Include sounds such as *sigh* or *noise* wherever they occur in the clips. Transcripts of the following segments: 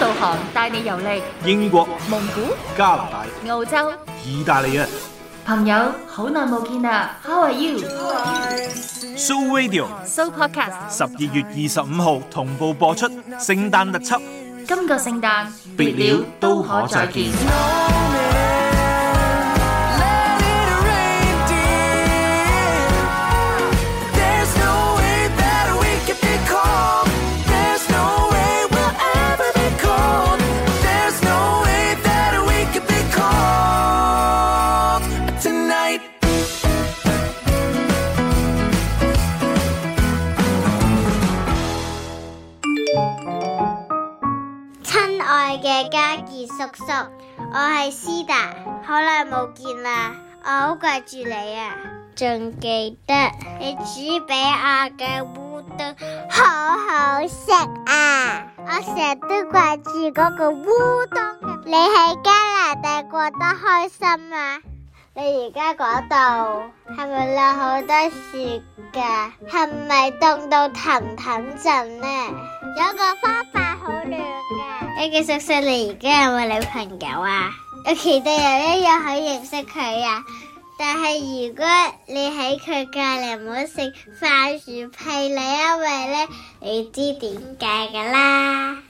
導航帶你遊歷英國、蒙古、加拿大、澳洲、意大利啊！朋友好耐冇見啦，How are you？Sooo Radio，Sooo Podcast，十二月二十五號同步播出聖誕特輯。今個聖誕，別了都可再見。叔，我係思達，好耐冇見啦，我好掛住你啊，仲記得你煮俾我嘅烏冬好好食啊，我成日都掛住嗰個烏冬。你喺加拿大過得開心啊？你而家嗰度係咪落好多雪噶？係咪凍到騰騰震呢？有個方法好亮噶。欸，你嘅叔叔你而家有冇女朋友啊？我期待有一日可以認識佢啊，但係如果你喺佢隔籬唔好食番薯屁啦，因為呢你知點解噶啦。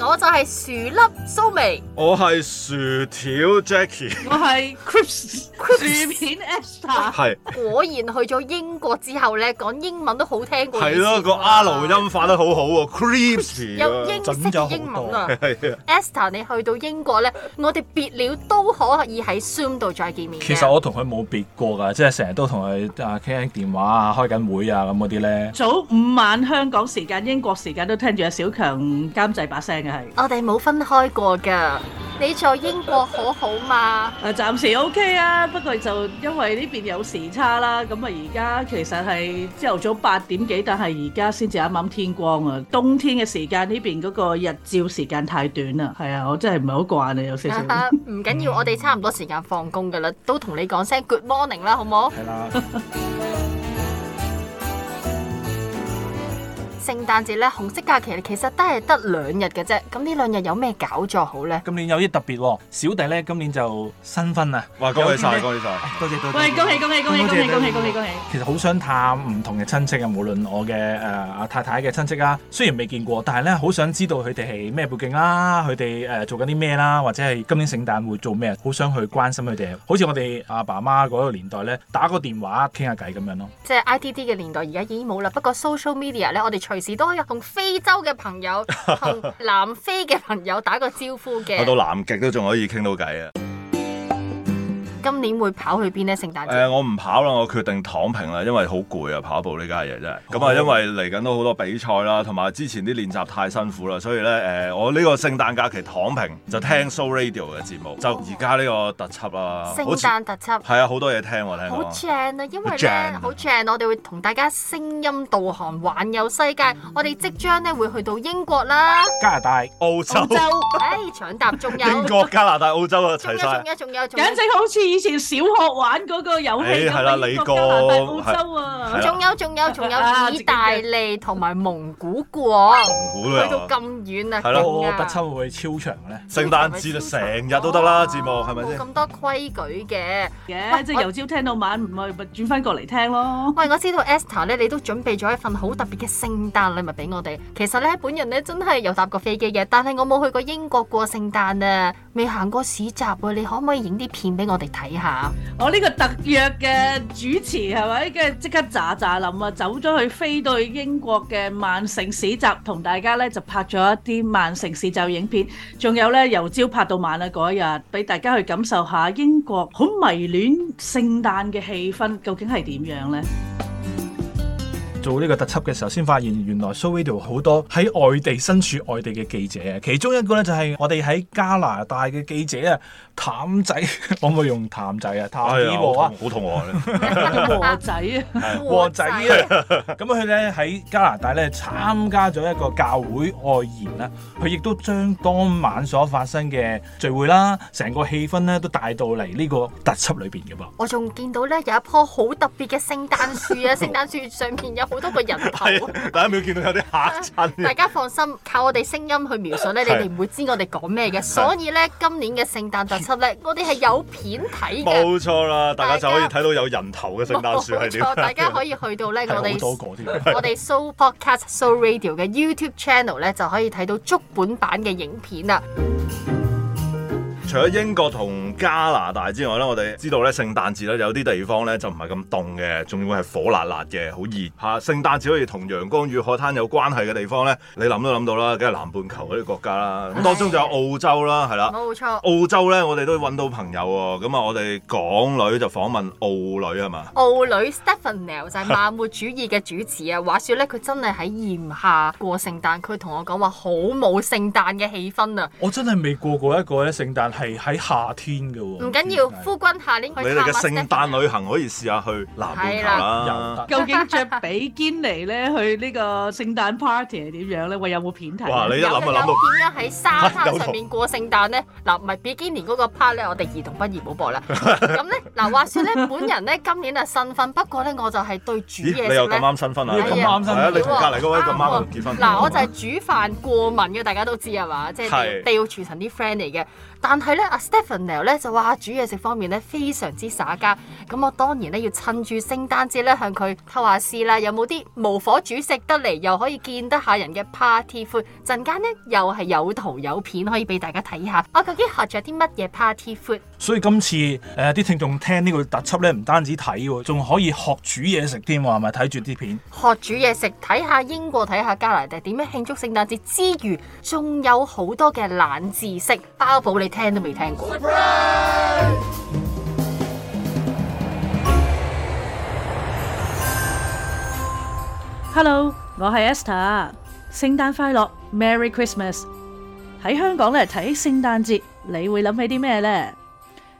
我就係薯粒蘇眉，我係薯條 Jacky，我係 Crisps 薯片 Esther， *laughs* A 係。果然去咗英國之後咧，講英文都好聽過。係咯，個 R 音發得好好喎 Crisps, *laughs* p 有英式嘅英文啊。Esther， *laughs* 你去到英國咧，我哋別了都可以喺 Zoom 度再見面。其實我同佢冇別過㗎，即係成日都同佢啊傾傾電話啊，開緊會啊咁嗰啲咧。早五晚香港時間、英國時間都聽住阿小強監製把聲我哋冇分開過噶，你在英國好好嘛？誒、啊，暫時 OK 啊，不過就因為呢邊有時差啦，咁啊而家其實係朝頭早八點幾，但係而家先至啱啱天光啊，冬天嘅時間呢邊嗰個日照時間太短啦。係啊，我真係唔係好慣你有少少、啊。唔緊要，嗯、我哋差唔多時間放工噶啦，都同你講聲 Good morning 啦，好唔好？係啦。聖誕節咧，紅色假期其實都係得兩日嘅啫。咁呢兩日有咩搞作好咧？今年有啲特別，小弟咧今年就新婚啊！哇，恭喜曬，恭喜曬，多謝多謝。喂，恭喜恭喜恭喜恭喜恭喜恭喜恭喜！其實好想探唔同嘅親戚啊，無論我嘅誒阿太太嘅親戚啦，雖然未見過，但係咧好想知道佢哋係咩背景啦，佢哋誒做緊啲咩啦，或者係今年聖誕會做咩？好想去關心佢哋，好似我哋阿爸媽嗰個年代咧，打個電話傾下偈咁樣咯。即係 IDD 嘅年代，而家已經冇啦。不過 social media 咧，我哋隨時都可以同非洲嘅朋友、同南非嘅朋友打個招呼嘅，去 *laughs* 到南極都仲可以傾到偈啊！今年會跑去邊咧？聖誕節誒，我唔跑啦，我決定躺平啦，因為好攰啊，跑步呢家嘢真係。咁啊，因為嚟緊都好多比賽啦，同埋之前啲練習太辛苦啦，所以咧誒，我呢個聖誕假期躺平就聽 Sooo Radio 嘅節目，就而家呢個特輯啦。聖誕特輯係啊，好多嘢聽喎，聽好正啊！因為咧好正，我哋會同大家聲音導航環遊世界。我哋即將咧會去到英國啦、加拿大、澳洲。誒，搶答仲有英國、加拿大、澳洲啊，齊曬。仲一仲有，簡直好似～以前小學玩嗰個遊戲，欸，係啦，你過個，係仲、啊啊、有仲有仲有意大利同埋蒙古國， *laughs* 蒙古都有去到咁遠啊！係咯，啊，啊、我不差會超長咧？聖誕節就成日都得啦，啊，哦、節目係咪先？咁多規矩嘅，嘅，yeah, 即係由朝聽到晚，唔係咪轉翻過嚟聽咯？喂，我知道 Esther 咧，你都準備咗一份好特別嘅聖誕禮物俾我哋。其實咧，本人咧真係有搭過飛機嘅，但係我冇去過英國過聖誕啊。你行過市集啊，你可唔可以影啲片俾我哋睇下？我呢個特約嘅主持係咪？跟住即刻咋咋諗啊，走咗去飛到去英國嘅曼城市集，同大家咧就拍咗一啲曼城市集影片，仲有咧由朝拍到晚啊嗰一日，俾大家去感受下英國好迷戀聖誕嘅氣氛，究竟係點樣呢？做呢個特輯嘅時候，先發現原來 Sooo Video 好多喺外地身處外地嘅記者啊，其中一個咧就係我哋喺加拿大嘅記者啊，譚仔，可唔可以用譚仔啊？譚以、哎、呀和啊，好痛學咧，和，和仔啊，和仔啊，咁佢咧喺加拿大咧參加咗一個教會外言啦，佢亦都將當晚所發生嘅聚會啦，成個氣氛咧都帶到嚟呢個特輯裏邊嘅噃。我仲見到咧有一棵好特別嘅聖誕樹啊，聖誕樹上面有。好多個人頭，第一秒見到有啲嚇親。 *laughs* 大家放心，靠我哋聲音去描述咧， *laughs* 你哋唔會知我哋講咩嘅。所以咧，今年嘅聖誕特輯咧，我哋係有片睇嘅。冇 *laughs* 錯啦，大家就可以睇到有人頭嘅聖誕樹係點。大家可以去到咧我哋，我哋 Sooo Podcast Sooo Radio 嘅 YouTube Channel 咧就可以睇到足本版嘅影片啦。除咗英國同加拿大之外咧，我哋知道咧聖誕節咧有啲地方咧就唔係咁凍嘅，仲會係火辣辣嘅，好熱吓。聖誕節可以同陽光與海灘有關係嘅地方咧，你諗都諗到啦，梗係南半球嗰啲國家啦。咁唉當中就有澳洲啦，係啦，冇錯。澳洲咧，我哋都揾到朋友喎、哦。咁啊，我哋港女就訪問澳女吖嘛？澳女 Stepheneal 就係慢活主義嘅主持啊。 *laughs* 話說咧，佢真係喺炎夏過聖誕，佢同我講話好冇聖誕嘅氣氛啊。我真係未過，過過一個咧聖誕。係喺夏天嘅喎，唔緊要，夫君下年可以。你哋嘅聖誕旅行可以試下去南半球啦。究竟着比堅尼咧去呢個聖誕 party 係點樣咧？喂，有冇片睇？哇！你又諗啊，諗到點樣喺沙灘上面過聖誕咧？嗱，唔係比堅尼嗰個 party，我哋兒童不宜唔好播啦。咁咧，嗱，話說咧，本人咧今年啊新婚，不過咧我就係對煮嘢咧。咦？你又咁啱新婚啊？你咁啱新婚啊？你同隔離嗰位咁啱結婚。嗱，我就係煮飯過敏嘅，大家都知係嘛？即係地獄廚神啲 friend 嚟嘅。但係咧，阿 Stephanel 咧就話煮嘢食方面咧 *noise* 非常之耍家，咁我當然咧要趁住聖誕節咧向佢偷下師啦，有冇啲無火煮食得嚟又可以見得下人嘅 party food？陣間咧又係有圖有片可以俾大家睇下，我究竟學咗啲乜嘢 party food？所以今次誒啲、呃、聽眾聽呢個特輯咧，唔單止睇喎，仲可以學煮嘢食添喎，係咪睇住啲片學煮嘢食，睇下英國，睇下加拿大點樣慶祝聖誕節之餘，仲有好多嘅冷知識包保你聽都未聽過。Hello，我係 Esther，聖誕快樂，Merry Christmas！喺香港咧睇聖誕節，你會諗起啲咩咧？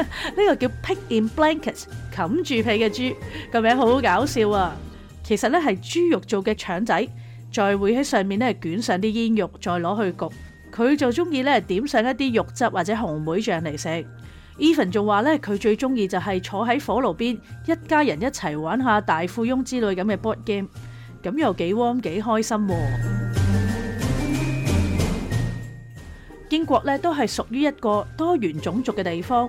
呢 *laughs* 個叫 Pigs in Blankets，冚住被嘅豬，個名好搞笑啊！其實咧係豬肉做嘅腸仔，再會喺上面咧捲上啲煙肉，再攞去焗。佢就中意咧點上一啲肉汁或者紅莓醬嚟食。Even 仲話咧佢最中意就係坐喺火爐邊，一家人一齊玩一下大富翁之類咁嘅 board game，咁又幾 warm 幾開心，啊。英 *music* 國咧都係屬於一個多元種族嘅地方。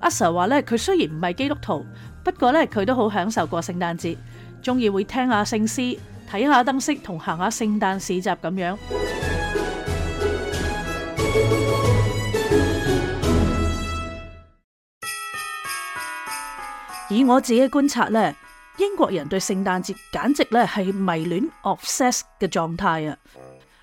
阿 Sir 話咧，佢雖然唔係基督徒，不過咧佢都好享受過聖誕節，鍾意會聽下聖詩，睇下燈飾同行下聖誕市集咁樣。 *music* 以我自己觀察咧，英國人對聖誕節簡直咧係迷戀 obsessed 嘅狀態啊！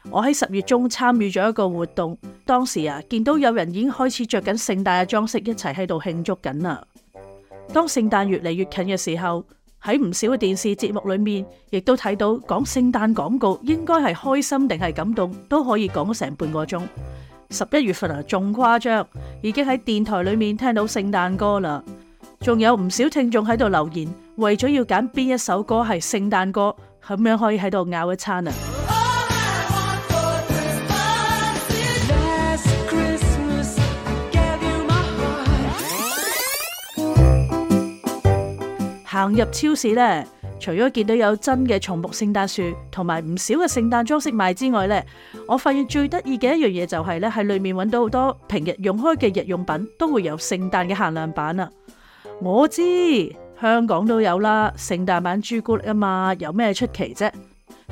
我喺十月中參與咗一個活動，當時啊見到有人已經開始着緊聖誕嘅裝飾，一齊喺度慶祝緊啦。當聖誕越嚟越近嘅時候，喺唔少嘅電視節目裏面，亦都睇到講聖誕廣告應該係開心定係感動都可以講成半個鐘。十一月份啊，仲誇張，已經喺電台裏面聽到聖誕歌啦。仲有唔少聽眾喺度留言，為咗要揀邊一首歌係聖誕歌，咁樣可以喺度拗一餐啊！行入超市咧，除咗見到有真嘅松木聖誕樹同埋唔少嘅聖誕裝飾賣之外咧，我發現最得意嘅一樣嘢就係咧，喺裏面揾到好多平日用開嘅日用品都會有聖誕嘅限量版啊。我知香港都有啦，聖誕版朱古力啊嘛，有咩出奇啫？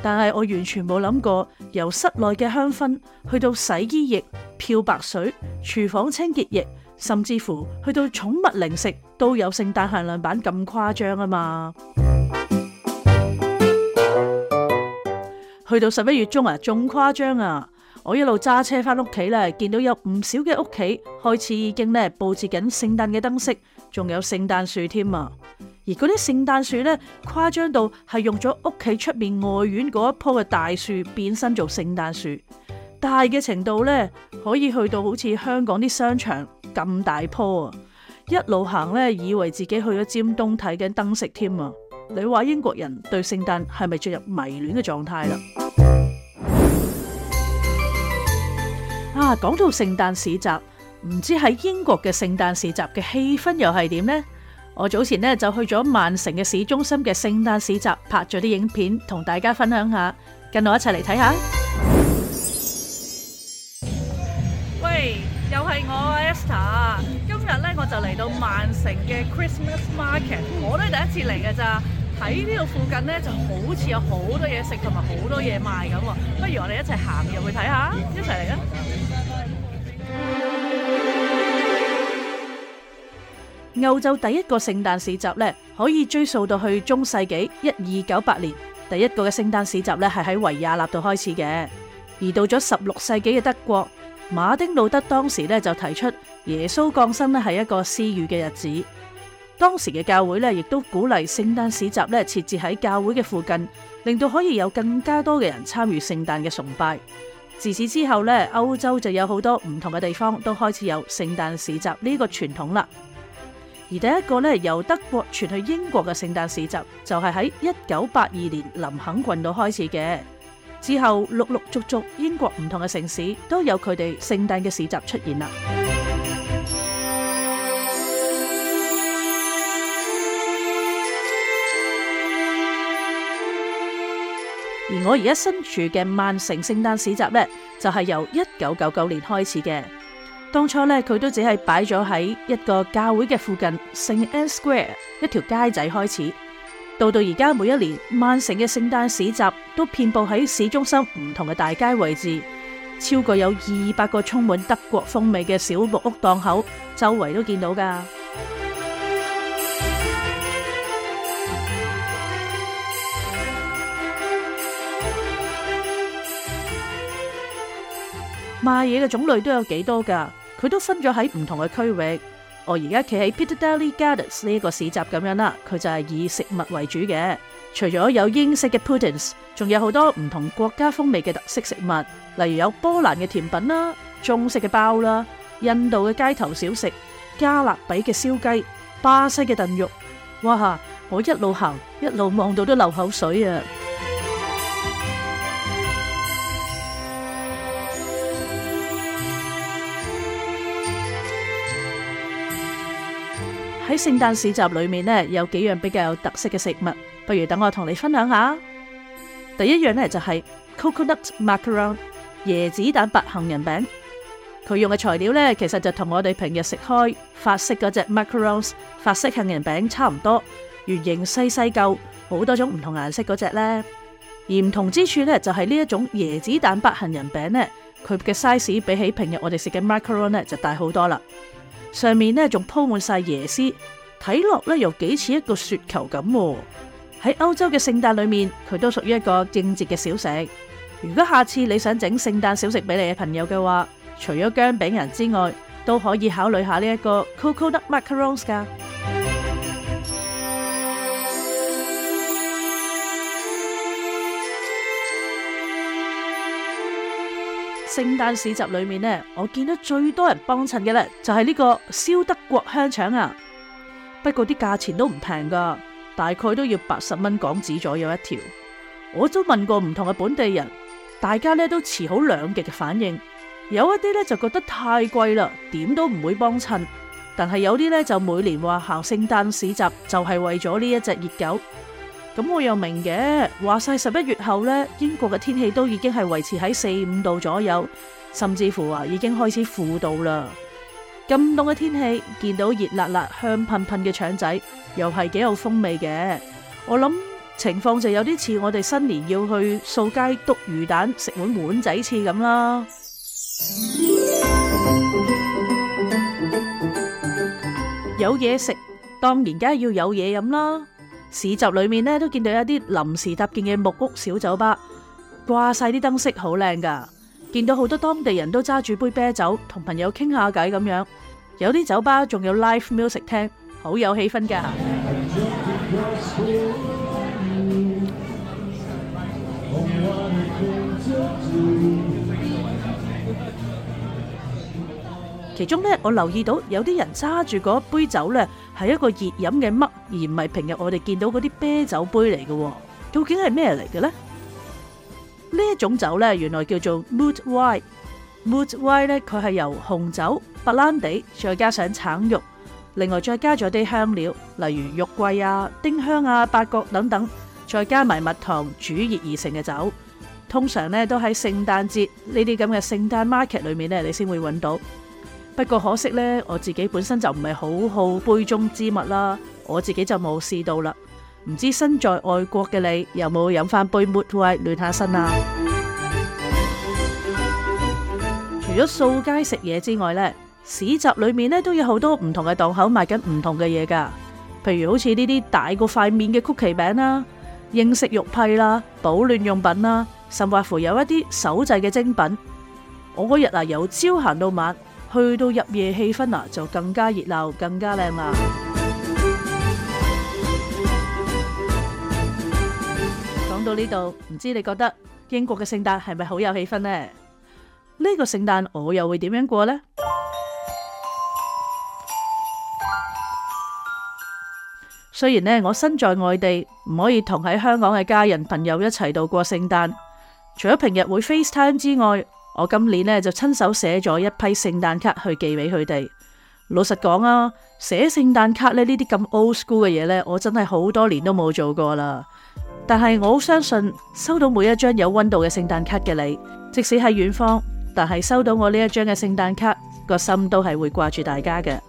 但係我完全冇諗過，由室內嘅香薰，去到洗衣液、漂白水、廚房清潔液，甚至乎去到寵物零食，都有聖誕限量版咁誇張啊嘛！ *music* 去到十一月中啊，仲誇張啊！我一路揸車翻屋企咧，見到有唔少嘅屋企開始已經咧布置緊聖誕嘅燈飾，仲有聖誕樹添啊！而嗰啲聖誕樹咧，誇張到係用咗屋企出面外院嗰一棵嘅大樹，變身做聖誕樹，大嘅程度咧，可以去到好似香港啲商場咁大棵啊！一路行咧，以為自己去咗尖東睇緊燈飾添啊！你話英國人對聖誕係咪進入迷戀嘅狀態啦？啊，講到聖誕市集，唔知喺英國嘅聖誕市集嘅氣氛又係點呢？我早前咧就去咗曼城嘅市中心嘅聖誕市集拍咗啲影片，同大家分享下。跟我一齊嚟睇下。喂，又係我 Esther。今日咧我就嚟到曼城嘅 Christmas Market，我都係第一次嚟㗎咋。喺呢度附近咧就好似有好多嘢食同埋好多嘢賣咁喎。不如我哋一齊行入去睇下。一齊嚟啦！拜拜歐洲第一個聖誕市集咧，可以追溯到去中世紀一二九八年，第一個嘅聖誕市集咧係喺維也納度開始嘅。而到咗十六世紀嘅德國，馬丁路德當時咧就提出耶穌降生咧係一個私語嘅日子。當時嘅教會咧亦都鼓勵聖誕市集咧設置喺教會嘅附近，令到可以有更加多嘅人參與聖誕嘅崇拜。自此之後咧，歐洲就有好多唔同嘅地方都開始有聖誕市集呢個傳統啦。而第一個咧由德國傳去英國嘅聖誕市集，就係喺一九八二年林肯郡度開始嘅。之後陸陸續續，英國唔同嘅城市都有佢哋聖誕嘅市集出現啦。而我而家身處嘅曼城聖誕市集呢就係由一九九九年開始嘅。當初咧，佢都只係擺咗喺一個教會嘅附近，聖安 Square 一條街仔開始，到到而家每一年，曼城嘅聖誕市集都遍布喺市中心唔同嘅大街位置，超過有二百個充滿德國風味嘅小木屋檔口，周圍都見到噶。賣嘢嘅種類都有幾多噶？佢都分咗喺唔同嘅區域。我而家企喺 Piccadilly Gardens 呢一個市集咁樣啦，佢就係以食物為主嘅。除咗有英式嘅 puddings，仲有好多唔同國家風味嘅特色食物，例如有波蘭嘅甜品啦、中式嘅包啦、印度嘅街頭小食、加勒比嘅燒雞、巴西嘅燉肉。哇嚇！我一路行一路望到都流口水啊！喺聖誕市集裏面呢，有幾樣比較有特色嘅食物，不如等我同你分享下。第一樣呢，就係 coconut macaron 椰子蛋白杏仁餅，佢用嘅材料呢，其實就同我哋平日食開法式嗰隻 macarons 法式杏仁餅差唔多，圓形細細舊，好多種唔同顏色嗰隻呢。而唔同之處呢，就係呢一種椰子蛋白杏仁餅呢，佢嘅 size 比起平日我哋食嘅 macaron 呢，就大好多啦。上面咧仲鋪滿晒椰絲，睇落咧又幾似一個雪球咁喎。喺歐洲嘅聖誕裏面，佢都屬於一個應節嘅小食。如果下次你想整聖誕小食俾你嘅朋友嘅話，除咗薑餅人之外，都可以考慮下呢一個 Coconut Macarons 噶。聖誕市集裏面呢，我見到最多人幫襯嘅呢，就係呢個燒德國香腸啊。不過啲價錢都唔平㗎，大概都要八十蚊港紙左右一條。我都問過唔同嘅本地人，大家呢都持好兩極嘅反應，有一啲呢，就覺得太貴啦，點都唔會幫襯，但係有啲呢，就每年話行聖誕市集，就係為咗呢一隻熱狗。咁我又明嘅，話晒十一月後呢，英國嘅天氣都已經係維持喺四五度左右，甚至乎啊，已經開始負度啦。咁凍嘅天氣，見到熱辣辣、香噴噴嘅腸仔，又係幾有風味嘅。我諗情況就有啲似我哋新年要去掃街篤魚蛋、食碗碗仔翅咁啦。有嘢食，當然梗係要有嘢飲啦。市集裏面咧，都見到一啲臨時搭建嘅木屋小酒吧，掛晒啲燈飾好靚噶。見到好多當地人都揸住杯啤酒，同朋友傾下偈咁樣。有啲酒吧仲有 live music 聽，好有氣氛噶。其中咧，我留意到有啲人揸住嗰杯酒咧。係一個熱飲嘅乜，而唔係平日我哋見到嗰啲啤酒杯嚟嘅。究竟係咩嚟嘅呢？呢一種酒呢，原來叫做 Mulled Wine。Mulled Wine 咧，佢係由紅酒、白蘭地，再加上橙肉，另外再加咗啲香料，例如肉桂啊、丁香啊、八角等等，再加埋蜜糖煮熱而成嘅酒。通常呢，都喺聖誕節呢啲咁嘅聖誕 market 裏面呢，你先會揾到。不過可惜咧，我自己本身就唔係好好杯中之物啦，我自己就冇試到啦。唔知身在外國嘅你有冇飲翻杯抹胃暖下身啊？ *music* 除咗掃街食嘢之外咧，市集裏面咧都有好多唔同嘅檔口賣緊唔同嘅嘢噶，譬如好似呢啲大個塊面嘅曲奇餅啦、英式肉批啦、保暖用品啦，甚或乎有一啲手製嘅精品。我嗰日啊，由朝行到晚。去到入夜，氣氛啊就更加熱鬧，更加靚啦，啊！ *music* 講到呢度，唔知你覺得英國嘅聖誕係咪好有氣氛呢？呢、呢個聖誕我又會點樣過呢？ *music* 雖然呢我身在外地，唔可以同喺香港嘅家人朋友一齊度過聖誕，除咗平日會 FaceTime 之外。我今年咧就親手寫咗一批聖誕卡去寄俾佢哋。老實講啊，寫聖誕卡咧呢啲咁 old school 嘅嘢咧，我真係好多年都冇做過啦。但係我相信收到每一張有溫度嘅聖誕卡嘅你，即使喺遠方，但係收到我呢一張嘅聖誕卡，個心都係會掛住大家嘅。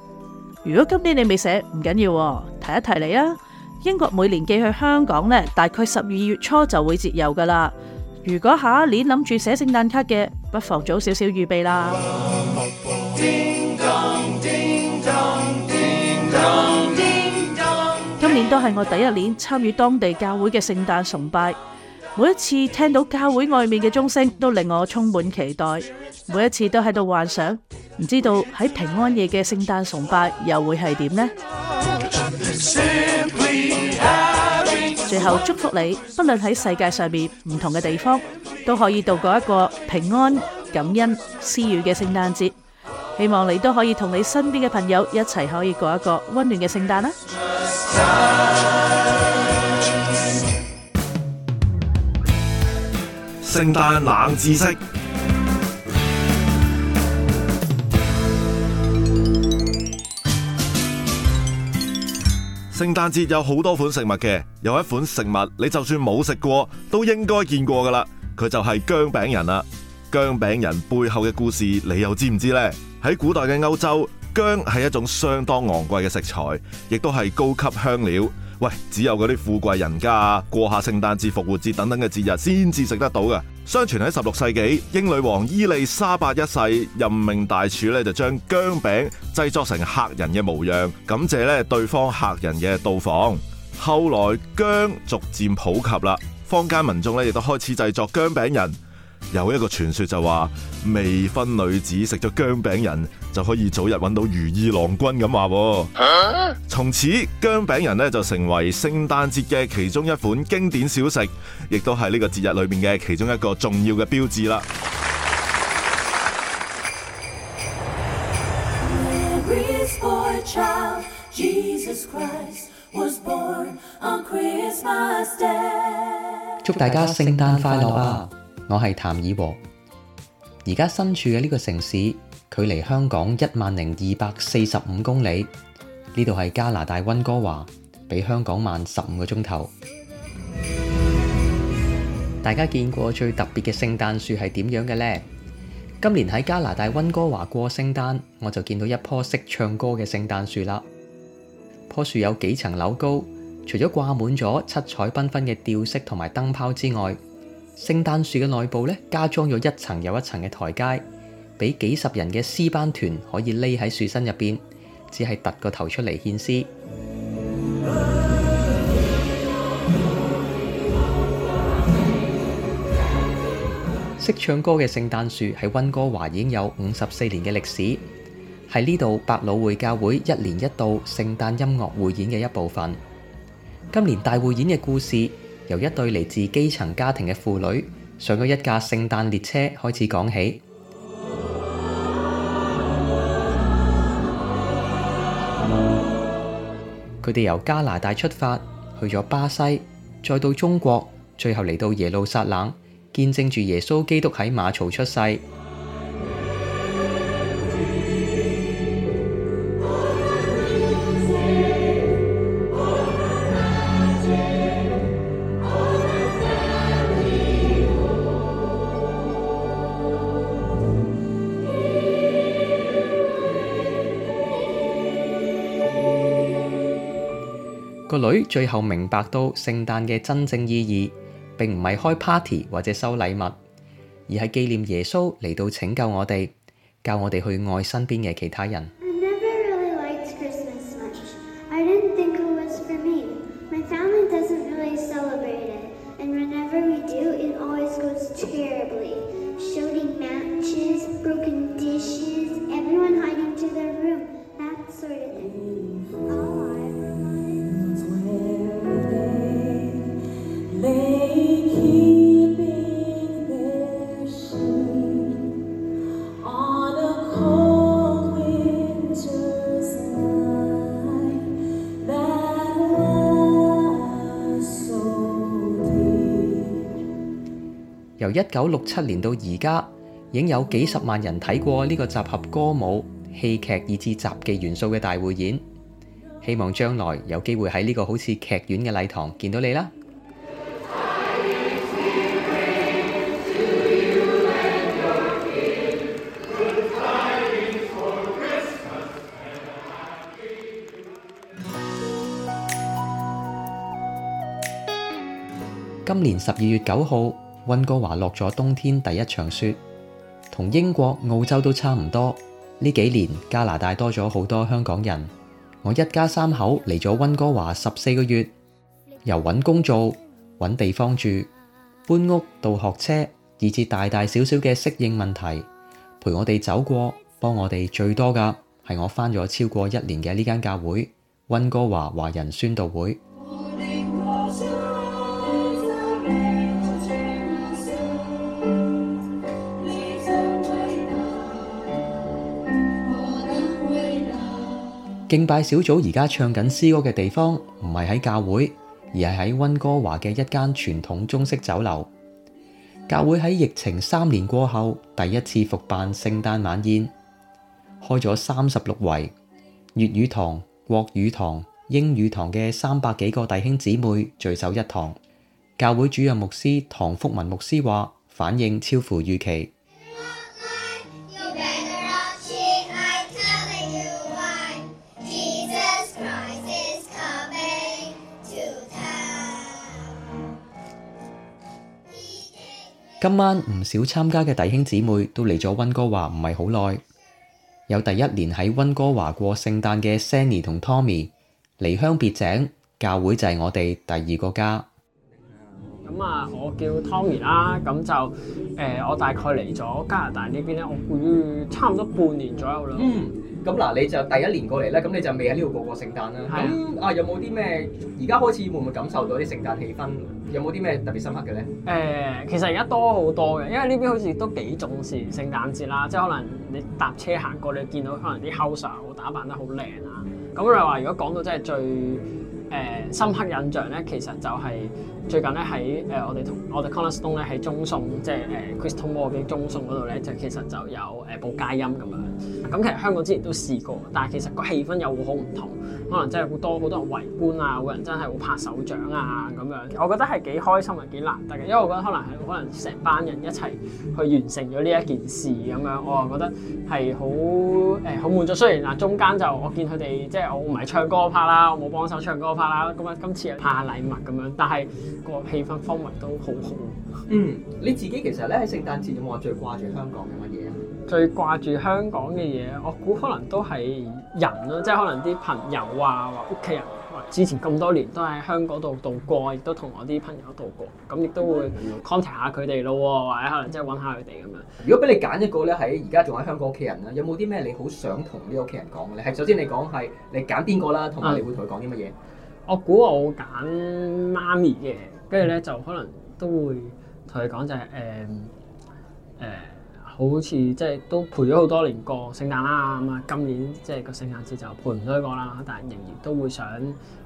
如果今年你未寫，唔緊要，提一提你啊。英國每年寄去香港咧，大概十二月初就會截郵噶啦。如果下一年諗住寫聖誕卡嘅，不妨早少少預備啦。今年都係我第一年參與當地教會嘅聖誕崇拜，每一次聽到教會外面嘅鐘聲，都令我充滿期待。每一次都喺度幻想，唔知道喺平安夜嘅聖誕崇拜又會係點呢？最後祝福你，不論喺世界上面唔同嘅地方，都可以度過一個平安、感恩、私語嘅聖誕節。希望你都可以同你身邊嘅朋友一齊可以過一個溫暖嘅聖誕啦！聖誕冷知識。聖誕節有好多款食物嘅，有一款食物你就算冇食過，都應該見過噶啦。佢就係薑餅人啦。薑餅人背後嘅故事，你又知唔知呢？喺古代嘅歐洲，薑係一種相當昂貴嘅食材，亦都係高級香料。喂，只有嗰啲富貴人家過下聖誕節、復活節等等嘅節日，先至食得到噶。相傳喺十六世紀，英女王伊利沙伯一世任命大廚咧，就將薑餅製作成客人嘅模樣，感謝咧對方客人嘅到訪。後來薑逐漸普及啦，坊間民眾咧亦都開始製作薑餅人。有一個傳說就話，未婚女子食咗薑餅人就可以早日搵到如意郎君咁話。啊，從此薑餅人呢就成為聖誕節嘅其中一款經典小食，亦都係呢個節日裏面嘅其中一個重要嘅標誌啦。祝大家聖誕快樂啊！我係譚以和，而家身處嘅呢個城市，距離香港一萬零二百四十五公里。呢度係加拿大温哥華，比香港慢十五個鐘頭。大家見過最特別嘅聖誕樹係點樣嘅呢？今年喺加拿大温哥華過聖誕，我就見到一棵識唱歌嘅聖誕樹啦。棵樹有幾層樓高，除咗掛滿咗七彩繽紛嘅吊飾同埋燈泡之外，聖誕樹嘅內部咧，加裝咗一層又一層嘅台階，俾幾十人嘅詩班團可以匿喺樹身入邊，只係突個頭出嚟獻詩。識 *music* 唱歌嘅聖誕樹喺温哥華已經有五十四年嘅歷史，係呢度百老匯教會一年一度聖誕音樂匯演嘅一部分。今年大匯演嘅故事，由一對嚟自基層家庭嘅父女上咗一架聖誕列車開始講起，佢哋 *music* 由加拿大出發，去咗巴西，再到中國，最後嚟到耶路撒冷，見證住耶穌基督喺馬槽出世。個女最後明白到聖誕嘅真正意義，並唔係開 party 或者收禮物，而係紀念耶穌嚟到拯救我哋，教我哋去愛身邊嘅其他人。從一九六七年到而家，已經有幾十萬人睇過呢個集合歌舞、戲劇以至雜技元素嘅大會演。希望將來有機會喺呢個好似劇院嘅禮堂見到你啦！ *music* 今年十二月九號。温哥華落咗冬天第一場雪，同英國、澳洲都差唔多。呢幾年加拿大多咗好多香港人，我一家三口嚟咗温哥華十四個月，由揾工做、揾地方住、搬屋到學車，以至大大小小嘅適應問題，陪我哋走過，幫我哋最多㗎係我返咗超過一年嘅呢間教會——温哥華華人宣道會。敬拜小組而家唱緊詩歌嘅地方，唔係喺教會，而係喺溫哥華嘅一間傳統中式酒樓。教會喺疫情三年過後第一次復辦聖誕晚宴，開咗三十六圍，粵語堂、國語堂、英語堂嘅三百幾個弟兄姊妹聚首一堂。教會主任牧師唐福文牧師話：反應超乎預期。今晚唔少參加嘅弟兄姊妹都嚟咗温哥華，唔係好耐。有第一年喺温哥華過聖誕嘅 Sunny 同 Tommy，離鄉別井，教會就係我哋第二個家。咁啊、嗯，我叫 Tommy 啦，咁就誒，我大概嚟咗加拿大呢邊咧，我估差唔多半年左右啦。咁嗱，你就第一年過嚟咧，咁你就未喺呢度過過聖誕啦。咁啊係，有冇啲咩？而家開始會唔會感受到啲聖誕氣氛？有冇啲咩特別深刻嘅咧？誒、呃，其實而家多好多嘅，因為呢邊好似都幾重視聖誕節啦。即係可能你搭車行過，你見到可能啲 house、er、好打扮得好靚啊。咁你話，如果講到真係最誒、呃、深刻印象咧，其實就係、是。最近咧喺誒我哋同我哋 Cornerstone 咧喺中送，即係誒、呃、Crystal Mall 嘅中送嗰度咧，就其實就有誒報佳音咁樣。咁其實香港之前都試過，但係其實個氣氛又好唔同，可能真係好多好多人圍觀啊，好多人真係會拍手掌啊咁樣。我覺得係幾開心又、啊、幾難得嘅，因為我覺得可能係可能成班人一齊去完成咗呢一件事咁樣，我又覺得係好誒好滿足。雖然嗱中間就我見佢哋即係我唔係唱歌 part 啦，我冇幫手唱歌 part 啦。咁啊今次係派下禮物咁樣，但係。個氣氛氛圍都好好。嗯，你自己其實咧喺聖誕節有冇話最掛住香港嘅乜嘢啊？最掛住香港嘅嘢，我估可能都係人啦，即係可能啲朋友啊、或屋企人。之前咁多年都喺香港度度過，亦都同我啲朋友度過，咁亦都會 contact 下佢哋咯，或者可能即係揾下佢哋咁樣。如果俾你揀一個咧，喺而家仲喺香港屋企人咧，有冇啲咩你好想同啲屋企人講嘅咧？係首先你講係你揀邊個啦，同你會同佢講啲乜嘢？嗯我估我會揀媽咪嘅，跟住咧就可能都會同佢講就係誒誒，好似即係都陪咗好多年過聖誕啦咁啊、嗯，今年即係個聖誕節就陪唔到佢過啦，但係仍然都會想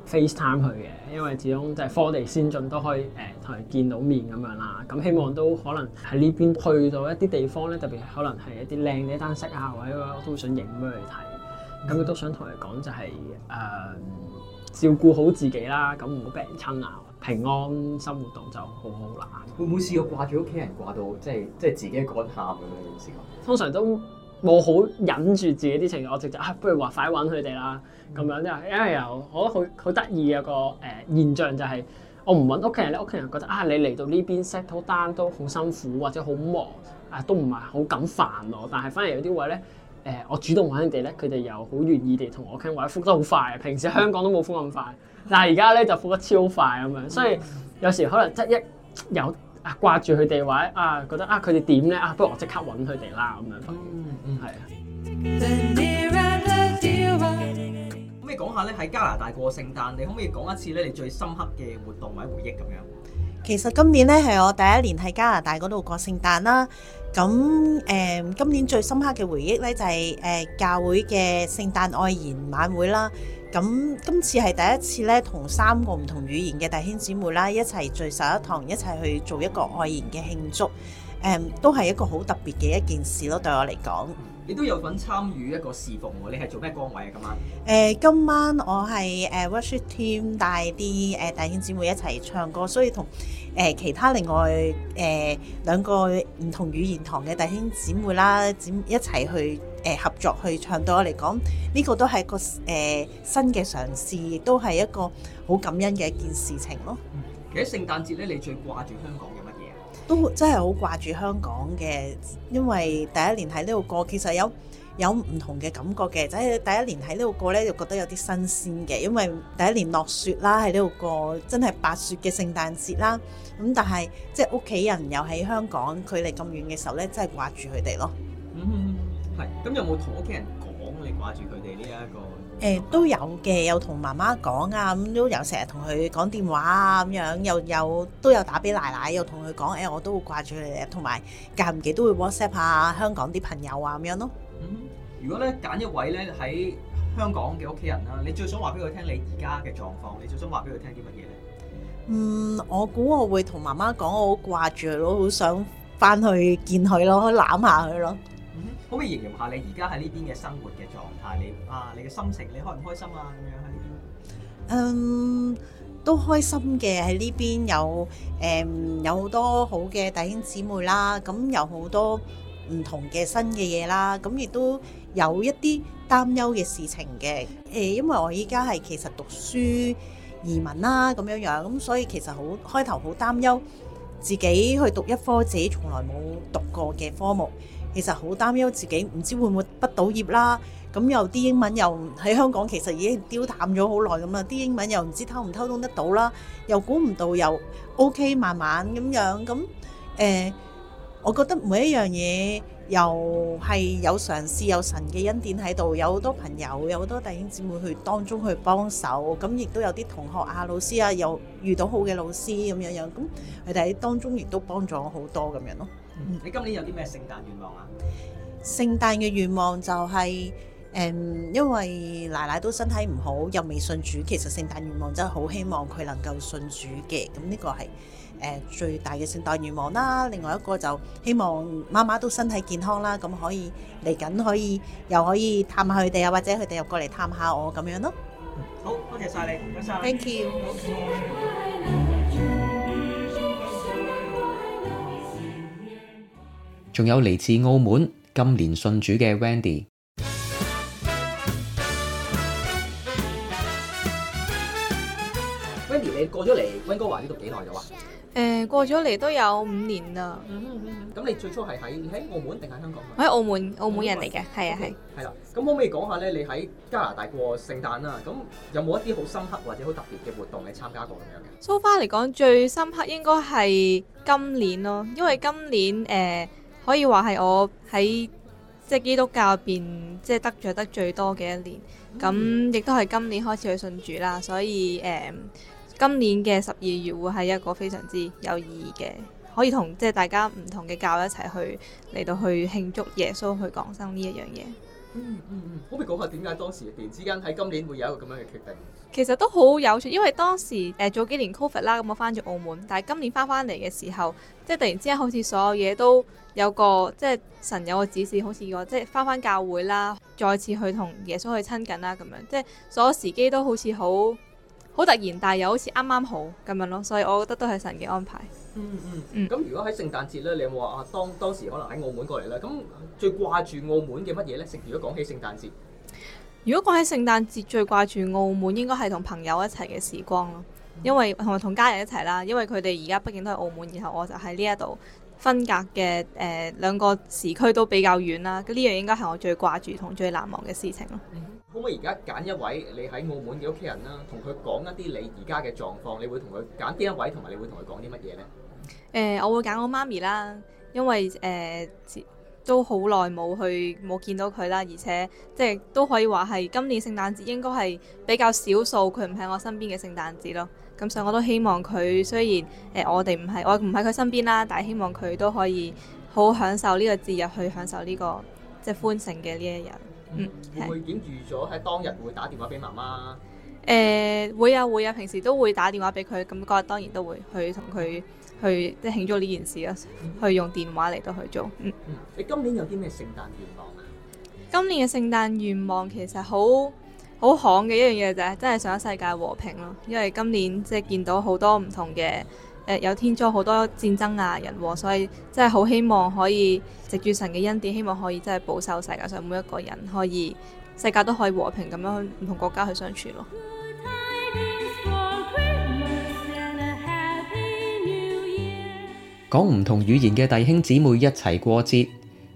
FaceTime 佢嘅，因為始終即係科技先進都可以誒同佢見到面咁樣啦。咁、嗯、希望都可能喺呢邊去到一啲地方咧，特別可能係一啲靚嘅燈飾啊，或者我都想影俾佢睇。咁佢、嗯嗯、都想同佢講就係、是、誒。呃照顧好自己啦，咁唔好病親啊，平安生活度就好好啦。會唔會試過掛住屋企人掛到，即係即係自己一個人喊㗎？你有冇試過？通常都冇，好忍住自己啲情緒，我直接啊，不如話快揾佢哋啦，咁、嗯、樣即係，因為有我覺得好好得意嘅一個誒、呃、現象就係，我唔揾屋企人咧，屋企人覺得啊，你嚟到呢邊 set 好單都好辛苦或者好忙啊，都唔係好敢煩我，但係反而有啲位咧。誒、呃，我主動揾佢哋咧，佢哋又好願意地同我傾話，覆得好快，平時香港都冇覆咁快。但係而家咧就覆得超快咁樣，所以有時可能即一有啊掛住佢哋話啊，覺得啊佢哋點咧啊，不如我即刻揾佢哋啦咁樣。嗯，嗯，係啊。咁你講下咧喺加拿大過聖誕，你可唔可以講一次咧你最深刻嘅活動或者回憶咁樣？其實今年咧係我第一年喺加拿大嗰度過聖誕啦，咁誒、呃、今年最深刻嘅回憶咧就係、是、誒、呃、教會嘅聖誕愛言晚會啦，咁今次係第一次咧同三個唔同語言嘅弟兄姊妹啦一齊聚首一堂，一齊去做一個愛言嘅慶祝，誒、呃、都係一個好特別嘅一件事咯，對我嚟講。你都有份參與一個侍奉，你係做咩崗位啊？今晚誒，今晚我係誒 worship team 帶啲誒弟兄姊妹一齊唱歌，所以同誒其他另外誒兩個唔同語言堂嘅弟兄姊妹啦，一齊去誒合作去唱。對我嚟講，呢、這個都係一個誒新嘅嘗試，亦都係一個好感恩嘅一件事情咯、嗯。其實聖誕節咧，你最掛住香港？都真係好掛住香港嘅，因為第一年喺呢度過，其實有有唔同嘅感覺嘅。就係第一年喺呢度過咧，就覺得有啲新鮮嘅，因為第一年落雪啦，喺呢度過真係白雪嘅聖誕節啦。咁但係即係屋企人又喺香港，距離咁遠嘅時候咧，真係掛住佢哋咯。嗯，係。咁有冇同屋企人講你掛住佢？誒都有嘅，有同媽媽講啊，咁都有成日同佢講電話啊，咁樣又有都有打俾奶奶，又同佢講誒，我都會掛住佢，同埋間唔幾都會 WhatsApp 下香港啲朋友啊，咁樣咯。嗯，如果咧揀一位咧喺香港嘅屋企人啦，你最想話俾佢聽你而家嘅狀況？你最想話俾佢聽啲乜嘢咧？嗯，我估我會同媽媽講，我好掛住佢咯，好想翻去見佢咯，攬下佢咯。可唔可以形容下你而家喺呢邊嘅生活嘅狀態？你啊，你嘅心情，你開唔開心啊，咁樣喺呢邊。嗯，都開心嘅，喺呢邊，有誒，有好多好嘅弟兄姊妹啦。咁有好多唔同嘅新嘅嘢啦。咁亦都有一啲擔憂嘅事情嘅。誒，因為我依家係其實讀書移民啦，咁樣樣咁，所以其實好開頭好擔憂自己去讀一科自己從來冇讀過嘅科目。其實好擔憂自己，唔知會唔會畢到業啦。咁又啲英文又喺香港其實已經丟淡咗好耐咁啦。啲英文又唔知偷唔偷通得到啦。又估唔到又 O、OK, K，慢慢咁樣咁。誒、呃，我覺得每一樣嘢又係有嘗試，有神嘅恩典喺度。有好多朋友，有好多弟兄姊妹去當中去幫手。咁亦都有啲同學啊、老師啊，又遇到好嘅老師咁樣樣。咁佢哋喺當中亦都幫咗我好多咁樣咯。你今年有啲咩聖誕願望啊？聖誕嘅願望就係、是、誒、嗯，因為奶奶都身體唔好，又未信主，其實聖誕願望真係好希望佢能夠信主嘅。咁呢個係誒、呃、最大嘅聖誕願望啦。另外一個就希望媽媽都身體健康啦，咁可以嚟緊可以又可以探下佢哋啊，或者佢哋又過嚟探下我咁樣咯。好多謝晒你，唔該 Thank you。仲有嚟自澳門今年信主嘅 Wendy，Wendy，你過咗嚟溫哥華呢度幾耐咗啊？誒，過咗嚟都有五年啦。咁你最初係喺喺澳門定係香港？我喺澳門，澳門人嚟嘅，係啊係。係啦，咁可唔可以講下咧？你喺加拿大過聖誕呀？咁有冇一啲好深刻或者好特別嘅活動你參加過咁樣嘅？So far 嚟講最深刻應該係今年咯，因為今年誒。可以話係我喺即係基督教入邊即係得著得最多嘅一年，咁亦都係今年開始去信主啦。所以誒、嗯，今年嘅十二月會係一個非常之有意義嘅，可以同即係大家唔同嘅教一齊去嚟到去慶祝耶穌去降生呢一樣嘢。嗯嗯嗯，可唔可以講下點解當時突然之間喺今年會有一個咁樣嘅決定？其實都好有趣，因為當時誒早幾年 COVID 啦，咁我翻咗澳門，但係今年翻翻嚟嘅時候，即係突然之間好似所有嘢都有個即係神有個指示，好似個即係翻翻教會啦，再次去同耶穌去親近啦，咁樣即係所有時機都好似好。好突然，但係又好似啱啱好咁樣咯，所以我覺得都係神嘅安排。嗯嗯嗯。咁、嗯、如果喺聖誕節咧，你有冇話啊？當當時可能喺澳門過嚟咧，咁最掛住澳門嘅乜嘢咧？聖如果講起聖誕節，如果講起聖誕節，最掛住澳門應該係同朋友一齊嘅時光咯，嗯。因為同埋同家人一齊啦，因為佢哋而家畢竟都係澳門，然後我就喺呢一度分隔嘅誒兩個時區都比較遠啦。咁呢樣應該係我最掛住同最難忘嘅事情咯。嗯。可唔可以而家揀一位你喺澳門嘅屋企人啦，同佢講一啲你而家嘅狀況，你會同佢揀邊一位，同埋你會同佢講啲乜嘢呢？誒、呃，我會揀我媽咪啦，因為誒、呃、都好耐冇去冇見到佢啦，而且即係都可以話係今年聖誕節應該係比較少數佢唔喺我身邊嘅聖誕節咯。咁所以我都希望佢雖然誒、呃、我哋唔係我唔喺佢身邊啦，但係希望佢都可以好，好享受呢個節日，去享受呢、呢個即係歡盛嘅呢一日。嗯，會點預咗喺當日會打電話俾媽媽？誒、呃、會啊會啊，平時都會打電話俾佢，咁嗰日當然都會去同佢去即係慶祝呢件事咯，嗯、去用電話嚟到去做。嗯嗯，你今年有啲咩聖誕願望啊？今年嘅聖誕願望其實好好巷嘅一樣嘢就係真係想世界和平咯，因為今年即係見到好多唔同嘅。誒有天災好多戰爭啊，人禍，所以真係好希望可以藉住神嘅恩典，希望可以真係保守世界上每一個人，可以世界都可以和平咁樣去唔同國家去相處咯、啊。講唔同語言嘅弟兄姊妹一齊過節，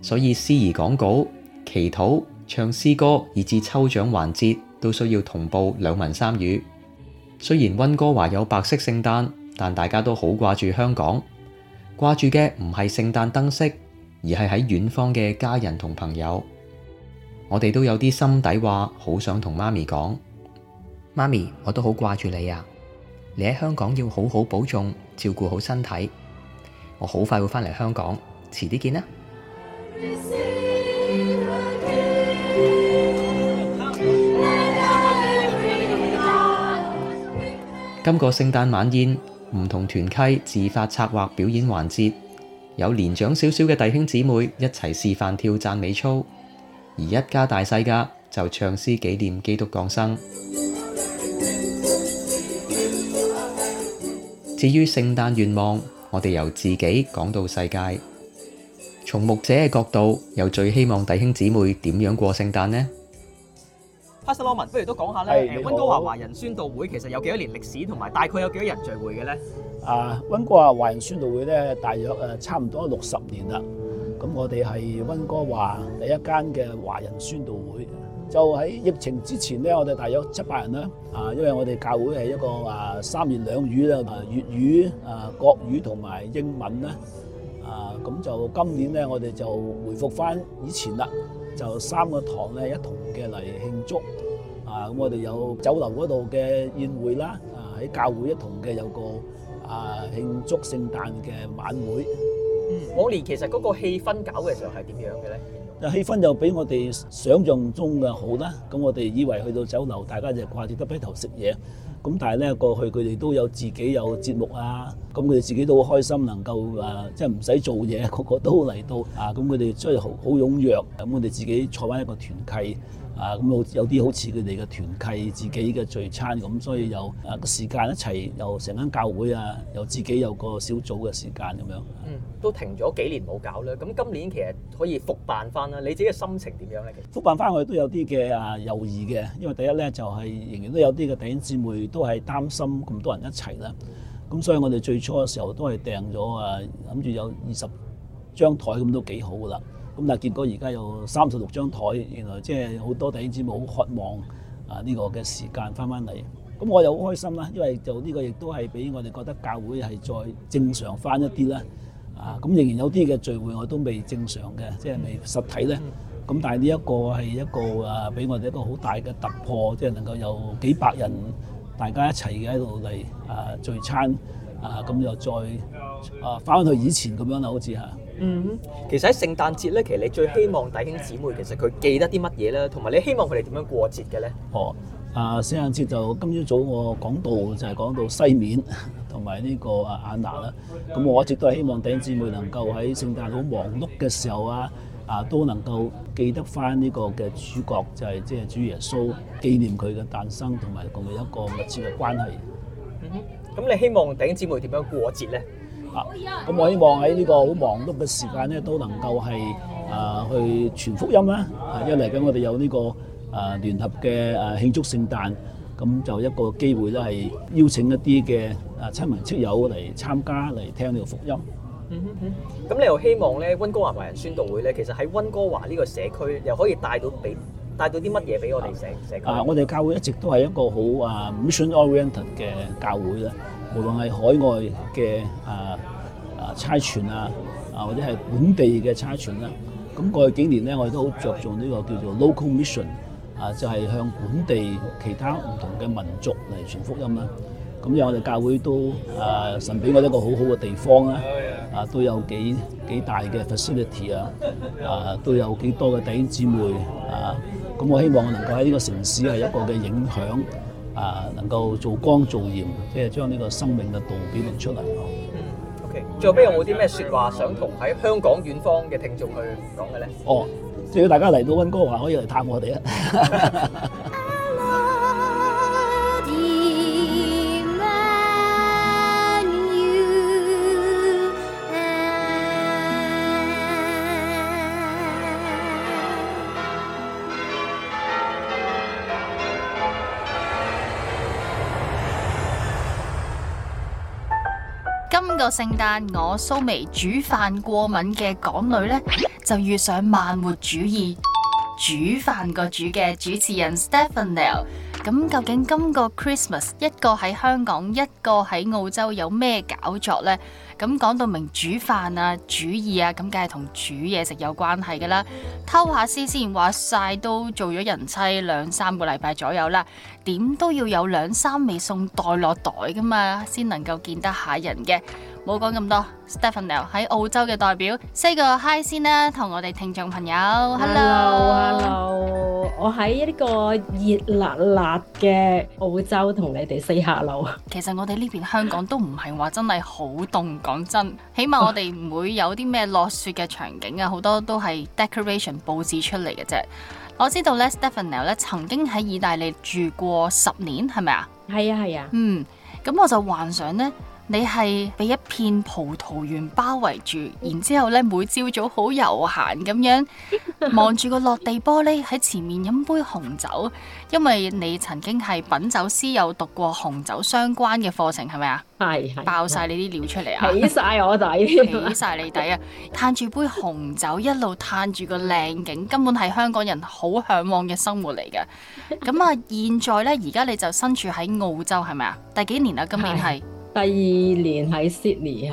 所以司儀講稿、祈禱、唱詩歌以，以至抽獎環節都需要同步兩文三語。雖然溫哥華有白色聖誕。但大家都好掛住香港，掛住嘅唔係聖誕燈飾，而係喺遠方嘅家人同朋友。我哋都有啲心底話，好想同媽咪講：媽咪，我都好掛住你啊！你喺香港要好好保重，照顧好身體。我好快會返嚟香港，遲啲見啦。今個聖誕晚宴。唔同團契自發策劃表演環節，有年長少少嘅弟兄姊妹一齊示範跳讚美操，而一家大細嘅就唱詩紀念基督降生。至於聖誕願望，我哋由自己講到世界，從牧者嘅角度，又最希望弟兄姊妹點樣過聖誕呢？Pastor Norman，不如都講下咧，溫哥華華人宣道會其實有幾多年歷史，同埋大概有幾多人聚會嘅咧？啊，溫哥華華人宣道會咧，大約誒差唔多六十年啦。咁我哋係溫哥華第一間嘅華人宣道會，就喺疫情之前咧，我哋大約七百人啦。啊，因為我哋教會係一個誒三言兩語啦，誒粵語、誒國語同埋英文啦。啊，咁就今年咧，我哋就回復翻以前啦，就三個堂咧一同。嚟慶祝啊！咁我哋有酒樓嗰度嘅宴會啦，啊喺教會一同嘅有個啊慶祝聖誕嘅晚會。往年其實嗰個氣氛搞嘅時候係點樣嘅咧？就氣氛就比我哋想象中嘅好啦。咁我哋以為去到酒樓，大家就掛住得批頭食嘢。咁但係咧，過去佢哋都有自己有節目啊。咁佢哋自己都好開心，能夠啊即係唔使做嘢，個個都嚟到啊。咁佢哋真係好好踴躍。咁我哋自己坐翻一個團契。啊咁有有啲好似佢哋嘅團契自己嘅聚餐咁，所以又啊個時間一齊又成間教會啊，又自己有個小組嘅時間咁樣。嗯，都停咗幾年冇搞啦，咁今年其實可以復辦翻啦。你自己嘅心情點樣咧？其實復辦翻我都有啲嘅啊猶豫嘅，因為第一咧就係、是、仍然都有啲嘅弟兄姊妹都係擔心咁多人一齊啦。咁所以我哋最初嘅時候都係訂咗啊，諗住有二十張台咁都幾好噶啦。咁啊！結果而家有三十六張台，原來即係好多弟兄姊妹好渴望啊呢、呢個嘅時間翻翻嚟。咁我又好開心啦，因為就呢個亦都係俾我哋覺得教會係再正常翻一啲啦。啊，咁、嗯、仍然有啲嘅聚會我都未正常嘅，即係未實體咧。咁、嗯、但係呢一個係、啊、一個啊，俾我哋一個好大嘅突破，即係能夠有幾百人大家一齊喺度嚟啊聚餐啊，咁、嗯、又再啊翻返去以前咁樣啦，好似嚇。嗯，其實喺聖誕節咧，其實你最希望弟兄姊妹其實佢記得啲乜嘢咧，同埋你希望佢哋點樣過節嘅咧？哦，啊聖誕節就今朝早我講到就係講到西面同埋呢個啊亞拿啦。咁我一直都係希望弟兄姊妹能夠喺聖誕好忙碌嘅時候啊，啊都能夠記得返呢個嘅主角就係即係主耶穌，紀念佢嘅誕生同埋共有一個密切嘅關係。嗯哼，咁你希望弟兄姊妹點樣過節咧？啊！咁我希望喺呢個好忙碌嘅時間咧，都能夠係啊去傳福音啦。因為我哋有呢個啊聯合嘅啊慶祝聖誕，咁就一個機會咧，係邀請一啲嘅啊親朋戚友嚟參加嚟聽呢個福音。嗯哼哼。咁你又希望咧，温哥華華人宣道會咧，其實喺温哥華呢個社區，又可以帶到俾帶到啲乜嘢俾我哋社社區？啊！我哋教會一直都係一個好啊 mission-oriented 嘅教會啦。無論係海外嘅啊啊差傳啊，啊或者係本地嘅差傳啦，咁過去幾年咧，我哋都好着重呢個叫做 local mission 啊，就係向本地其他唔同嘅民族嚟傳福音啦。咁因為我哋教會都啊神俾我一個好好嘅地方啦，啊都有幾幾大嘅 facility 啊，啊都有幾多嘅弟兄姊妹啊，咁我希望能夠喺呢個城市係一個嘅影響。啊，能夠做光做鹽，即係將呢個生命嘅道表露出嚟。嗯、mm hmm.，OK，最後邊有冇啲咩說話想同喺香港遠方嘅聽眾去講嘅咧？哦，只要大家嚟到溫哥華，可以嚟探我哋啊！ *laughs* *laughs* 呢個聖誕，我蘇眉煮飯過敏嘅港女呢，就遇上慢活主義煮飯個煮嘅主持人 Stephanel。咁、嗯、究竟今個 Christmas，一個喺香港，一個喺澳洲，有咩搞作呢？咁講到明煮飯啊、煮意啊，咁梗係同煮嘢食有關係㗎啦。偷下私先話晒，都做咗人妻兩三個禮拜左右啦，點都要有兩三味餸袋落袋㗎嘛，先能夠見得下人嘅。唔好講咁多，Stephanel 喺澳洲嘅代表，say 個 hi 先啦，同我哋聽眾朋友，hello，hello，hello. hello。我喺一個熱辣辣嘅澳洲同你哋 say 下樓。其實我哋呢邊香港都唔係話真係好凍，講真，起碼我哋唔會有啲咩落雪嘅場景啊，好 *laughs* 多都係 decoration 佈置出嚟嘅啫。我知道咧，Stephanel 咧曾經喺意大利住過十年，係咪啊？係啊，係啊。嗯，咁我就幻想呢。你係被一片葡萄園包圍住，然之後咧，每朝早好悠閒咁樣望住個落地玻璃喺前面飲杯紅酒，因為你曾經係品酒師，有讀過紅酒相關嘅課程，係咪是啊？係爆晒你啲料出嚟啊！起晒我底，起晒你底啊！嘆住 *laughs* 杯紅酒，一路嘆住個靚景，根本係香港人好向往嘅生活嚟嘅。咁啊，現在呢，而家你就身處喺澳洲係咪啊？第幾年啦？今年係第二年喺 Sydney 係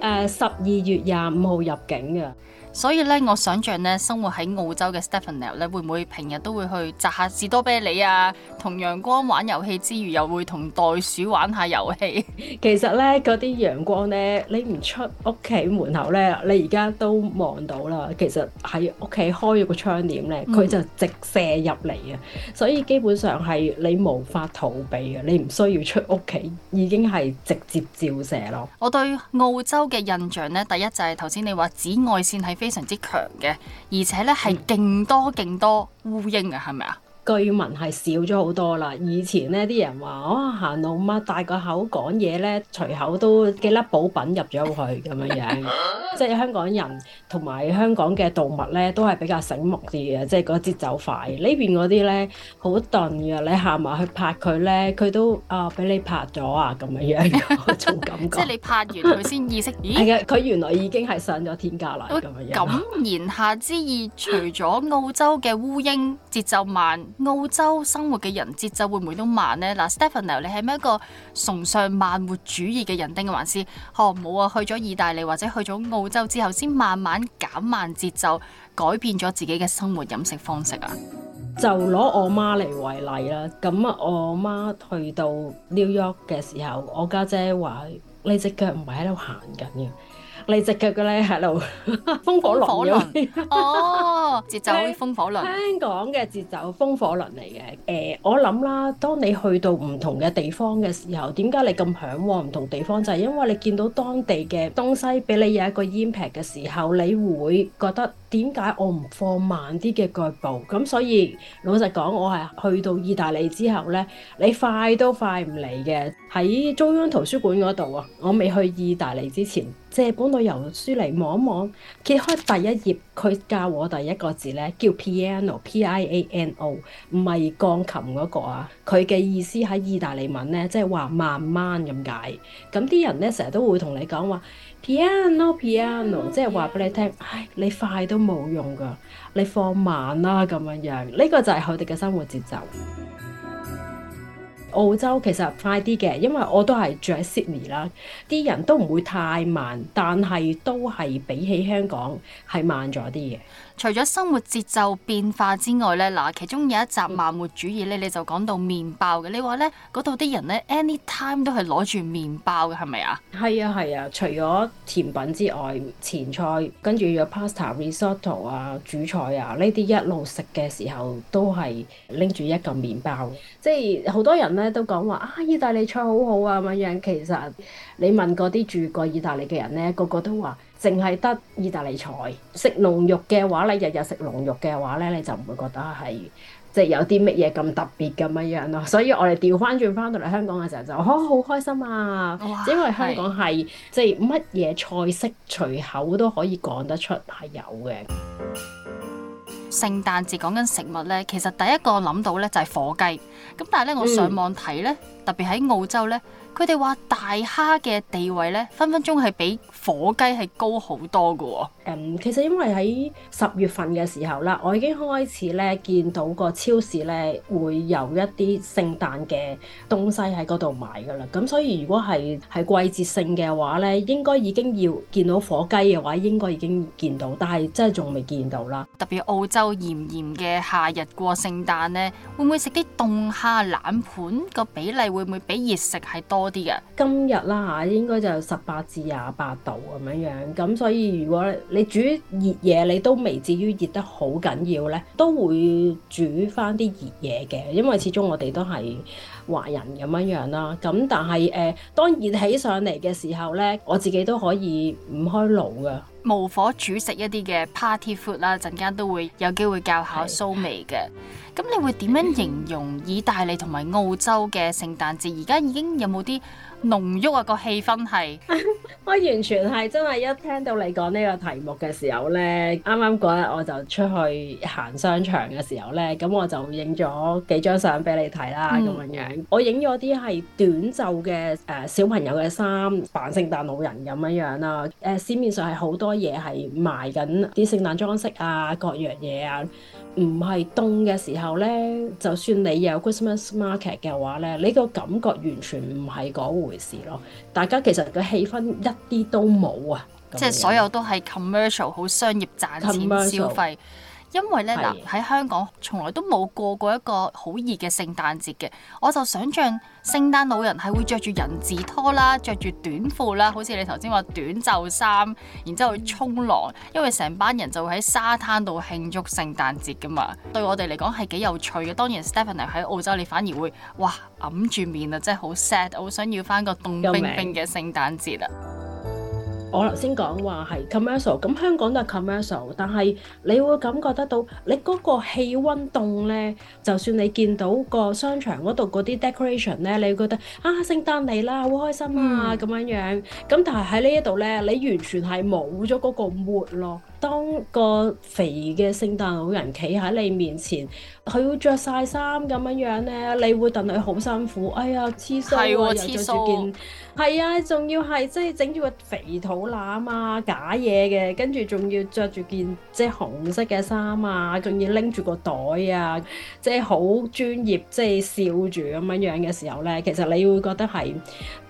啊，誒十二月廿五號入境嘅。所以咧，我想像咧，生活喺澳洲嘅 Stephanie 咧，會唔會平日都會去摘下士多啤梨啊，同陽光玩遊戲之餘，又會同袋鼠玩下遊戲？其實咧，嗰啲陽光咧，你唔出屋企門口咧，你而家都望到啦。其實喺屋企開咗個窗簾咧，佢就直射入嚟啊。嗯、所以基本上係你無法逃避嘅，你唔需要出屋企，已經係直接照射咯。我對澳洲嘅印象咧，第一就係頭先你話紫外線係非常之強嘅，而且咧係勁多勁多烏蠅啊，係咪啊？居民係少咗好多啦。以前呢啲人、哦、話，哇，行路乜大個口講嘢呢，隨口都幾粒寶品入咗去咁樣樣。 *laughs* 即係香港人同埋香港嘅動物呢，都係比較醒目啲嘅，即係嗰節奏快。呢邊嗰啲呢，好鈍嘅，你行埋去拍佢呢，佢都啊俾、哦、你拍咗啊咁樣樣嗰種感覺。 *laughs* 即係你拍完佢先意識。係佢 *laughs* 咦原來已經係上咗天價啦咁樣樣。咁言 *laughs* 下之意，除咗澳洲嘅烏蠅節奏慢。 *laughs* 澳洲生活嘅人節奏會唔會都慢呢？嗱，Stefano，你係咪一個崇尚慢活主義嘅人定嘅還是？唔好啊，去咗意大利或者去咗澳洲之後，先慢慢減慢節奏，改變咗自己嘅生活飲食方式啊？就攞我媽嚟為例啦。咁啊，我媽去到 New York 嘅時候，我家姐話：呢隻腳唔係喺度行緊嘅。你隻腳嘅咧係度風火輪，哦、oh, 節奏風火輪。香港嘅節奏風火輪嚟嘅。誒、呃，我諗啦，當你去到唔同嘅地方嘅時候，點解你咁嚮往？唔同地方就係、是、因為你見到當地嘅東西俾你有一個 impact 嘅時候，你會覺得。點解我唔放慢啲嘅腳步？咁所以老實講，我係去到意大利之後咧，你快都快唔嚟嘅。喺中央圖書館嗰度啊，我未去意大利之前借本旅遊書嚟望一望，揭開第一頁，佢教我第一個字咧叫 Piano，P I A N O，唔係鋼琴嗰個啊。佢嘅意思喺意大利文咧，即係話慢慢咁解。咁啲人咧成日都會同你講話。Piano，piano，P iano, 即係話俾你聽，P iano. 唉，你快都冇用㗎，你放慢啦咁樣樣，呢個就係佢哋嘅生活節奏。 *music* 澳洲其實快啲嘅，因為我都係住喺 Sydney 啦，啲人都唔會太慢，但係都係比起香港係慢咗啲嘅。除咗生活節奏變化之外咧，嗱，其中有一集《漫活主義》咧，你就講到麵包嘅。你話咧，嗰度啲人咧，anytime 都係攞住麵包嘅，係咪啊？係啊係啊，除咗甜品之外，前菜跟住有 pasta risotto 啊，主菜啊，呢啲一路食嘅時候都係拎住一嚿麵包嘅。即係好多人咧都講話啊，意大利菜好好啊，咁樣。其實你問嗰啲住過意大利嘅人咧，個個都話。淨係得意大利菜，食龍肉嘅話咧，日日食龍肉嘅話咧，你就唔會覺得係即係有啲乜嘢咁特別咁樣樣咯。所以我哋調翻轉翻到嚟香港嘅時候就哦，好開心啊，因為香港係即係乜嘢菜式隨口都可以講得出係有嘅。聖誕節講緊食物咧，其實第一個諗到咧就係火雞，咁但係咧我上網睇咧，特別喺澳洲咧。佢哋話大蝦嘅地位咧，分分鐘係比火雞係高好多㗎喎、哦。嗯，其實因為喺十月份嘅時候啦，我已經開始咧見到個超市咧會有一啲聖誕嘅東西喺嗰度賣㗎啦。咁所以如果係係季節性嘅話咧，應該已經要見到火雞嘅話，應該已經見到，但係真係仲未見到啦。特別澳洲炎炎嘅夏日過聖誕咧，會唔會食啲凍蝦冷盤，個比例會唔會比熱食係多啲嘅？今日啦嚇，應該就十八至廿八度咁樣樣。咁所以如果你煮熱嘢，你都未至於熱得好緊要呢，都會煮翻啲熱嘢嘅，因為始終我哋都係華人咁樣樣啦。咁但係誒、呃，當熱起上嚟嘅時候呢，我自己都可以唔開爐噶，無火煮食一啲嘅 party food 啦，陣間都會有機會教下蘇眉嘅。咁是你會點樣形容意大利同埋澳洲嘅聖誕節？而家已經有冇啲？濃郁啊，個氣氛係， *laughs* 我完全係真係一聽到你講呢個題目嘅時候呢，啱啱嗰日我就出去行商場嘅時候呢，咁我就影咗幾張相俾你睇啦咁樣、嗯、樣。我影咗啲係短袖嘅誒、呃、小朋友嘅衫扮聖誕老人咁樣樣啦。誒、呃、市面上係好多嘢係賣緊啲聖誕裝飾啊各樣嘢啊。唔係凍嘅時候呢，就算你有 Christmas market 嘅話呢，你個感覺完全唔係嗰回事咯。大家其實個氣氛一啲都冇啊，即係所有都係 commercial，好商業賺錢消費。因為咧嗱，喺的、呃、香港從來都冇過過一個好熱嘅聖誕節嘅，我就想像聖誕老人係會着住人字拖啦，着住短褲啦，好似你頭先話短袖衫，然之後去沖浪，因為成班人就會喺沙灘度慶祝聖誕節噶嘛。對我哋嚟講係幾有趣嘅，當然 Stephanie 喺澳洲你反而會哇，揞住面啊，真係好 sad，好想要翻個凍冰冰嘅聖誕節啦。我頭先講話係 commercial，咁香港都係 commercial，但係你會感覺得到你嗰個氣温凍咧，就算你見到個商場嗰度嗰啲 decoration 咧，你會覺得啊聖誕嚟啦，好開心啊咁樣、嗯、樣，咁但係喺呢一度咧，你完全係冇咗嗰個 mood 咯。當個肥嘅聖誕老人企喺你面前，佢會着晒衫咁樣樣咧，你會戥佢好辛苦。哎呀，黐鬚、哦、啊，又著住件係啊，仲要係即係整住個肥肚腩啊，假嘢嘅，跟住仲要着住件即係紅色嘅衫啊，仲要拎住個袋啊，即係好專業，即係笑住咁樣樣嘅時候咧，其實你會覺得係。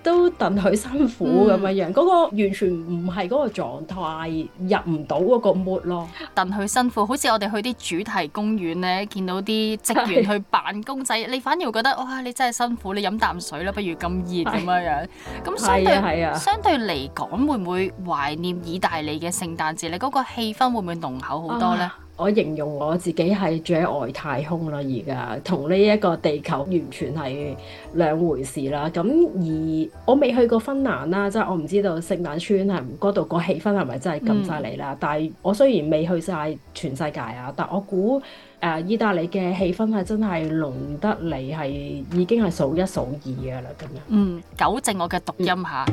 都戥佢辛苦咁樣樣，嗰、嗯、個完全唔係嗰個狀態，入唔到嗰個 mood 咯。戥佢辛苦，好似我哋去啲主題公園咧，見到啲職員去扮公仔，是你反而會覺得哇，你真係辛苦，你飲啖水啦，不如咁熱咁樣樣。咁是相對、啊啊、相對嚟講，會唔會懷念意大利嘅聖誕節？你嗰個氣氛會唔會濃厚好多咧？啊我形容我自己係住喺外太空啦，而家同呢一個地球完全係兩回事啦。咁而我未去過芬蘭啦，即係我唔知道聖誕村係嗰度個氣氛係咪真係咁犀利啦。嗯、但係我雖然未去晒全世界啊，但我估誒、呃、意大利嘅氣氛係真係濃得嚟，係已經係數一數二嘅啦。咁樣嗯，糾正我嘅讀音嚇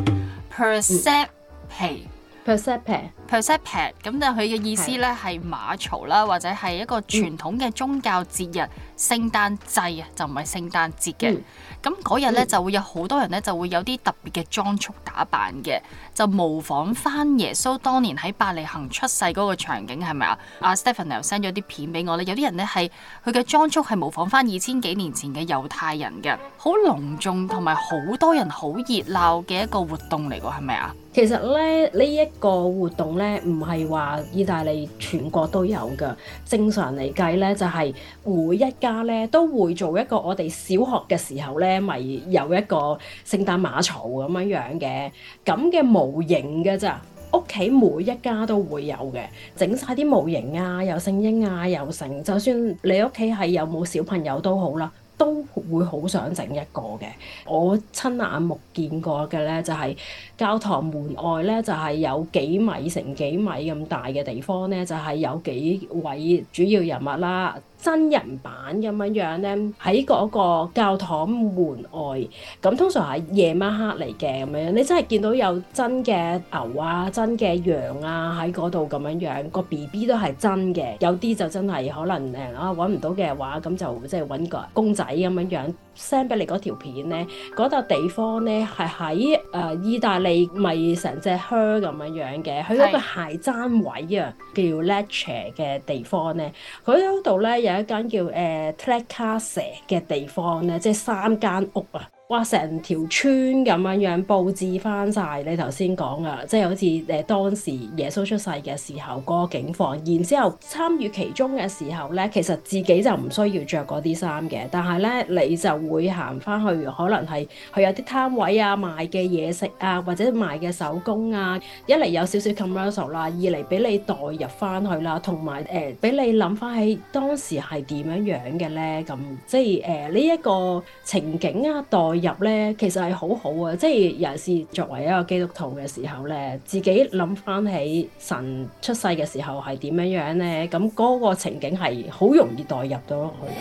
，perceive。嗯 per Persipat，Persipat，咁就佢嘅意思咧，係馬槽啦，或者係一個傳統嘅宗教節日，聖誕祭啊，就唔係聖誕節嘅。咁嗰日咧就會有好多人咧就會有啲特別嘅裝束打扮嘅，就模仿翻耶穌當年喺伯利恒出世嗰個場景，係咪啊？阿 Stephany 又 send 咗啲片俾我咧，有啲人咧係佢嘅裝束係模仿翻二千幾年前嘅猶太人嘅，好隆重同埋好多人好熱鬧嘅一個活動嚟㗎，係咪啊？其實咧，呢、這、一個活動咧，唔係話意大利全國都有嘅。正常嚟計咧，就係、是、每一家咧都會做一個我哋小學嘅時候咧，咪有一個聖誕馬槽咁樣樣嘅咁嘅模型嘅咋。屋企每一家都會有嘅，整晒啲模型啊，又聖嬰啊，又成。就算你屋企係有冇小朋友都好啦。都會好想整一個嘅，我親眼目見過嘅咧，就係、是、教堂門外咧，就係、是、有幾米乘幾米咁大嘅地方咧，就係、是、有幾位主要人物啦。真人版咁樣樣咧，喺嗰個教堂門外，咁通常係夜晚黑嚟嘅咁樣樣。你真係見到有真嘅牛啊、真嘅羊啊喺嗰度咁樣樣，個 B B 都係真嘅。有啲就真係可能啊揾唔到嘅話，咁就即係揾個公仔咁樣樣 send 俾你嗰條片咧。嗰笪地方咧係喺誒意大利，咪成隻靴咁樣樣嘅，佢嗰個鞋踭位啊，叫 Lecce 嘅地方咧，佢嗰度咧有一間叫誒 Trekker 蛇嘅地方咧，即係三間屋啊！哇！成條村咁樣樣佈置翻晒，你頭先講噶，即係好似誒當時耶穌出世嘅時候嗰個境況。然之後參與其中嘅時候咧，其實自己就唔需要着嗰啲衫嘅，但係咧你就會行翻去，可能係佢有啲攤位啊，賣嘅嘢食啊，或者賣嘅手工啊，一嚟有少少 commercial 啦，二嚟俾你代入翻去啦，同埋誒俾你諗翻起當時係點樣樣嘅咧，咁即係誒呢一個情景啊代入咧，其實係好好啊！即係尤其是作為一個基督徒嘅時候咧，自己諗翻起神出世嘅時候係點樣樣咧，咁嗰個情景係好容易代入到落去。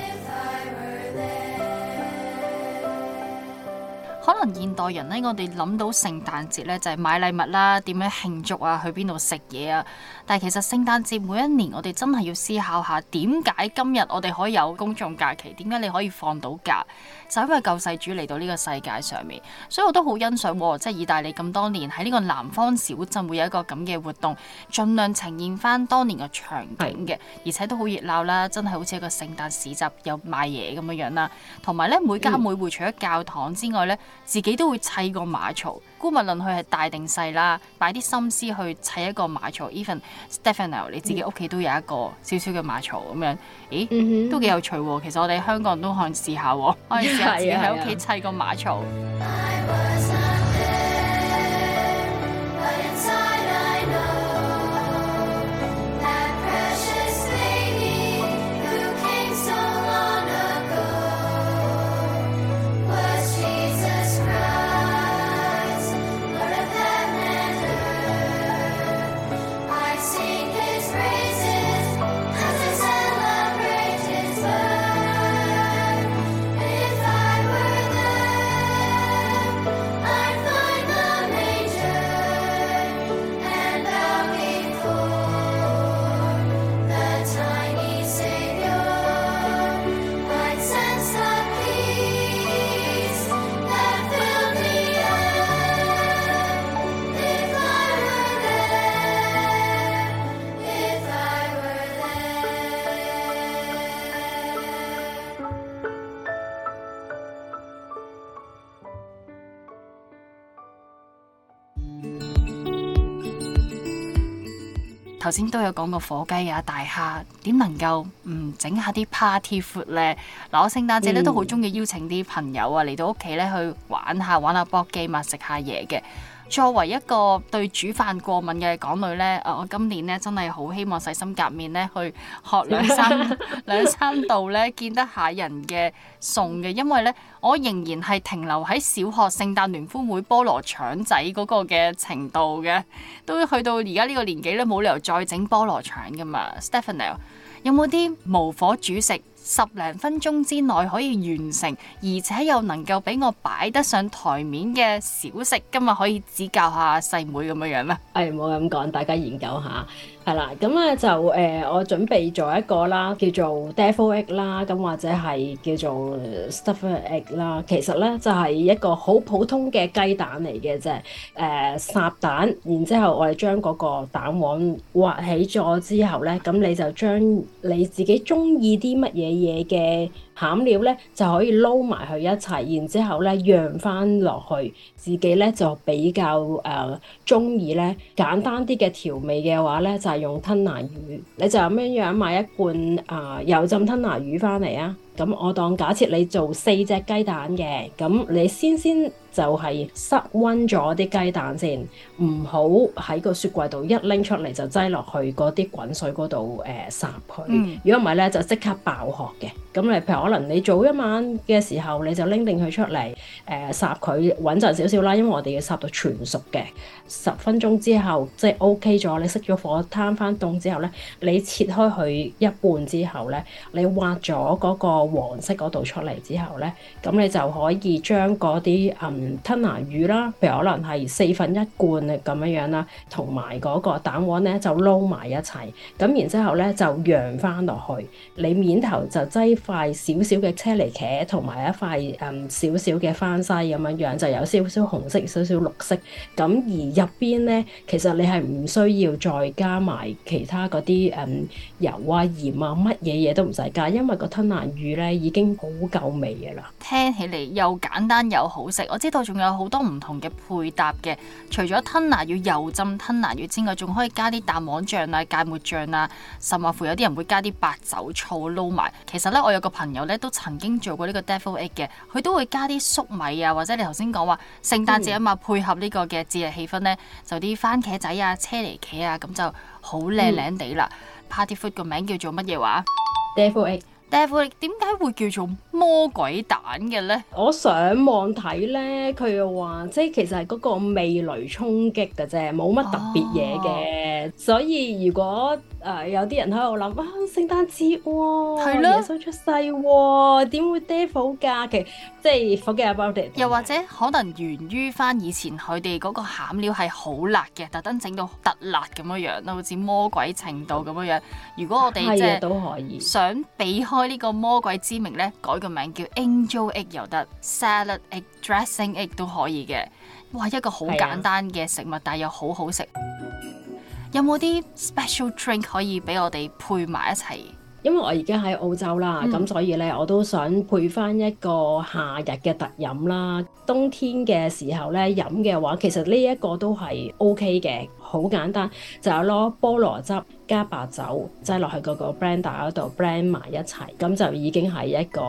可能現代人咧，我哋諗到聖誕節咧，就係買禮物啦，點樣慶祝啊，去邊度食嘢啊。但係其實聖誕節每一年我哋真係要思考下點解今日我哋可以有公眾假期，點解你可以放到假？就因為救世主嚟到呢個世界上面，所以我都好欣賞、哦、即係意大利咁多年喺呢個南方小鎮會有一個咁嘅活動，盡量呈現翻當年嘅場景嘅，而且都好熱鬧啦，真係好似一個聖誕市集有賣嘢咁樣樣啦，同埋咧每家每戶除咗教堂之外咧，自己都會砌個馬槽。估勿論佢係大定細啦，擺啲心思去砌一個馬槽。Even Stefano 你自己屋企都有一個少少嘅馬槽咁樣，咦，mm hmm. 都幾有趣喎！其實我哋香港人都可以試下，可以試下自己喺屋企砌個馬槽。 *laughs* *music* 先都有講過火雞啊，大蝦點能夠唔整下啲 party food 咧？嗱，我聖誕節咧、嗯、都好中意邀請啲朋友啊嚟到屋企咧去玩下，玩下 board game，食下嘢嘅。作為一個對煮飯過敏嘅港女呢，誒，我今年呢真係好希望洗心革面呢去學兩三 *laughs* 兩三道呢見得下人嘅餸嘅，因為呢我仍然係停留喺小學聖誕聯歡會菠蘿腸仔嗰個嘅程度嘅，都去到而家呢個年紀呢，冇理由再整菠蘿腸㗎嘛。 *laughs* Stephanie 有冇啲無火煮食？十零分鐘之內可以完成，而且又能夠俾我擺得上台面嘅小食，今日可以指教下細妹咁樣咩？咧、哎，唔好咁講，大家研究下。係啦，咁咧就誒、呃，我準備咗一個啦，叫做 devil egg 啦，咁或者係叫做 stuffing egg 啦。其實咧就係、是、一個好普通嘅雞蛋嚟嘅啫，誒、呃、烚蛋，然之後我哋將嗰個蛋黃挖起咗之後咧，咁你就將你自己中意啲乜嘢嘢嘅。餡料呢就可以撈埋佢一齊，然之後呢釀返落去，自己呢就比較誒中意呢簡單啲嘅調味嘅話呢，就係、是、用吞拿魚，你就咁樣買一罐誒油、呃、浸吞拿魚翻嚟啊！咁我當假設你做四隻雞蛋嘅，咁你先先就係塞溫咗啲雞蛋先，唔好喺個雪櫃度一拎出嚟就擠落去嗰啲滾水嗰度誒烚佢。如果唔係咧，就即刻爆殼嘅。咁你譬如可能你早一晚嘅時候，你就拎定佢出嚟誒烚佢穩陣少少啦，因為我哋要烚到全熟嘅。十分鐘之後即係 OK 咗，你熄咗火攤翻凍之後咧，你切開佢一半之後咧，你挖咗嗰個。黃色嗰度出嚟之後咧，咁你就可以將嗰啲嗯吞拿魚啦，譬如可能係四分一罐咁樣樣啦，同埋嗰個蛋黃咧就撈埋一齊，咁然之後咧就揚翻落去，你面頭就擠塊少少嘅車厘茄同埋一塊，小小一塊嗯少少嘅番西咁樣樣，就有少少紅色少少綠色，咁而入邊咧其實你係唔需要再加埋其他嗰啲嗯油啊鹽啊乜嘢嘢都唔使加，因為個吞拿魚已經好夠味嘅啦，聽起嚟又簡單又好食。我知道仲有好多唔同嘅配搭嘅，除咗吞拿魚油浸吞拿魚之外，仲可以加啲蛋黃醬啊、芥末醬啊，甚或乎有啲人會加啲白酒醋撈埋。其實呢，我有個朋友呢都曾經做過呢個 Devil Egg 嘅，佢都會加啲粟米啊，或者你頭先講話聖誕節啊嘛，嗯、配合呢個嘅節日氣氛呢，就啲番茄仔啊、車厘茄啊，咁就好靚靚地啦。嗯、Party Food 個名叫做乜嘢話？Devil Egg。 *noise* *noise* *noise* 德富力點解會叫做魔鬼蛋嘅咧？我上網睇咧，佢又話即係其實係嗰個味蕾衝擊㗎啫，冇乜特別嘢嘅。哦、所以如果誒、呃、有啲人喺度諗啊，聖誕節喎、哦，的耶穌出世喎、哦，點會 deviled 嘅？即係 forget about it。又或者可能源於翻以前佢哋嗰個餡料係好辣嘅，特登整到特辣咁樣樣啦，好似魔鬼程度咁樣樣。如果我哋即係都可以想避開。呢個魔鬼之名咧，改個名叫 Angel Egg 又得，Salad Egg Dressing Egg 都可以嘅。哇，一個好簡單嘅食物，但又好好食。有冇啲 special drink 可以俾我哋配埋一齊？因為我而家喺澳洲啦，咁、嗯、所以咧我都想配翻一個夏日嘅特飲啦。冬天嘅時候咧飲嘅話，其實呢一個都係 OK 嘅。好簡單，就攞菠蘿汁加白酒擠落去個個 blender 嗰度 brand 埋一齊，咁就已經係一個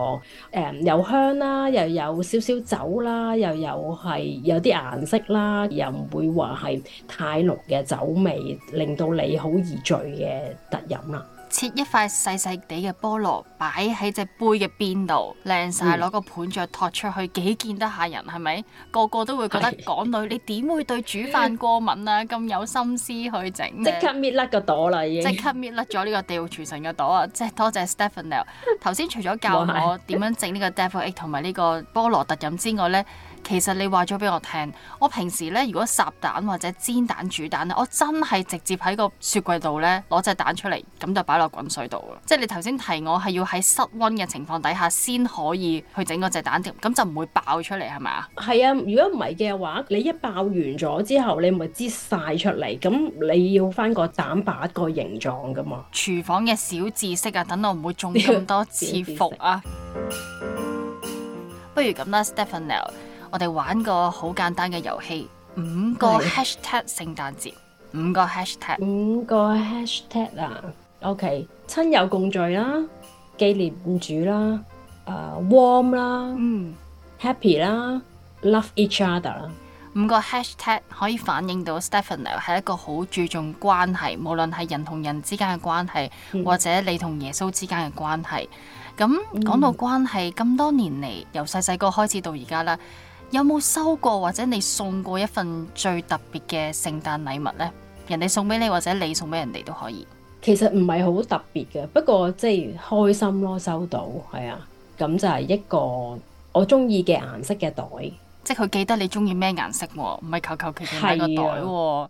誒又、嗯、香啦，又有少少酒啦，又有係有啲顏色啦，又唔會話係太濃嘅酒味，令到你好易醉嘅特飲啦。切一塊細細地嘅菠蘿擺喺隻杯嘅邊度，靚晒，攞個盤着托出去，幾見得下人係咪？個個都會覺得港女 *laughs* 你點會對煮飯過敏啊？咁有心思去整，即刻搣甩個朵啦已經！即刻搣甩咗呢個地獄廚神嘅朵啊！即係多謝 Stephanel，頭先除咗教我點樣整呢個 devil egg 同埋呢個菠蘿特飲之外咧。其實你話咗俾我聽，我平時咧如果烚蛋或者煎蛋煮蛋咧，我真係直接喺個雪櫃度咧攞隻蛋出嚟，咁就擺落滾水度。即係你頭先提我係要喺室温嘅情況底下先可以去整嗰隻蛋條，咁就唔會爆出嚟，係咪啊？係啊！如果唔係嘅話，你一爆完咗之後，你咪擠晒出嚟，咁你要翻個蛋白個形狀㗎嘛？廚房嘅小知識啊，等我唔會中咁多次伏啊！ *laughs* 識不如咁啦，Stephanel。Stephen, no. 我哋玩個好簡單嘅遊戲，五個#聖誕節，五個#，五個#啊，OK，親友共聚啦，紀念主啦，誒、呃、warm 啦，嗯，happy 啦，love each other 啦。五個#可以反映到 Stephanie 係一個好注重關係，無論係人同人之間嘅關係，嗯、或者你同耶穌之間嘅關係。咁講到關係咁、嗯、多年嚟，由細細個開始到而家啦。有冇收過或者你送過一份最特別嘅聖誕禮物呢？人哋送俾你或者你送俾人哋都可以。其實唔係好特別嘅，不過即係開心咯，收到係啊。咁就係一個我中意嘅顏色嘅袋，即係佢記得你中意咩顏色喎，啊，唔係求求其其買個袋喎，啊。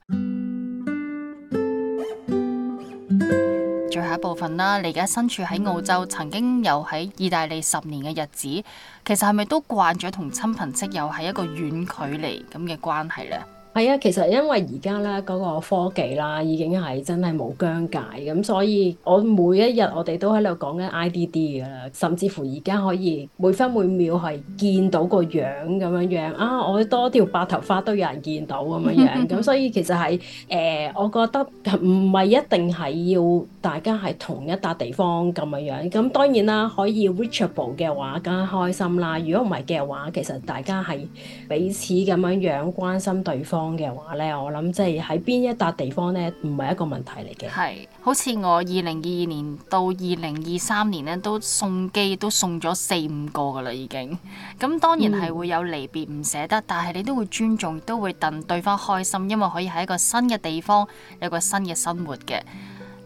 最後一部分啦，你而家身處喺澳洲，曾經有喺意大利十年嘅日子，其實係咪都慣咗同親朋戚友係一個遠距離咁嘅關係呢？係啊，其實因為而家咧嗰個科技啦，已經係真係冇疆界咁，所以我每一日我哋都喺度講緊 IDD 噶啦，甚至乎而家可以每分每秒係見到個樣咁樣樣啊，我多條白頭髮都有人見到咁樣樣，咁所以其實係誒、呃，我覺得唔係一定係要大家係同一笪地方咁樣樣，咁當然啦，可以 reachable 嘅話更加開心啦。如果唔係嘅話，其實大家係彼此咁樣樣關心對方。嘅話咧，我諗即係喺邊一笪地方咧，唔係一個問題嚟嘅。係，好似我二零二二年到二零二三年咧，都送機都送咗四五個噶啦，已經。咁、嗯、當然係會有離別唔捨得，但係你都會尊重，都會戥對方開心，因為可以喺一個新嘅地方，有個新嘅生活嘅。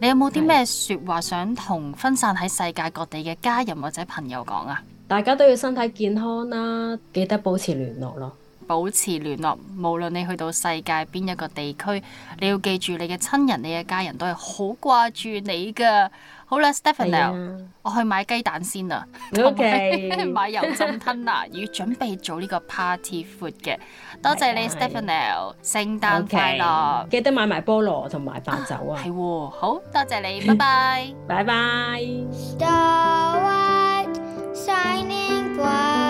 你有冇啲咩說話想同分散喺世界各地嘅家人或者朋友講啊？大家都要身體健康啦，記得保持聯絡咯。保持聯絡，無論你去到世界邊一個地區，你要記住你嘅親人，你嘅家人都係好掛住你㗎。好啦，Stephanel，我去買雞蛋先啦，OK，買油浸吞拿魚，準備做呢個 party food 嘅。多謝你，Stephanel，聖誕快樂，記得買埋菠蘿同埋白酒啊。係喎，好，多謝你，拜拜，拜拜。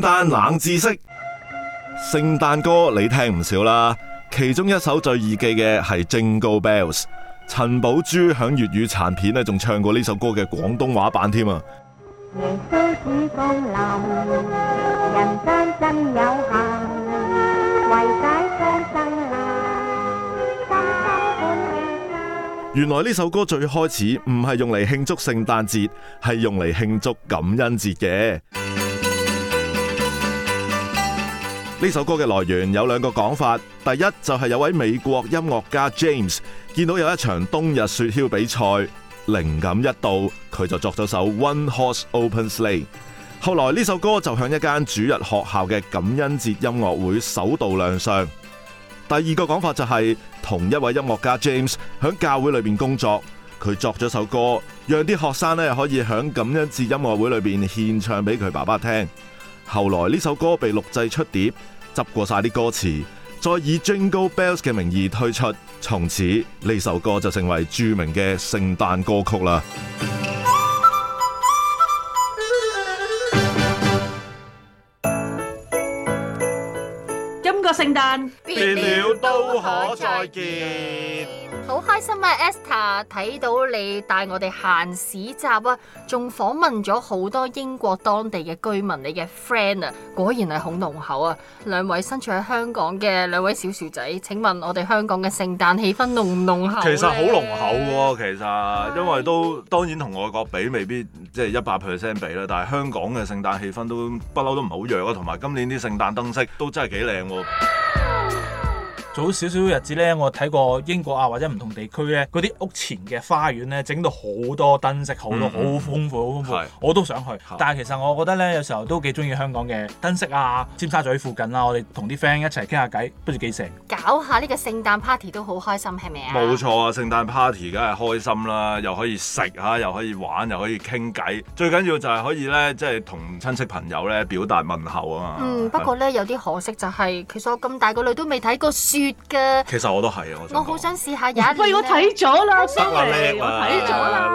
聖誕冷知識，聖誕歌你聽唔少啦，其中一首最易記嘅係《Jingle Bells》。陳寶珠響粵語殘片咧,仲唱過呢首歌嘅廣東話版添啊！耶穌主降臨，人間真有幸，為解眾生難，心心本念。原來呢首歌最開始唔係用嚟慶祝聖誕節，係用嚟慶祝感恩節嘅。呢首歌嘅來源有兩個講法，第一就係有位美國音樂家 James 見到有一場冬日雪橇比賽，靈感一度，佢就作咗首 One Horse Open Sleigh。後來呢首歌就向一間主日學校嘅感恩節音樂會首度亮相。第二個講法就係、是、同一位音樂家 James 響教會裏面工作，佢作咗首歌，讓啲學生咧可以響感恩節音樂會裏邊獻唱俾佢爸爸聽。後來呢首歌被錄製出碟，執過晒啲歌詞，再以 Jingle Bells 嘅名義推出，從此呢首歌就成為著名嘅聖誕歌曲啦。今個聖誕，別了都可再見。好開心啊，Esther，睇到你帶我哋行市集啊，仲訪問咗好多英國當地嘅居民，你嘅 friend 啊，果然係好濃厚啊！兩位身處喺香港嘅兩位小薯仔，請問我哋香港嘅聖誕氣氛濃唔濃厚咧？其實好濃厚喎，其實因為都當然同外國比未必即係一百 percent 比啦，但係香港嘅聖誕氣氛都不嬲都唔係好弱咯，同埋今年啲聖誕燈飾都真係幾靚喎。早少少日子咧，我睇過英國啊，或者唔同地區咧，嗰啲屋前嘅花園咧，整到好多燈飾，好多好、嗯、豐富，好豐富，是我都想去。是但係其實我覺得咧，有時候都幾中意香港嘅燈飾啊，尖沙咀附近啦、啊，我哋同啲 friend 一齊傾下偈，不如幾時搞下呢個聖誕 party 都好開心，係咪啊？冇錯啊！聖誕 party 梗係開心啦，又可以食下，又可以玩，又可以傾偈，最緊要就係可以咧，即係同親戚朋友咧表達問候啊嘛。嗯，嗯，不過咧有啲可惜就係、是，其實我咁大個女都未睇過樹。其實我都係啊！我好想試下。喂，我睇咗啦，三零，我睇咗啦。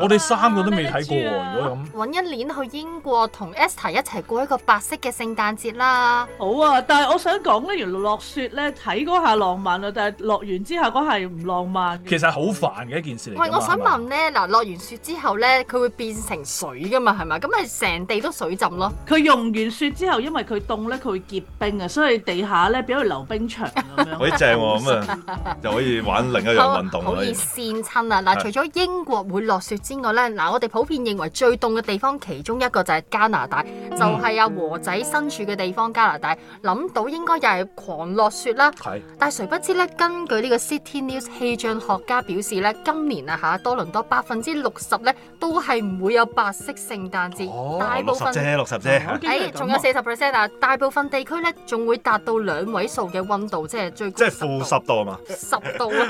我哋你三個都未睇過喎、啊。揾、啊、一年去英國同 Esther 一齊過一個白色嘅聖誕節啦。好啊，但係我想講咧，原來落雪咧睇嗰下浪漫啊，但係落完之後嗰係唔浪漫。其實好煩嘅一件事嚟。唔，我想問咧，嗱吧，落完雪之後咧，佢會變成水噶嘛？係咪？咁咪成地都水浸咯。佢、嗯、融完雪之後，因為佢凍咧，佢會結冰啊，所以地下咧俾佢溜冰場。 *laughs* 好正喎，咁啊，就可以玩另一樣運動啦。可以跣親啦！嗱， *laughs* 除咗英國會落雪之外咧，嗱，我哋普遍認為最凍嘅地方其中一個就係加拿大，就係、係、啊和仔身處嘅地方加拿大。諗到應該又係狂落雪啦。但係誰不知咧？根據呢個 City News 氣象學家表示咧，今年啊嚇多倫多百分之六十咧都係唔會有白色聖誕節。大部分，啫、哦，六十啫。仲、哎、有四十 percent 啊！大部分地區咧仲會達到兩位數嘅温度即係最即係負十度啊嘛，十度啦。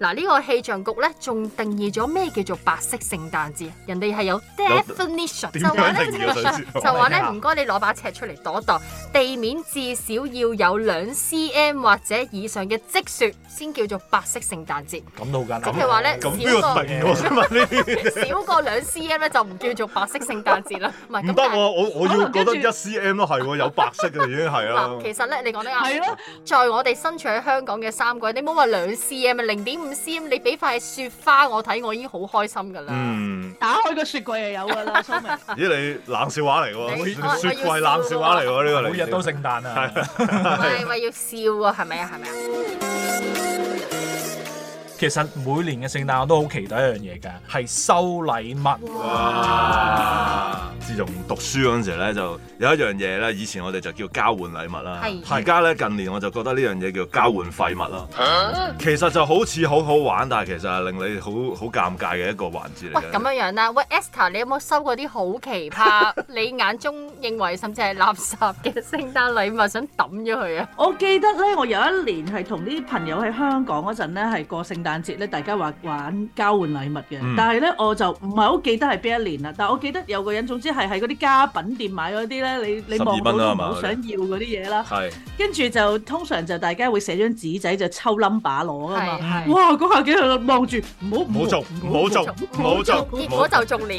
嗱，呢個氣象局咧仲定義咗咩叫做白色聖誕節？人哋係有 definition，就話咧就話咧，唔該你攞把尺出嚟度一度，地面至少要有兩 cm 或者以上嘅積雪先叫做白色聖誕節。咁都好簡單。即係話咧少過少過兩 cm 咧就唔叫做白色聖誕節啦。唔得喎，我我要覺得一 cm 都係喎，有白色嘅已經係啦。其實咧你講得啱。係咯。我哋身處喺香港嘅三季，你唔好話兩 cm 啊，零點五 cm，你畀塊雪花我，我睇我已經好開心㗎啦。嗯，打開個雪櫃又有㗎啦， *laughs* 聰明。咦？你冷笑話嚟喎？雪櫃冷笑話嚟喎？呢個每日都聖誕啊！係咪 *laughs* *laughs* 要笑啊？係咪啊？係咪啊？ *music* 其實每年嘅聖誕我都好期待一樣嘢㗎，係收禮物。哇！自從讀書嗰陣時咧，就有一樣嘢咧，以前我哋就叫交換禮物啦。係的。而家咧近年我就覺得呢樣嘢叫交換廢物啦。的其實就好似好好玩，但係其實係令你好好尷尬嘅一個環節嚟。喂，咁樣樣啦。喂，Esther，你有冇收過啲好奇葩？ *laughs* 你眼中認為甚至係垃圾嘅聖誕禮物，想抌咗佢啊？ *laughs* 我記得咧，我有一年係同啲朋友喺香港嗰陣咧，係過聖誕。環節咧，大家話玩交換禮物嘅，但係咧我就唔係好記得係邊一年啦。但係我記得有個人，總之係喺嗰啲家品店買嗰啲咧，你你望到都好想要嗰啲嘢啦。係。跟住就通常就大家會寫張紙仔就抽 number 攞噶嘛。係。哇，嗰下記得望住，唔好唔好做，唔好做，唔好做，結果就中了。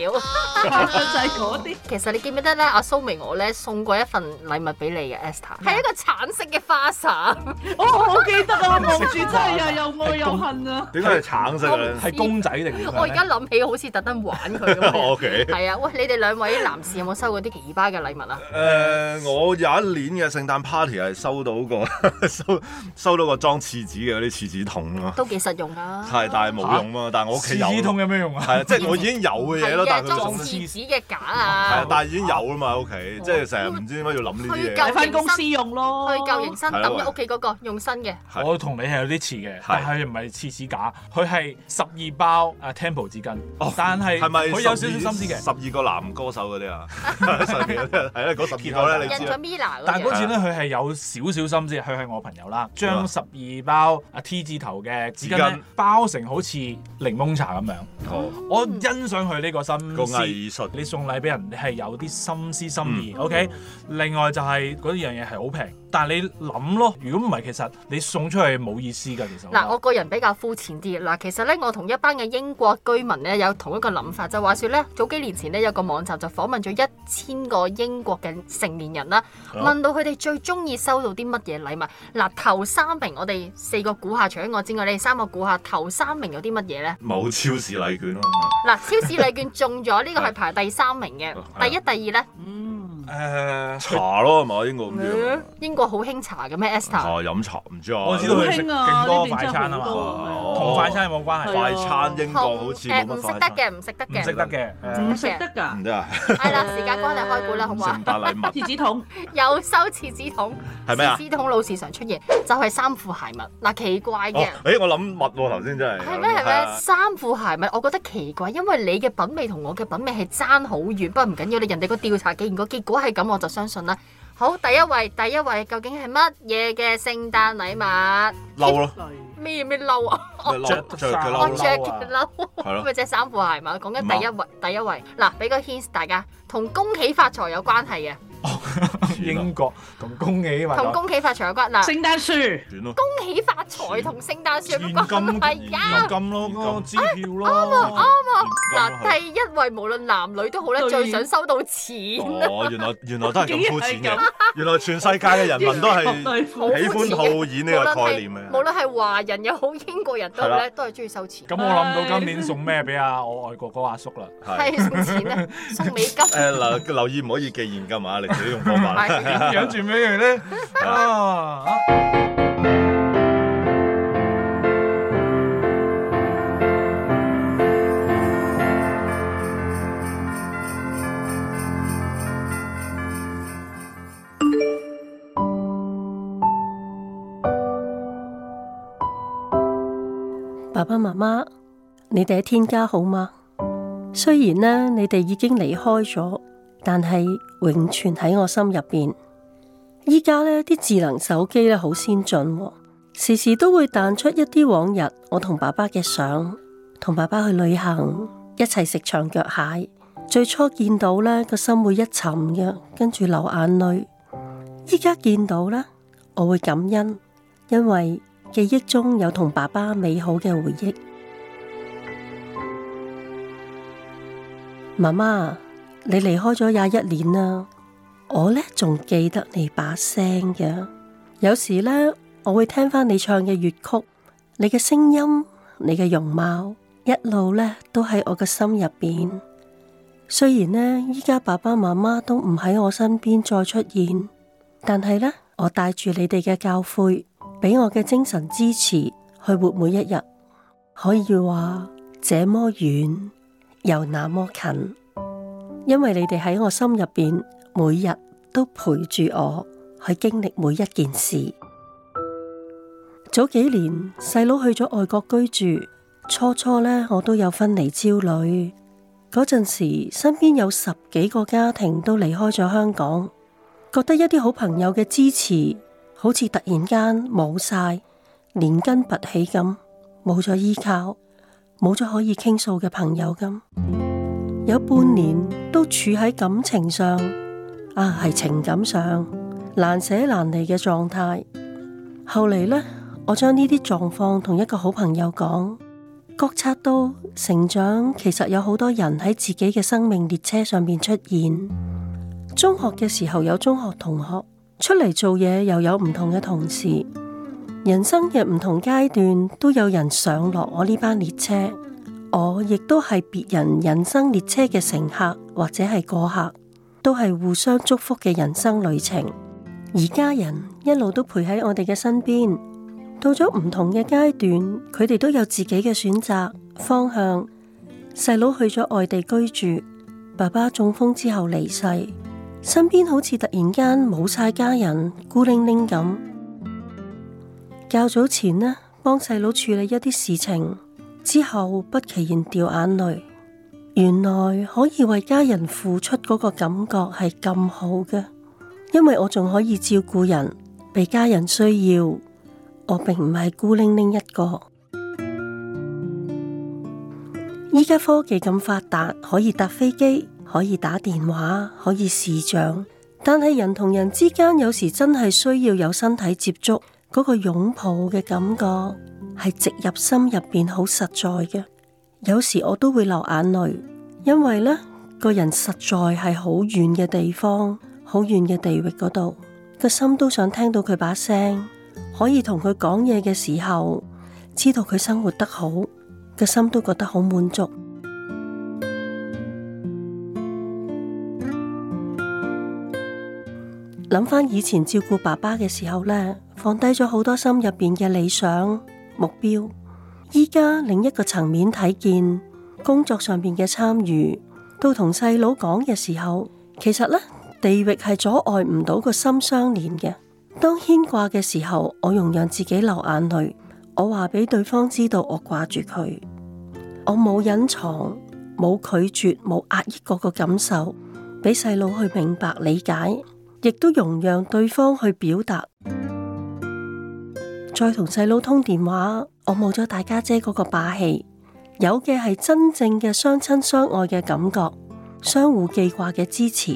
就係嗰啲。其實你記唔記得咧？阿蘇明我咧送過一份禮物俾你嘅 Esther，係一個橙色嘅花灑。我，好記得啊！望住真係又又愛又恨啊！點解係橙色咧？係公仔嚟嘅。我而家諗起好似特登玩佢咁。O K。係啊，喂，你哋兩位男士有冇收過啲奇爾巴嘅禮物啊？誒，我有一年嘅聖誕 party 係收到個收收到個裝廁紙嘅嗰啲廁紙筒咯。都幾實用啊！但係冇用啊，但係我屋企有。廁紙筒有咩用啊？係即係我已經有嘅嘢咯，但係佢裝廁紙嘅架啊！係啊，但係已經有啊嘛，屋企即係成日唔知點解要諗呢啲嘢。佢要翻公司用咯，去救營生，抌入屋企嗰個用新嘅。我同你係有啲似嘅，但係唔係廁紙假佢係十二包阿 Tempo 紙巾，但係係咪佢有少少心思嘅？十二個男歌手嗰啲啊，喺 *laughs* 上面，喺咧嗰十個。印咗 m i 但嗰次咧，佢係有少少心思，佢係我朋友啦，將十二包阿 T 字頭嘅紙巾包成好似檸檬茶咁樣。嗯、我欣賞佢呢個心思。個藝術。你送禮俾人，你係有啲心思心意。OK，另外就係嗰樣嘢係好平。但你諗咯，如果唔係，其實你送出去冇意思噶。其實嗱，我個人比較膚淺啲。嗱，其實咧，我同一班嘅英國居民咧，有同一個諗法，就話說咧，早幾年前呢，有個網站就訪問咗一千個英國嘅成年人啦，問到佢哋最中意收到啲乜嘢禮物。嗱，頭三名我哋四個估下，除咗我之外，你哋三個估下，頭三名有啲乜嘢咧？冇超市禮券嗱、啊，超市禮券中咗呢個係排第三名嘅，第一、第二咧。嗯誒茶咯，係咪英國唔知。英國好興茶嘅咩？Esther。係飲茶，唔知我知道佢食勁多快餐啊嘛，同快餐有冇關係？快餐英國好似唔食得嘅，唔食得嘅。唔食得嘅。唔食得㗎。唔得啊！係啦，時間關係開估啦，好唔好？乜嘢？廁紙筒，又收廁紙筒？係咩啊？廁紙筒老是常出現，就係衫褲鞋襪嗱，奇怪嘅。誒我諗襪喎頭先真係。係咩係咩？衫褲鞋襪，我覺得奇怪，因為你嘅品味同我嘅品味係爭好遠，不過唔緊要，你人哋個調查結果結如果係咁，哦、我就相信啦。好，第一位，第一位究竟係乜嘢嘅聖誕禮物？褸咯，咩咩褸啊？着衫， *laughs* 我着件褸，咁咪着衫褲鞋嘛。講緊第一位，對第一位嗱，俾個 hint 大家，同恭喜發財有關係嘅。英國同恭喜同恭喜發財嘅骨嗱，聖誕樹，恭喜發財同聖誕樹嘅骨，現金咯，現金咯，支票咯，啱喎啱喎。嗱，第一位無論男女都好咧，最想收到錢啊！原來原來都係咁膚淺嘅，原來全世界嘅人民都係喜歡套現呢個概念嘅。無論係華人又好，英國人都好咧，都係中意收錢。咁我諗到今年送咩俾阿我外國嗰阿叔啦？係送錢啊，送美金。誒，留留意唔可以寄現金啊！你你用方法，養住咩嘢咧？啊！爸爸媽媽，你哋喺天家好嗎？雖然咧，你哋已經離開咗。但係永存喺我心入邊。依家，呢啲智能手機咧好先進喎，時時都會彈出一啲往日我同爸爸嘅相，同爸爸去旅行，一齊食長腳蟹。最初見到咧個心會一沉嘅，跟住流眼淚。依家見到咧，我會感恩，因為記憶中有同爸爸美好嘅回憶。媽媽。你離開咗廿一年啦，我咧仲記得你把聲嘅。有時咧，我會聽翻你唱嘅粵曲，你嘅聲音、你嘅容貌，一路咧都喺我嘅心入邊。雖然咧，依家爸爸媽媽都唔喺我身邊再出現，但係咧，我帶住你哋嘅教誨，俾我嘅精神支持去活每一日，可以話這麼遠又那麼近。因為你哋喺我心入邊，每日都陪住我去經歷每一件事。早幾年細佬去咗外國居住，初初呢，我都有分離焦慮。嗰陣時身邊有十幾個家庭都離開咗香港，覺得一啲好朋友嘅支持好似突然間冇晒，連根拔起咁，冇咗依靠，冇咗可以傾訴嘅朋友咁。有半年都處喺感情上，啊，係情感上難捨難離嘅狀態。後嚟呢，我將呢啲狀況同一個好朋友講，覺察到成長其實有好多人喺自己嘅生命列車上面出現。中學嘅時候有中學同學，出嚟做嘢又有唔同嘅同事，人生嘅唔同階段都有人上落我呢班列車。我亦都係別人人生列車嘅乘客，或者係過客，都係互相祝福嘅人生旅程。而家人一路都陪喺我哋嘅身邊，到咗唔同嘅階段，佢哋都有自己嘅選擇方向。細佬去咗外地居住，爸爸中風之後離世，身邊好似突然間冇晒家人，孤零零咁。較早前呢，幫細佬處理一啲事情。之後不期然掉眼淚，原來可以為家人付出嗰個感覺係咁好嘅，因為我仲可以照顧人，被家人需要，我並唔係孤零零一個。依家科技咁發達，可以搭飛機，可以打電話，可以視像，但係人同人之間有時真係需要有身體接觸，嗰個擁抱嘅感覺。係直入心入邊好實在嘅，有時我都會流眼淚，因為呢個人實在係好遠嘅地方，好遠嘅地域嗰度，個心都想聽到佢把聲，可以同佢講嘢嘅時候，知道佢生活得好，個心都覺得好滿足。諗翻 *music* 以前照顧爸爸嘅時候呢，放低咗好多心入邊嘅理想。目標，依家另一個層面睇見工作上邊嘅參與，到同細佬講嘅時候，其實咧地域係阻礙唔到個心相連嘅。當牽掛嘅時候，我容讓自己流眼淚，我話俾對方知道我掛住佢，我冇隱藏，冇拒絕，冇壓抑個個感受，俾細佬去明白理解，亦都容讓對方去表達。再同細佬通電話，我冇咗大家姐嗰個霸氣，有嘅係真正嘅相親相愛嘅感覺，相互記掛嘅支持。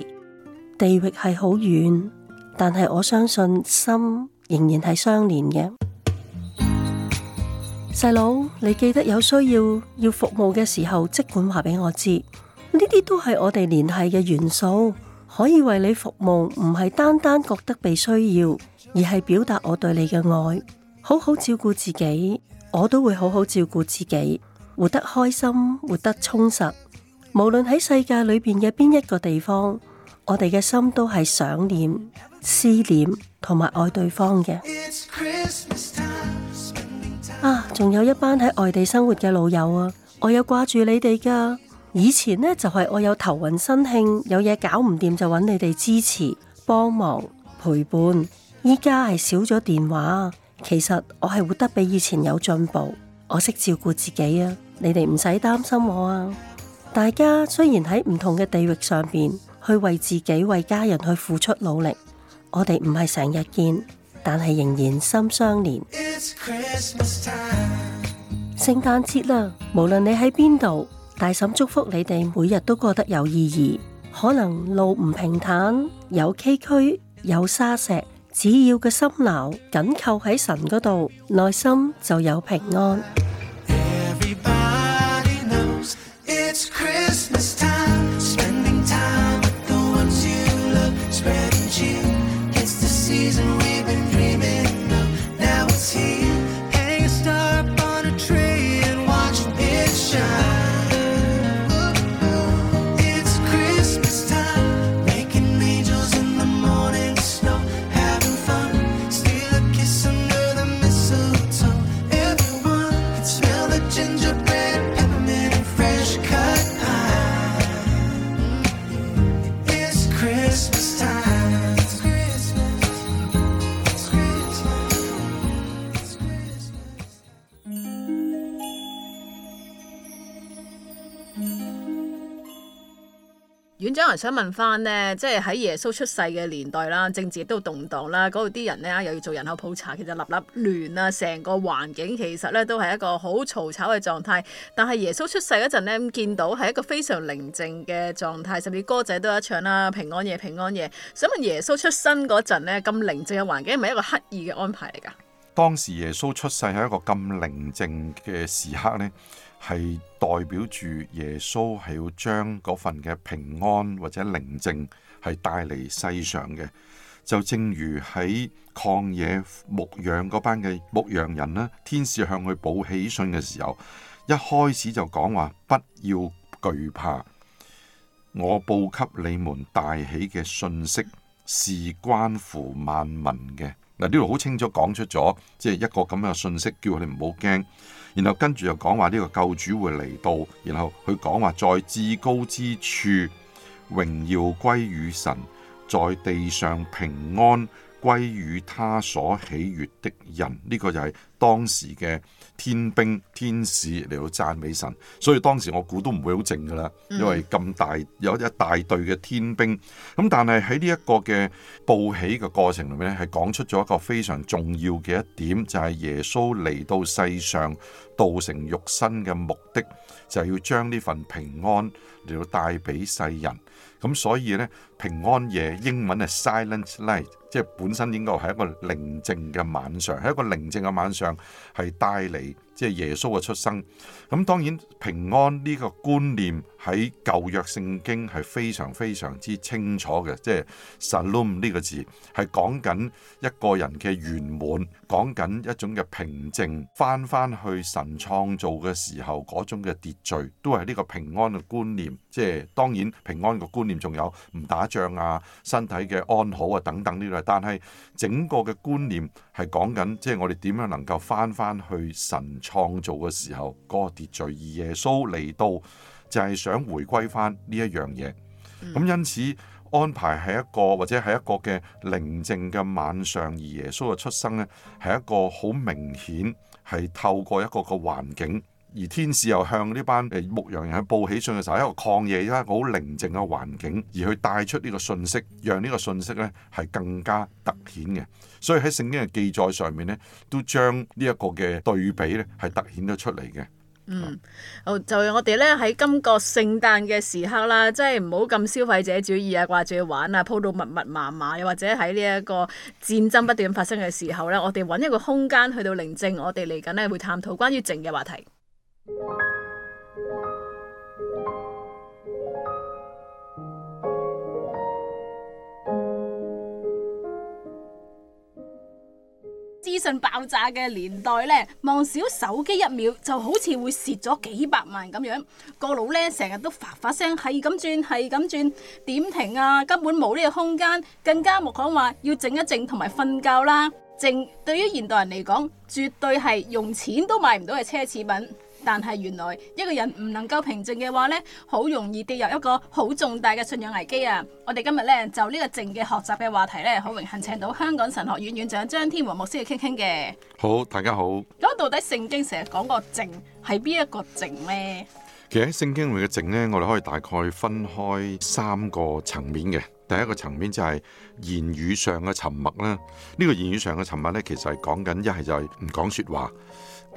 地域係好遠，但係我相信心仍然係相連嘅。細佬， *noise* 你記得有需要要服務嘅時候，即管話俾我知。呢啲都係我哋聯繫嘅元素，可以為你服務，唔係單單覺得被需要，而係表達我對你嘅愛。好好照顧自己，我都會好好照顧自己，活得開心，活得充實。無論喺世界裏邊嘅邊一個地方，我哋嘅心都係想念、思念同埋愛對方嘅。Time, time 啊，仲有一班喺外地生活嘅老友啊，我有掛住你哋㗎。以前呢就係、是、我有頭暈身㷫，有嘢搞唔掂就揾你哋支持、幫忙、陪伴。依家係少咗電話。其實我係活得比以前有進步，我識照顧自己啊！你哋唔使擔心我啊！大家雖然喺唔同嘅地域上邊去為自己、為家人去付出努力，我哋唔係成日見，但係仍然心相連。聖誕節啦，無論你喺邊度，大嬸祝福你哋每日都過得有意義。可能路唔平坦，有崎嶇，有沙石。只要個心腦緊扣喺神嗰度，內心就有平安。院長還想問返呢，即係喺耶穌出世嘅年代啦，政治亦都動盪啦，嗰度啲人呢又要做人口普查，其實立立亂啊成個環境其實呢都係一個好嘈吵嘅狀態。但係耶穌出世嗰陣呢，咁見到係一個非常寧靜嘅狀態，甚至歌仔都一唱啦，《平安夜，平安夜》。想問耶穌出生嗰陣呢，咁寧靜嘅環境係咪一個刻意嘅安排嚟㗎？當時耶穌出世喺一個咁寧靜嘅時刻，呢係代表住耶穌係要將嗰份嘅平安或者寧靜係帶嚟世上嘅。就正如喺曠野牧羊嗰班嘅牧羊人呢，天使向佢報喜訊嘅時候，一開始就講話，不要懼怕，我報給你們大喜嘅訊息是關乎萬民嘅。呢度好清楚講出咗，即係一個咁嘅信息，叫佢哋唔好驚。然後跟住又講話呢個救主會嚟到，然後佢講話在至高之處榮耀歸於神，在地上平安歸於他所喜悅的人。呢個就係當時嘅。天兵天使嚟到讚美神，所以當時我估都唔會好靜噶啦，因為咁大有一大隊嘅天兵。咁但係喺呢一個嘅報喜嘅過程裏面咧，係講出咗一個非常重要嘅一點，就係耶穌嚟到世上道成肉身嘅目的。就要將呢份平安嚟到帶俾世人，咁所以呢，平安夜英文係 Silent Night，即係本身應該係一個寧靜嘅晚上，係一個寧靜嘅晚上係帶嚟即係耶穌嘅出生，咁當然平安呢個觀念。喺舊約聖經係非常非常之清楚嘅，即係 shalom 呢個字係講緊一個人嘅圓滿，講緊一種嘅平靜，翻翻去神創造嘅時候嗰種嘅秩序，都係呢個平安嘅觀念。即係當然平安嘅觀念仲有唔打仗啊、身體嘅安好啊等等呢啲，但係整個嘅觀念係講緊即係我哋點樣能夠翻翻去神創造嘅時候嗰個秩序。而耶穌嚟到。就係想回歸翻呢一樣嘢，咁因此安排係一個或者係一個嘅寧靜嘅晚上，而耶穌嘅出生呢，係一個好明顯係透過一個個環境，而天使又向呢班牧羊人去報喜訊嘅時候，一個曠野、一個好寧靜嘅環境，而去帶出呢個訊息，讓呢個訊息呢係更加突顯嘅。所以喺聖經嘅記載上面呢，都將呢一個嘅對比呢係突顯咗出嚟嘅。嗯，就我哋咧喺今個聖誕嘅時刻啦，即係唔好咁消費者主義啊，掛住去玩啊，鋪到密密麻麻，又或者喺呢一個戰爭不斷發生嘅時候咧，我哋揾一個空間去到寧靜，我哋嚟緊咧會探討關於靜嘅話題。資訊爆炸嘅年代呢，望少手機一秒就好似會蝕咗幾百萬咁樣，個腦呢，成日都發發聲，係咁轉，係咁轉，點停啊？根本冇呢個空間，更加唔好話要靜一靜同埋瞓覺啦！靜，對於現代人嚟講，絕對係用錢都買唔到嘅奢侈品。但係原來一個人唔能夠平靜嘅話呢，好容易跌入一個好重大嘅信仰危機啊！我哋今日呢，就呢個靜嘅學習嘅話題呢，好榮幸請到香港神學院院長張天和牧師去傾傾嘅。好，好，大家好。咁到底聖經成日講個靜係邊一個靜呢？其實喺聖經裏嘅靜呢，我哋可以大概分開三個層面嘅。第一個層面就係言語上嘅沉默啦。呢、呢個言語上嘅沉默呢，其實係講緊一係就係唔講說話。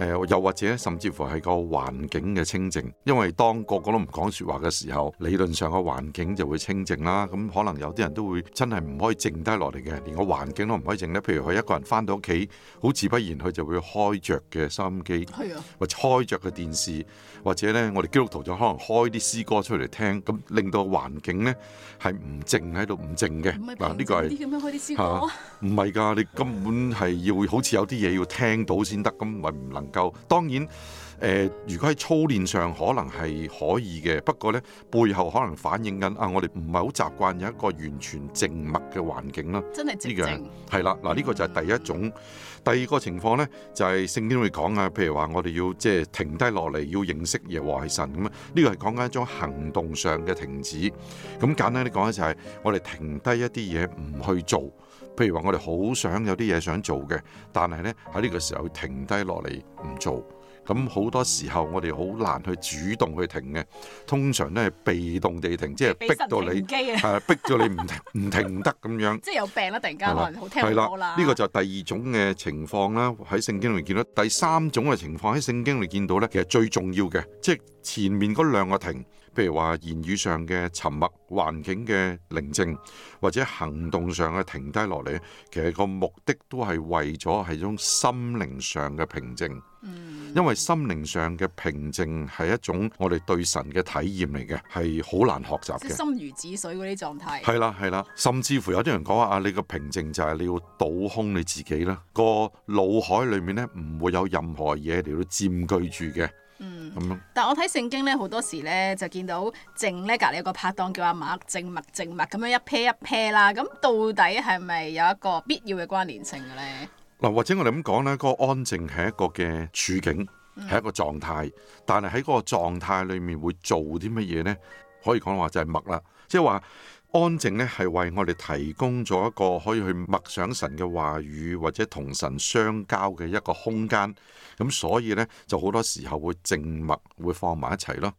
誒、呃、又或者甚至乎係個環境嘅清靜，因為當個個都唔講説話嘅時候，理論上個環境就會清靜啦。咁、嗯、可能有啲人都會真係唔可以靜低落嚟嘅，連個環境都唔可以靜咧。譬如佢一個人翻到屋企，好自不然佢就會開着嘅收音機，係啊，或者開著嘅電視，或者呢，我哋基督徒就可能開啲詩歌出嚟聽，咁、嗯、令到環境呢係唔靜喺度，唔靜嘅。唔係呢啲叫咩開啲詩歌？唔係㗎，你根本係要好似有啲嘢要聽到先得，咁咪唔能夠，當然，誒、呃，如果喺操練上可能係可以嘅，不過呢，背後可能反映緊啊，我哋唔係好習慣有一個完全靜默嘅環境啦。真係靜係啦，嗱呢、啊這個就係第一種。嗯、第二個情況呢，就係、是、聖經會講啊，譬如話我哋要即係、就是、停低落嚟，要認識耶和華神咁啊。呢、這個係講緊一種行動上嘅停止。咁簡單啲講呢就係、是、我哋停低一啲嘢唔去做。譬如話我哋好想有啲嘢想做嘅，但係呢喺呢個時候停低落嚟唔做，咁好多時候我哋好難去主動去停嘅，通常都係被動地停，即係逼到你，係、啊、逼到你唔唔停， *laughs* 唔停唔得咁樣。即係有病啦，突然間吧好聽唔到係啦，呢、呢個就係第二種嘅情況啦。喺聖經裏面見到第三種嘅情況喺聖經裏面見到呢，其實最重要嘅，即、就、係、是、前面嗰兩個停。譬如話，言語上嘅沉默，環境嘅寧靜，或者行動上嘅停低落嚟，其實個目的都係為咗係種心靈上嘅平靜。嗯，因為心靈上嘅平靜係一種我哋對神嘅體驗嚟嘅，係好難學習嘅。即心如止水嗰啲狀態。係啦係啦，甚至乎有啲人講話啊，你個平靜就係你要倒空你自己啦，個腦海裡面咧唔會有任何嘢嚟到佔據住嘅。嗯，但係我睇聖經咧，好多時咧就見到靜咧，隔籬有個拍檔叫阿默靜默靜默咁樣一 pair 一 pair 啦。咁到底係咪有一個必要嘅關聯性嘅咧？嗱，或者我哋咁講咧，嗰個安靜係一個嘅處境，係一個狀態，但係喺嗰個狀態裏面會做啲乜嘢咧？可以講話就係默啦，即係話。安靜咧係為我哋提供咗一個可以去默想神嘅話語，或者同神相交嘅一個空間，咁所以呢，就好多時候會靜默會放埋一齊咯。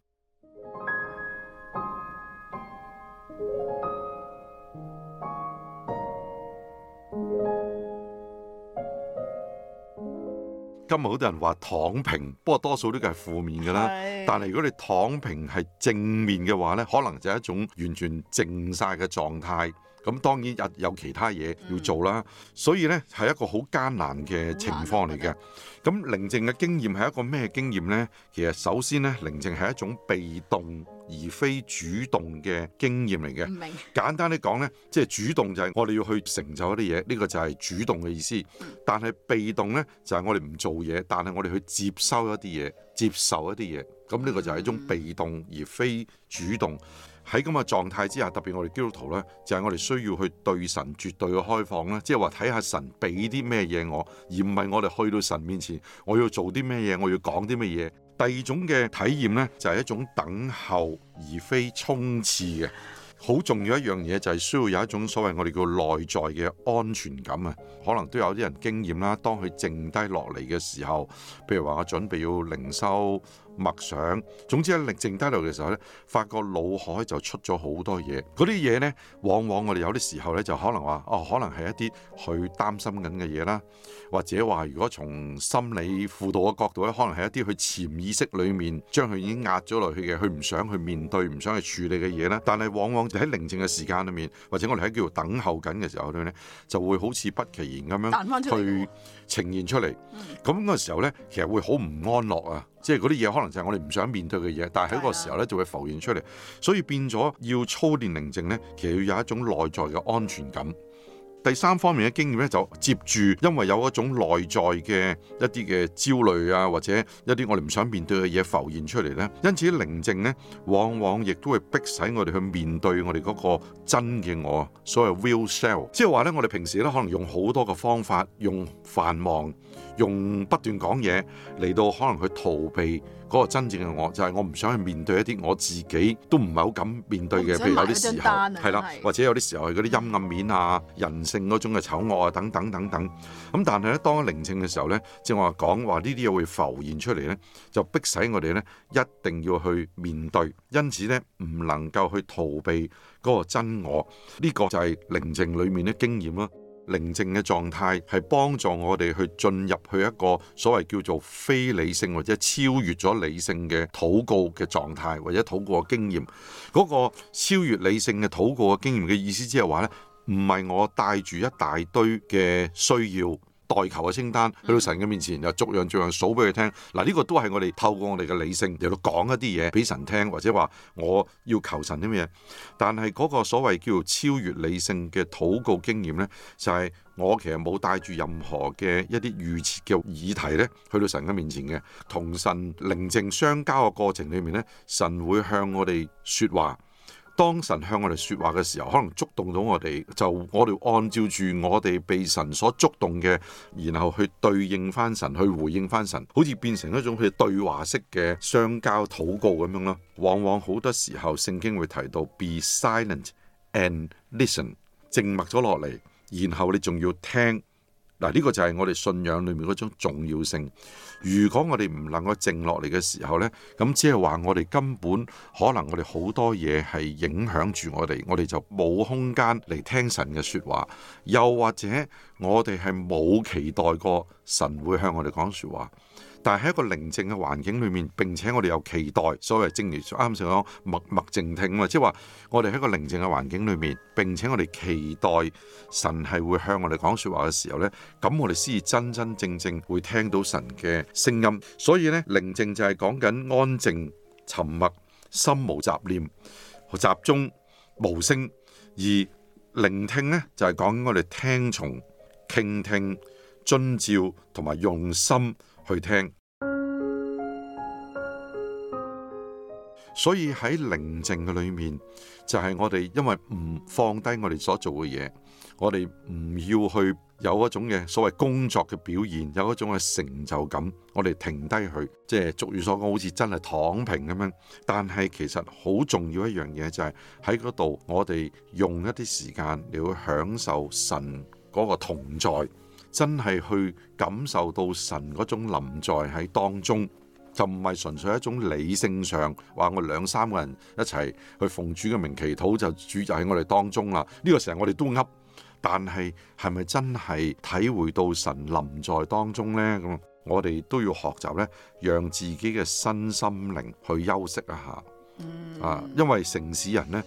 今日好多人話躺平，不過多數都係負面嘅啦。的但係如果你躺平係正面嘅話呢，可能就係一種完全靜晒嘅狀態。咁當然亦有其他嘢要做啦。嗯、所以呢係一個好艱難嘅情況嚟嘅。咁、嗯嗯嗯、寧靜嘅經驗係一個咩經驗呢？其實首先呢，寧靜係一種被動。而非主動嘅經驗嚟嘅。簡單啲講呢，即係主動就係我哋要去成就一啲嘢，呢個就係主動嘅意思。但係被動呢，就係我哋唔做嘢，但係我哋去接收一啲嘢，接受一啲嘢。咁呢個就係一種被動，而非主動。喺咁嘅狀態之下，特別我哋基督徒呢，就係我哋需要去對神絕對嘅開放啦。即係話睇下神俾啲咩嘢我，而唔係我哋去到神面前，我要做啲咩嘢，我要講啲咩嘢。第二種嘅體驗呢，就係、是、一種等候，而非衝刺嘅。好重要一樣嘢就係、是、需要有一種所謂我哋叫內在嘅安全感啊。可能都有啲人經驗啦，當佢靜低落嚟嘅時候，譬如話我準備要零收。默想，總之喺寧靜、靜低落嘅時候呢，發覺腦海就出咗好多嘢。嗰啲嘢呢，往往我哋有啲時候呢，就可能話哦，可能係一啲佢擔心緊嘅嘢啦，或者話如果從心理輔導嘅角度呢，可能係一啲佢潛意識裡面將佢已經壓咗落去嘅，佢唔想去面對、唔想去處理嘅嘢啦。但係往往就喺寧靜嘅時間裏面，或者我哋喺叫做等候緊嘅時候呢，就會好似不其然咁樣去彈呈現出嚟，咁嗰個時候呢，其實會好唔安樂啊！即係嗰啲嘢可能就係我哋唔想面對嘅嘢，但係喺嗰時候呢，就會浮現出嚟，所以變咗要操練寧靜呢，其實要有一種內在嘅安全感。第三方面嘅經驗咧，就接住，因為有一種內在嘅一啲嘅焦慮啊，或者一啲我哋唔想面對嘅嘢浮現出嚟咧，因此寧靜咧，往往亦都會逼使我哋去面對我哋嗰個真嘅我，所謂 real self，即係話咧，我哋平時咧可能用好多嘅方法，用繁忙。用不斷講嘢嚟到可能去逃避嗰個真正嘅我，就係、是、我唔想去面對一啲我自己都唔係好敢面對嘅，譬如有啲時候係啦，或者有啲時候係嗰啲陰暗面啊、人性嗰種嘅醜惡啊等等等等。咁、嗯、但係咧，當寧靜嘅時候咧，即係我話講話呢啲嘢會浮現出嚟咧，就逼使我哋咧一定要去面對，因此咧唔能夠去逃避嗰個真我，呢、這個就係寧靜裡面嘅經驗囉。寧靜嘅狀態係幫助我哋去進入去一個所謂叫做非理性或者超越咗理性嘅禱告嘅狀態或者禱告嘅經驗。嗰個超越理性嘅禱告嘅經驗嘅意思，即係話呢唔係我帶住一大堆嘅需要。代求嘅清單去到神嘅面前，又逐樣逐樣數俾佢聽。嗱、啊，呢、這個都係我哋透過我哋嘅理性嚟到講一啲嘢俾神聽，或者話我要求神啲咩嘢。但係嗰個所謂叫做超越理性嘅禱告經驗呢，就係、是、我其實冇帶住任何嘅一啲預設嘅議題呢，去到神嘅面前嘅同神寧靜相交嘅過程裏面呢，神會向我哋說話。當神向我哋說話嘅時候，可能觸動到我哋，就我哋按照住我哋被神所觸動嘅，然後去對應翻神，去回應翻神，好似變成一種佢對話式嘅相交禱告咁樣咯。往往好多時候聖經會提到 Be silent and listen，靜默咗落嚟，然後你仲要聽。嗱，呢個就係我哋信仰裏面嗰種重要性。如果我哋唔能夠靜落嚟嘅時候呢，咁即係話我哋根本可能我哋好多嘢係影響住我哋，我哋就冇空間嚟聽神嘅説話，又或者我哋係冇期待過神會向我哋講説話。但係喺一個寧靜嘅環境裏面，並且我哋有期待，所謂正如啱先講默默靜聽嘛，即係話我哋喺一個寧靜嘅環境裏面，並且我哋期待神係會向我哋講説話嘅時候咧，咁我哋先至真真正正會聽到神嘅聲音。所以咧，寧靜就係講緊安靜、沉默、心無雜念、集中、無聲，而聆聽咧就係講緊我哋聽從、傾聽、遵照同埋用心。去聽，所以喺寧靜嘅裏面，就係我哋因為唔放低我哋所做嘅嘢，我哋唔要去有一種嘅所謂工作嘅表現，有一種嘅成就感，我哋停低佢，即係俗語所講好似真係躺平咁樣。但係其實好重要一樣嘢就係喺嗰度，我哋用一啲時間你去享受神嗰個同在。真係去感受到神嗰種臨在喺當中，就唔係純粹一種理性上話我兩三個人一齊去奉主嘅名祈禱，就主就喺我哋當中啦。呢個時候我哋都噏，但係係咪真係體會到神臨在當中呢？咁我哋都要學習呢，讓自己嘅身心靈去休息一下，啊，因為城市人呢。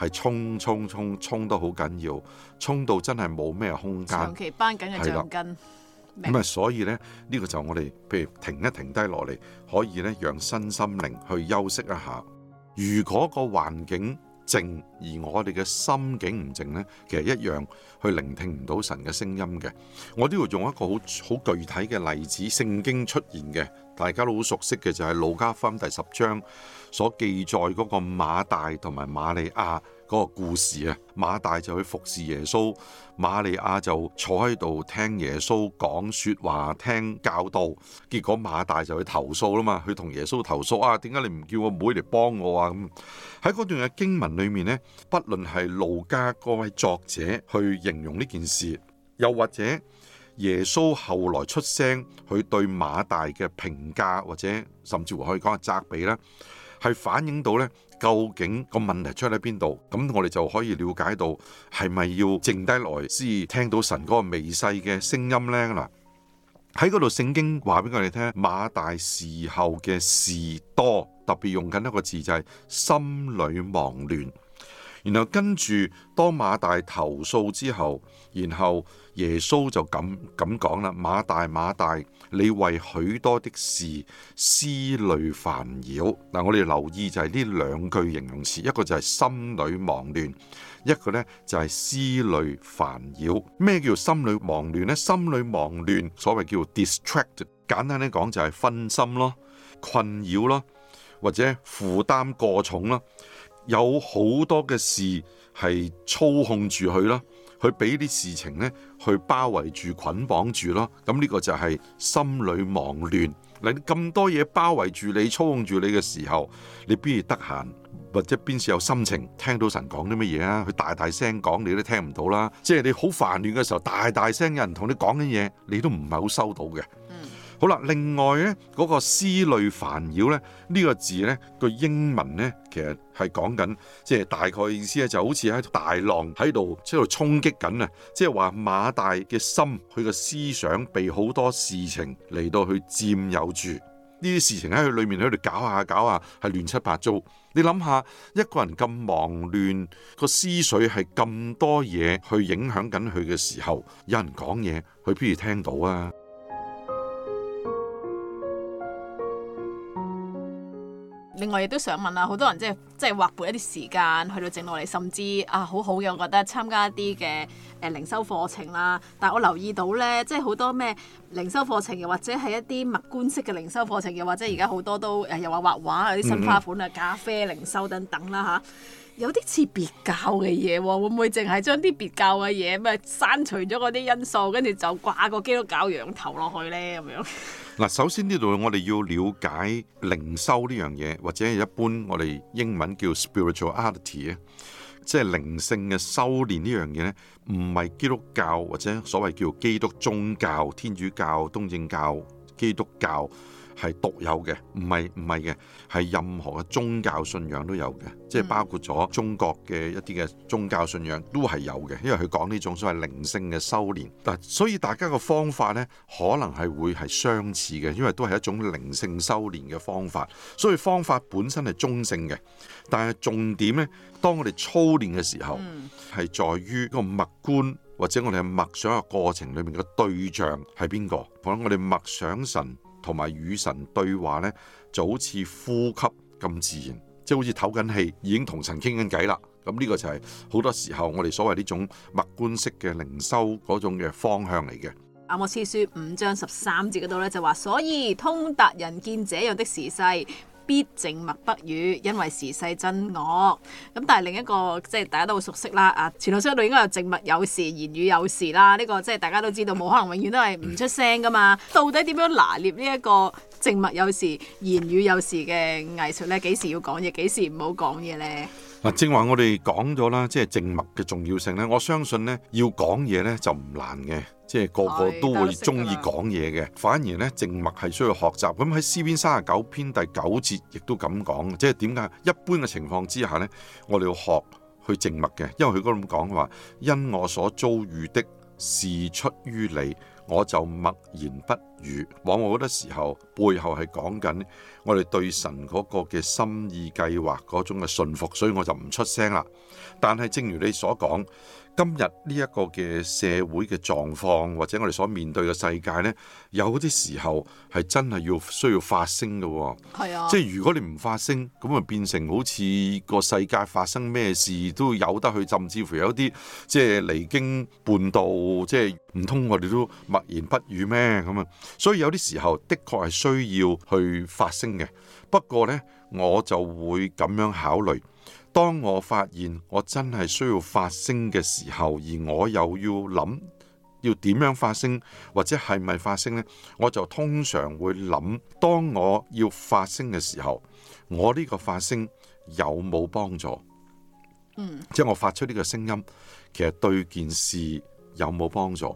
係衝衝衝衝得好緊要，衝到真係冇咩空間。長期扳緊嘅橡筋，咁啊的，白所以呢，呢、呢個就我哋譬如停一停低落嚟，可以呢讓身心靈去休息一下。如果個環境靜，而我哋嘅心境唔靜呢，其實一樣去聆聽唔到神嘅聲音嘅。我都要用一個好好具體嘅例子，聖經出現嘅。大家都好熟悉嘅就係路加福音第十章所記載嗰個馬大同埋馬利亞嗰個故事啊，馬大就去服侍耶穌，馬利亞就坐喺度聽耶穌講説話，聽教導，結果馬大就去投訴啦嘛，去同耶穌投訴啊，點解你唔叫我妹嚟幫我啊？咁喺嗰段嘅經文裏面呢，不論係路加嗰位作者去形容呢件事，又或者，耶穌後來出聲，佢對馬大嘅評價，或者甚至乎可以講係責備啦，係反映到呢究竟個問題出喺邊度？咁我哋就可以了解到係咪要靜低來先聽到神嗰個微細嘅聲音呢？嗱，喺嗰度聖經話俾我哋聽，馬大時候嘅事多，特別用緊一個字就係心裏忙亂。然後跟住當馬大投訴之後，然後。耶穌就咁咁講啦，馬大馬大，你為許多的事思慮煩擾。嗱，但我哋留意就係呢兩句形容詞，一個就係心裏忙亂，一個呢就係思慮煩擾。咩叫心裏忙亂呢？心裏忙亂，所謂叫 distracted。簡單啲講就係分心咯，困擾咯，或者負擔過重咯，有好多嘅事係操控住佢啦。去俾啲事情咧，去包圍住、捆綁住咯。咁、這、呢個就係心裏忙亂。嗱，咁多嘢包圍住你、操控住你嘅時候，你邊時得閒，或者邊時有心情聽到神講啲乜嘢啊？佢大大聲講，你都聽唔到啦。即係你好煩亂嘅時候，大大聲有人同你講緊嘢，你都唔係好收到嘅。好啦，另外呢嗰、嗰個思慮煩擾呢，呢、呢個字呢，個英文呢，其實係講緊即係大概意思呢，就好似喺大浪喺度喺度衝擊緊啊！即係話馬大嘅心，佢個思想被好多事情嚟到去佔有住，呢啲事情喺佢裏面喺度搞下搞下係亂七八糟。你諗下一個人咁忙亂、個思緒係咁多嘢去影響緊佢嘅時候，有人講嘢佢邊如聽到啊？另外亦都想問啦，好多人即係即係劃撥一啲時間去到整落嚟，甚至啊好好嘅，我覺得參加一啲嘅誒靈修課程啦。但係我留意到咧，即係好多咩靈修課程，又或者係一啲默觀式嘅靈修課程，又或者而家好多都誒又話畫畫有啲新花款啊，咖啡靈修等等啦吓，有啲似別教嘅嘢喎，會唔會淨係將啲別教嘅嘢咪刪除咗嗰啲因素，跟住就掛個基督教羊頭落去咧咁樣？ *laughs* 嗱，首先呢度我哋要了解靈修呢樣嘢，或者一般我哋英文叫 spirituality 啊，即係靈性嘅修煉呢樣嘢咧，唔係基督教或者所謂叫基督宗教、天主教、東正教、基督教。係獨有嘅，唔係唔係嘅，係任何嘅宗教信仰都有嘅，即係包括咗中國嘅一啲嘅宗教信仰都係有嘅。因為佢講呢種所謂靈性嘅修練嗱，但所以大家嘅方法呢，可能係會係相似嘅，因為都係一種靈性修練嘅方法。所以方法本身係中性嘅，但係重點呢，當我哋操練嘅時候係在於個默觀或者我哋嘅默想嘅過程裏面嘅對象係邊個？可能我諗我哋默想神。同埋與神對話呢，就好似呼吸咁自然，即係好似唞緊氣，已經同神傾緊偈啦。咁呢個就係好多時候我哋所謂呢種默觀式嘅靈修嗰種嘅方向嚟嘅。阿摩司書五章十三節嗰度呢，就話，所以通達人見這樣的時勢，必靜默不語，因為時勢真惡。咁但係另一個即係大家都好熟悉啦，啊，傳統書度應該有靜默有時，言語有時啦。呢、這個即係大家都知道，冇可能永遠都係唔出聲噶嘛。嗯、到底點樣拿捏呢一個靜默有時、言語有時嘅藝術呢？幾時要講嘢，幾時唔好講嘢呢？嗱，正話我哋講咗啦，即係靜默嘅重要性呢。我相信呢，要講嘢呢就唔難嘅。即係個個都會中意講嘢嘅，反而呢靜默係需要學習。咁喺《詩篇》三十九篇第九節亦都咁講，即係點解一般嘅情況之下呢，我哋要學去靜默嘅？因為佢嗰個咁講話，因我所遭遇的事出於你，我就默然不。往往好多時候背後係講緊我哋對神嗰個嘅心意計劃嗰種嘅信服，所以我就唔出聲啦。但係正如你所講，今日呢一個嘅社會嘅狀況，或者我哋所面對嘅世界呢，有啲時候係真係要需要發聲嘅。係啊，即係如果你唔發聲，咁咪變成好似個世界發生咩事都有得去浸，甚至乎有啲即係離經叛道，即係唔通我哋都默言不語咩咁啊？所以有啲時候的確係需要去發聲嘅，不過呢，我就會咁樣考慮。當我發現我真係需要發聲嘅時候，而我又要諗要點樣發聲，或者係咪發聲呢？我就通常會諗，當我要發聲嘅時候，我呢個發聲有冇幫助？嗯，即係我發出呢個聲音，其實對件事有冇幫助？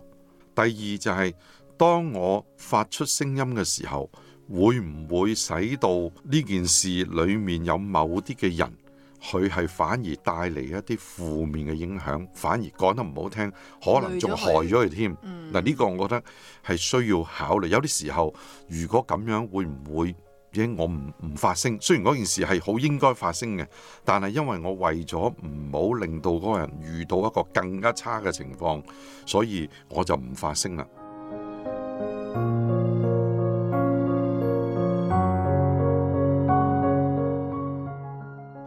第二就係，是。當我發出聲音嘅時候，會唔會使到呢件事裡面有某啲嘅人，佢係反而帶嚟一啲負面嘅影響，反而講得唔好聽，可能仲害咗佢添。嗱，呢、嗯、個我覺得係需要考慮。有啲時候，如果咁樣會唔會，已經我唔唔發聲？雖然嗰件事係好應該發聲嘅，但係因為我為咗唔好令到嗰個人遇到一個更加差嘅情況，所以我就唔發聲啦。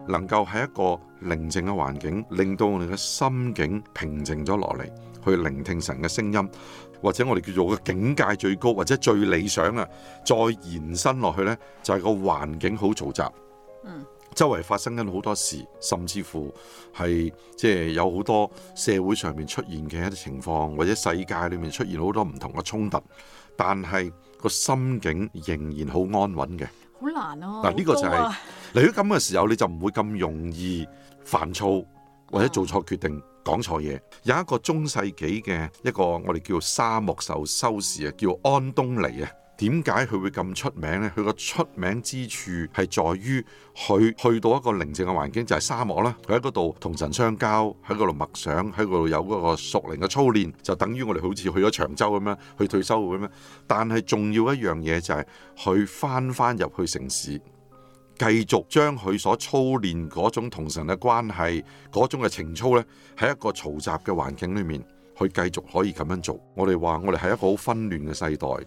能夠喺一個寧靜嘅環境，令到我哋嘅心境平靜咗落嚟，去聆聽神嘅聲音，或者我哋叫做個境界最高，或者最理想啊。再延伸落去呢，就係個環境好嘈雜，周圍發生緊好多事，甚至乎係即係有好多社會上面出現嘅一啲情況，或者世界裏面出現好多唔同嘅衝突。.但係個心境仍然好安穩嘅，好難咯，啊。嗱，呢個就係、是、嚟、啊、到咁嘅時候，你就唔會咁容易犯錯，或者做錯決定、講錯嘢。有一個中世紀嘅一個我哋叫做沙漠受修士啊，叫安東尼啊。點解佢會咁出名呢？佢個出名之處係在於佢去到一個寧靜嘅環境，就係沙漠啦。佢喺嗰度同神相交，喺嗰度默想，喺嗰度有嗰個屬靈嘅操練，就等於我哋好似去咗長洲咁樣去退休咁樣。但係重要一樣嘢就係佢返返入去城市，繼續將佢所操練嗰種同神嘅關係、嗰種嘅情操呢，喺一個嘈雜嘅環境裡面。佢繼續可以咁樣做。我哋話我哋係一個好紛亂嘅世代，好、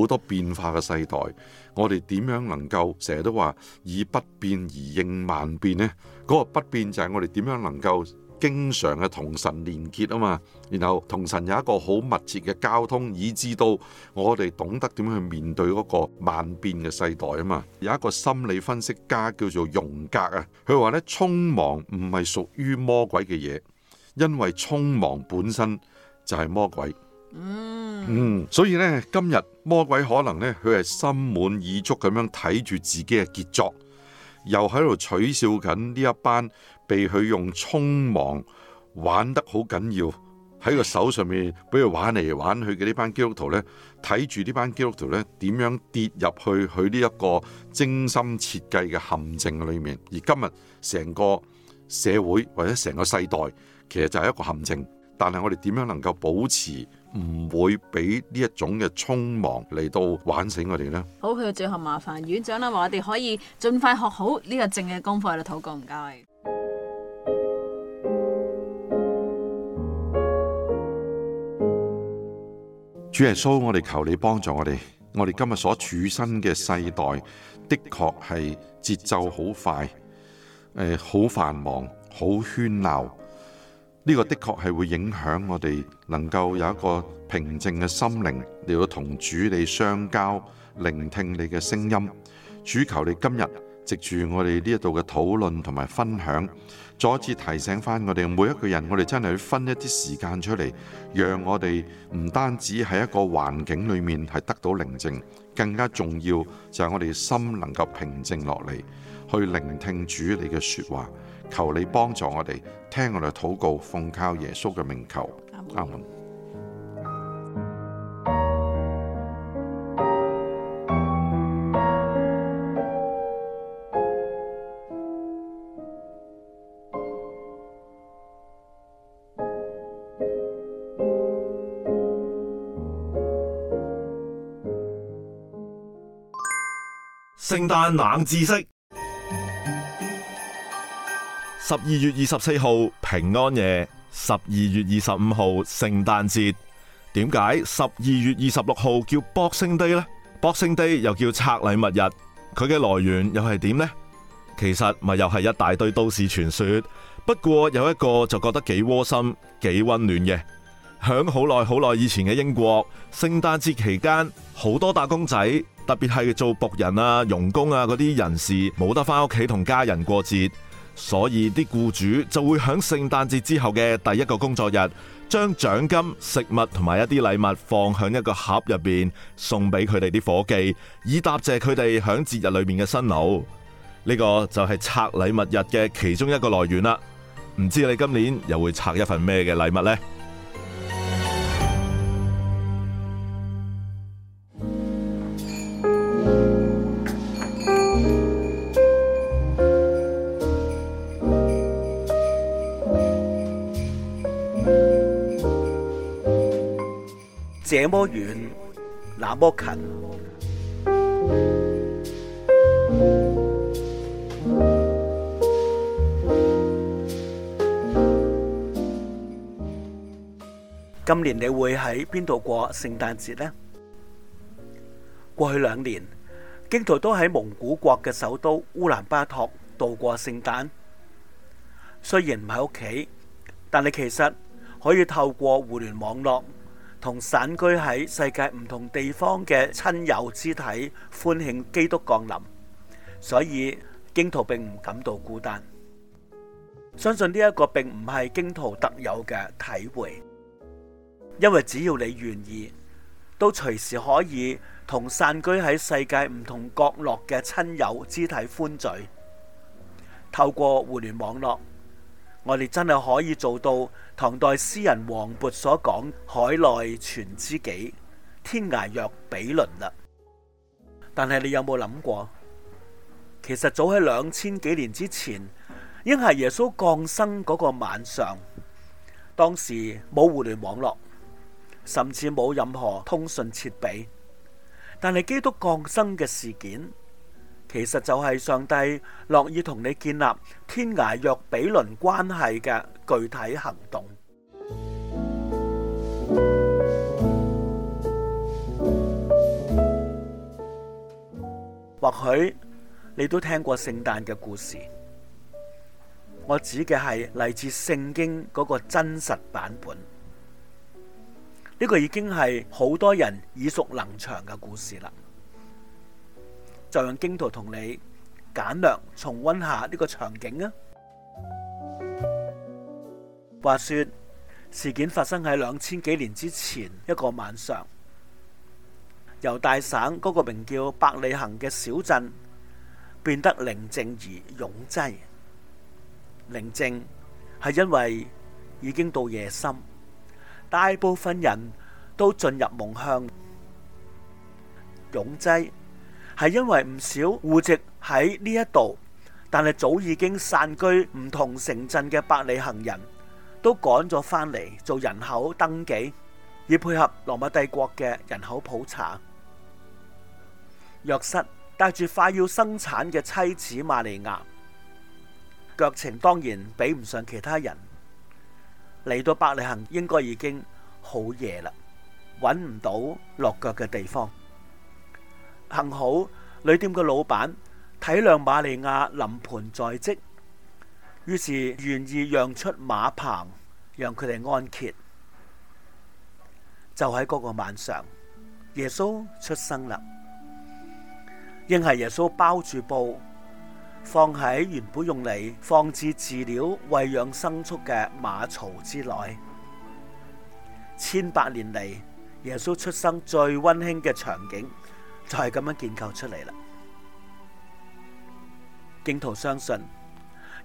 嗯、多變化嘅世代。我哋點樣能夠成日都話以不變而應萬變呢？嗰、嗰個不變就係我哋點樣能夠經常嘅同神連結啊嘛。然後同神有一個好密切嘅交通，以致到我哋懂得點樣去面對嗰個萬變嘅世代啊嘛。有一個心理分析家叫做容格啊，佢話呢，匆忙唔係屬於魔鬼嘅嘢。因為匆忙本身就係魔鬼，嗯，所以咧今日魔鬼可能咧佢係心滿意足咁樣睇住自己嘅傑作，又喺度取笑緊呢一班被佢用匆忙玩得好緊要喺個手上面，俾佢玩嚟玩去嘅呢班基督徒呢，睇住呢班基督徒呢點樣跌入去佢呢一個精心設計嘅陷阱裏面。而今日成個社會或者成個世代。其實就係一個陷阱，但係我哋點樣能夠保持唔會俾呢一種嘅匆忙嚟到玩死我哋呢？好，佢最後麻煩院長啦，話我哋可以盡快學好呢個正嘅功課啦。土教唔該。主耶穌，我哋求你幫助我哋。我哋今日所處身嘅世代，的確係節奏好快，誒、呃，好繁忙，好喧鬧。呢個的確係會影響我哋能夠有一個平靜嘅心靈，嚟到同主你相交，聆聽你嘅聲音。主求你今日藉住我哋呢一度嘅討論同埋分享，再一次提醒翻我哋每一個人，我哋真係分一啲時間出嚟，讓我哋唔單止喺一個環境裏面係得到寧靜，更加重要就係我哋心能夠平靜落嚟，去聆聽主你嘅説話。求你幫助我哋，聽我哋禱告，奉靠耶穌嘅名求。阿門。聖誕冷知識。十二月二十四號平安夜，十二月二十五號聖誕節。點解十二月二十六號叫 Boxing Day 呢？Boxing Day 又叫拆禮物日，佢嘅來源又係點呢？其實咪又係一大堆都市傳說。不過有一個就覺得幾窩心，幾溫暖嘅。響好耐好耐以前嘅英國，聖誕節期間好多打工仔，特別係做僕人啊、傭工啊嗰啲人士，冇得返屋企同家人過節。所以啲僱主就會響聖誕節之後嘅第一個工作日，將獎金、食物同埋一啲禮物放響一個盒入邊，送俾佢哋啲伙計，以答謝佢哋響節日裏面嘅辛勞。呢個就係拆禮物日嘅其中一個來源啦。唔知你今年又會拆一份咩嘅禮物呢？這麼遠，那麼近。今年你會喺邊度過聖誕節呢？過去兩年，基督徒都喺蒙古國嘅首都烏蘭巴托度過聖誕。雖然唔喺屋企，但你其實可以透過互聯網絡。同散居喺世界唔同地方嘅親友肢體歡慶基督降臨，所以經徒並唔感到孤單。相信呢一個並唔係經徒特有嘅體會，因為只要你願意，都隨時可以同散居喺世界唔同角落嘅親友肢體歡聚，透過互聯網絡。我哋真係可以做到唐代詩人王勃所講“海內存知己，天涯若比鄰”啦。但係你有冇諗過？其實早喺兩千幾年之前，應係耶穌降生嗰個晚上，當時冇互聯網絡，甚至冇任何通訊設備，但係基督降生嘅事件。其實就係上帝樂意同你建立天涯若比鄰關係嘅具體行動。或許你都聽過聖誕嘅故事，我指嘅係嚟自聖經嗰個真實版本。呢個已經係好多人耳熟能詳嘅故事啦。就用經圖同你簡略重溫下呢個場景啊！話說事件發生喺兩千幾年之前一個晚上，猶大省嗰個名叫伯利恆嘅小鎮變得寧靜而擁擠。寧靜係因為已經到夜深，大部分人都進入夢鄉。擁擠。係因為唔少戶籍喺呢一度，但係早已經散居唔同城鎮嘅伯利恆人，都趕咗翻嚟做人口登記，以配合羅馬帝國嘅人口普查。約瑟帶住快要生產嘅妻子瑪利亞，腳程當然比唔上其他人。嚟到伯利恆應該已經好夜啦，揾唔到落腳嘅地方。幸好旅店嘅老闆體諒瑪利亞臨盆在即，於是願意讓出馬棚，讓佢哋安歇。就喺嗰個晚上，耶穌出生啦。應係耶穌包住布，放喺原本用嚟放置飼料、餵養牲畜嘅馬槽之內。千百年嚟，耶穌出生最溫馨嘅場景。就係咁樣建構出嚟啦。基督徒相信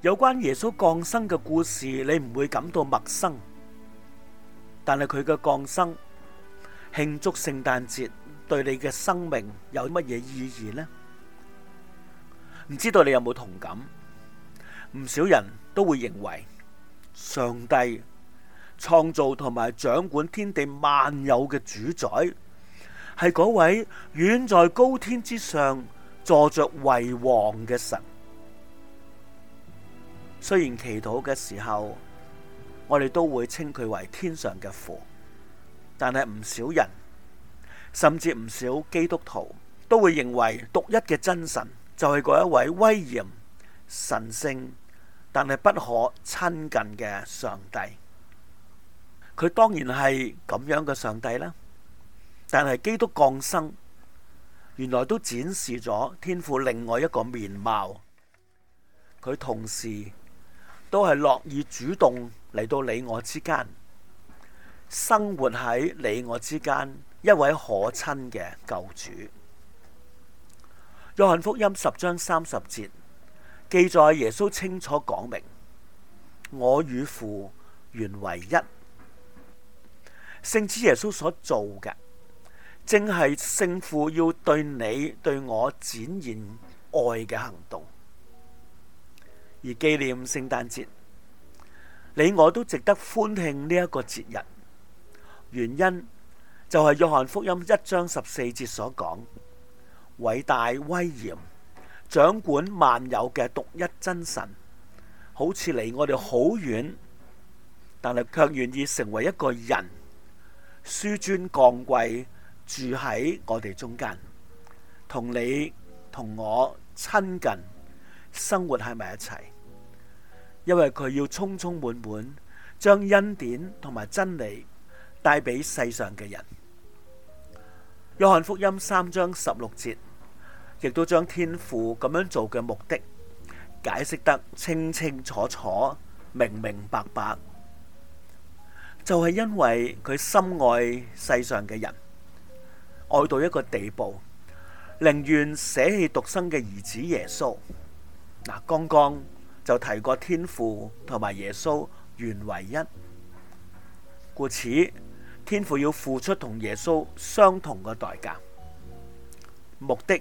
有關耶穌降生嘅故事，你唔會感到陌生。但係佢嘅降生慶祝聖誕節，對你嘅生命有乜嘢意義呢？唔知道你有冇同感？唔少人都會認為上帝創造同埋掌管天地萬有嘅主宰。係嗰位遠在高天之上，坐着為王嘅神。雖然祈禱嘅時候，我哋都會稱佢為天上嘅父，但係唔少人，甚至唔少基督徒，都會認為獨一嘅真神就係嗰一位威嚴、神聖，但係不可親近嘅上帝。佢當然係咁樣嘅上帝啦。但係基督降生，原來都展示咗天父另外一個面貌。佢同時都係樂意主動嚟到你我之間，生活喺你我之間一位可親嘅救主。約翰福音十章三十節記載，耶穌清楚講明：我與父原為一。聖子耶穌所做嘅。正係聖父要對你、對我展現愛嘅行動，而紀念聖誕節，你我都值得歡慶呢一個節日。原因就係約翰福音一章十四節所講，偉大威嚴掌管萬有嘅獨一真神，好似離我哋好遠，但係卻願意成為一個人，紆尊降貴。住喺我哋中間，同你同我親近，生活喺埋一齊，因為佢要充充滿滿將恩典同埋真理帶俾世上嘅人。約翰福音三章十六節，亦都將天父咁樣做嘅目的解釋得清清楚楚、明明白白，就係因為佢深愛世上嘅人。愛到一個地步，寧願捨棄獨生嘅兒子耶穌。嗱，剛剛就提過天父同埋耶穌原為一，故此天父要付出同耶穌相同嘅代價，目的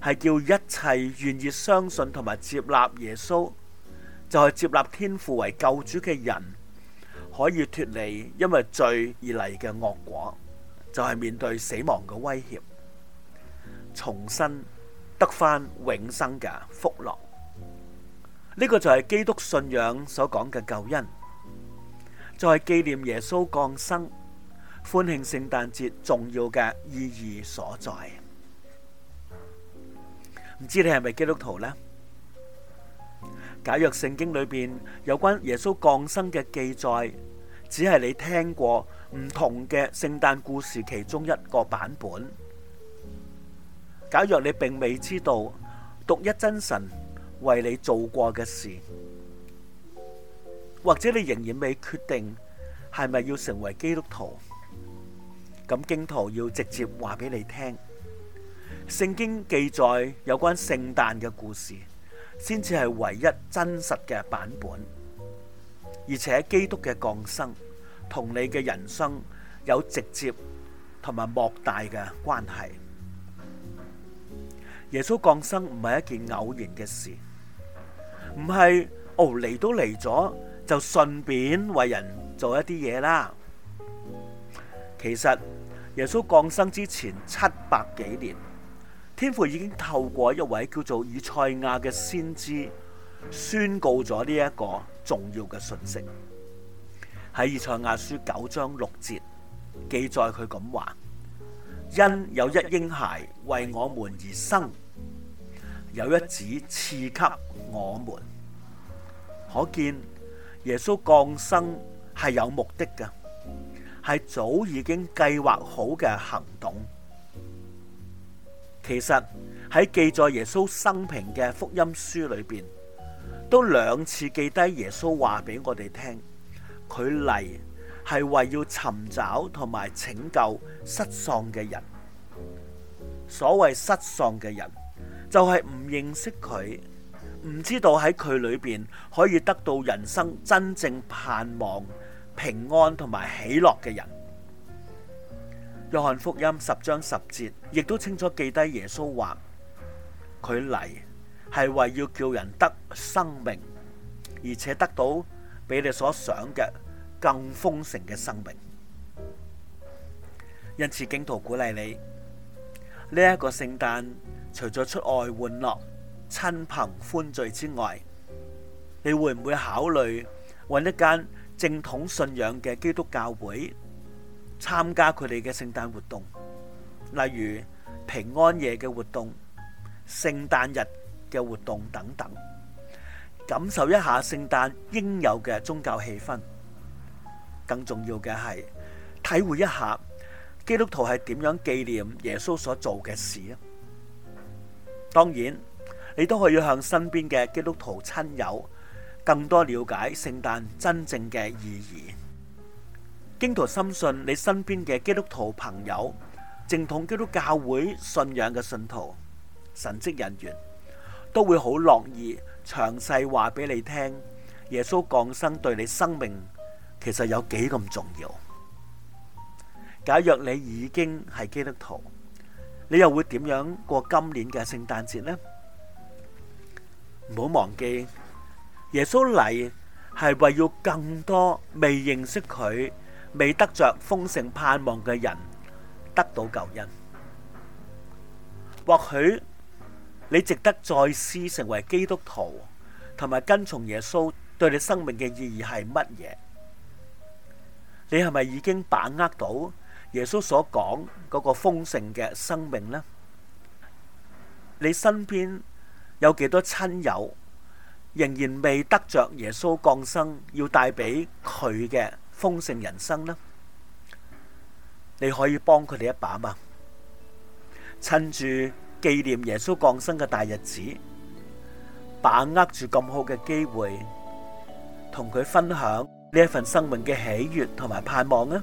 係叫一切願意相信同埋接納耶穌，就係接納天父為救主嘅人，可以脱離因為罪而嚟嘅惡果。就係面對死亡嘅威脅，重新得返永生嘅福樂，呢個就係基督信仰所講嘅救恩，就係紀念耶穌降生，歡慶聖誕節重要嘅意義所在。唔知你係咪基督徒呢？假若聖經裏邊有關耶穌降生嘅記載，只係你聽過。唔同嘅聖誕故事其中一個版本。假若你並未知道獨一真神為你做過嘅事，或者你仍然未決定係咪要成為基督徒，咁經徒要直接話俾你聽，聖經記載有關聖誕嘅故事，先至係唯一真實嘅版本，而且基督嘅降生。同你嘅人生有直接同埋莫大嘅關係。耶穌降生唔係一件偶然嘅事，唔係哦嚟，都嚟咗就順便為人做一啲嘢啦。其實耶穌降生之前七百幾年，天父已經透過一位叫做以賽亞嘅先知宣告咗呢一個重要嘅信息。喺以賽亞書九章六節記載佢咁話：「因有一嬰孩為我們而生，有一子賜給我們。可見耶穌降生係有目的嘅，係早已經計劃好嘅行動。其實喺記載耶穌生平嘅福音書裏邊，都兩次記低耶穌話俾我哋聽。佢嚟係為要尋找同埋拯救失喪嘅人。所謂失喪嘅人，就係，唔認識佢，唔知道喺佢裏邊可以得到人生真正盼望、平安同埋喜樂嘅人。約翰福音十章十節，亦都清楚記低耶穌話：佢嚟係為要叫人得生命，而且得到。俾你所想嘅更豐盛嘅生命。因此，敬徒鼓勵你，呢、這、一個聖誕除咗出外玩樂、親朋歡聚之外，你會唔會考慮揾一間正統信仰嘅基督教會，參加佢哋嘅聖誕活動，例如平安夜嘅活動、聖誕日嘅活動等等？感受一下聖誕應有嘅宗教氣氛，更重要嘅係體會一下基督徒係點樣紀念耶穌所做嘅事啊！當然，你都可以向身邊嘅基督徒親友更多了解聖誕真正嘅意義。基督徒深信你身邊嘅基督徒朋友、正統基督教會信仰嘅信徒、神職人員都會好樂意。詳細話俾你聽，耶穌降生對你生命其實有幾咁重要。假若你已經係基督徒，你又會點樣過今年嘅聖誕節呢？唔好忘記，耶穌嚟係為要更多未認識佢、未得着豐盛盼望嘅人得到救恩。或許。你值得再思成為基督徒，同埋跟從耶穌對你生命嘅意義係乜嘢？你係咪已經把握到耶穌所講嗰個豐盛嘅生命呢？你身邊有幾多親友仍然未得着耶穌降生要帶俾佢嘅豐盛人生呢？你可以幫佢哋一把嘛？趁住紀念耶穌降生嘅大日子，把握住咁好嘅機會，同佢分享呢一份生命嘅喜悅同埋盼望啊！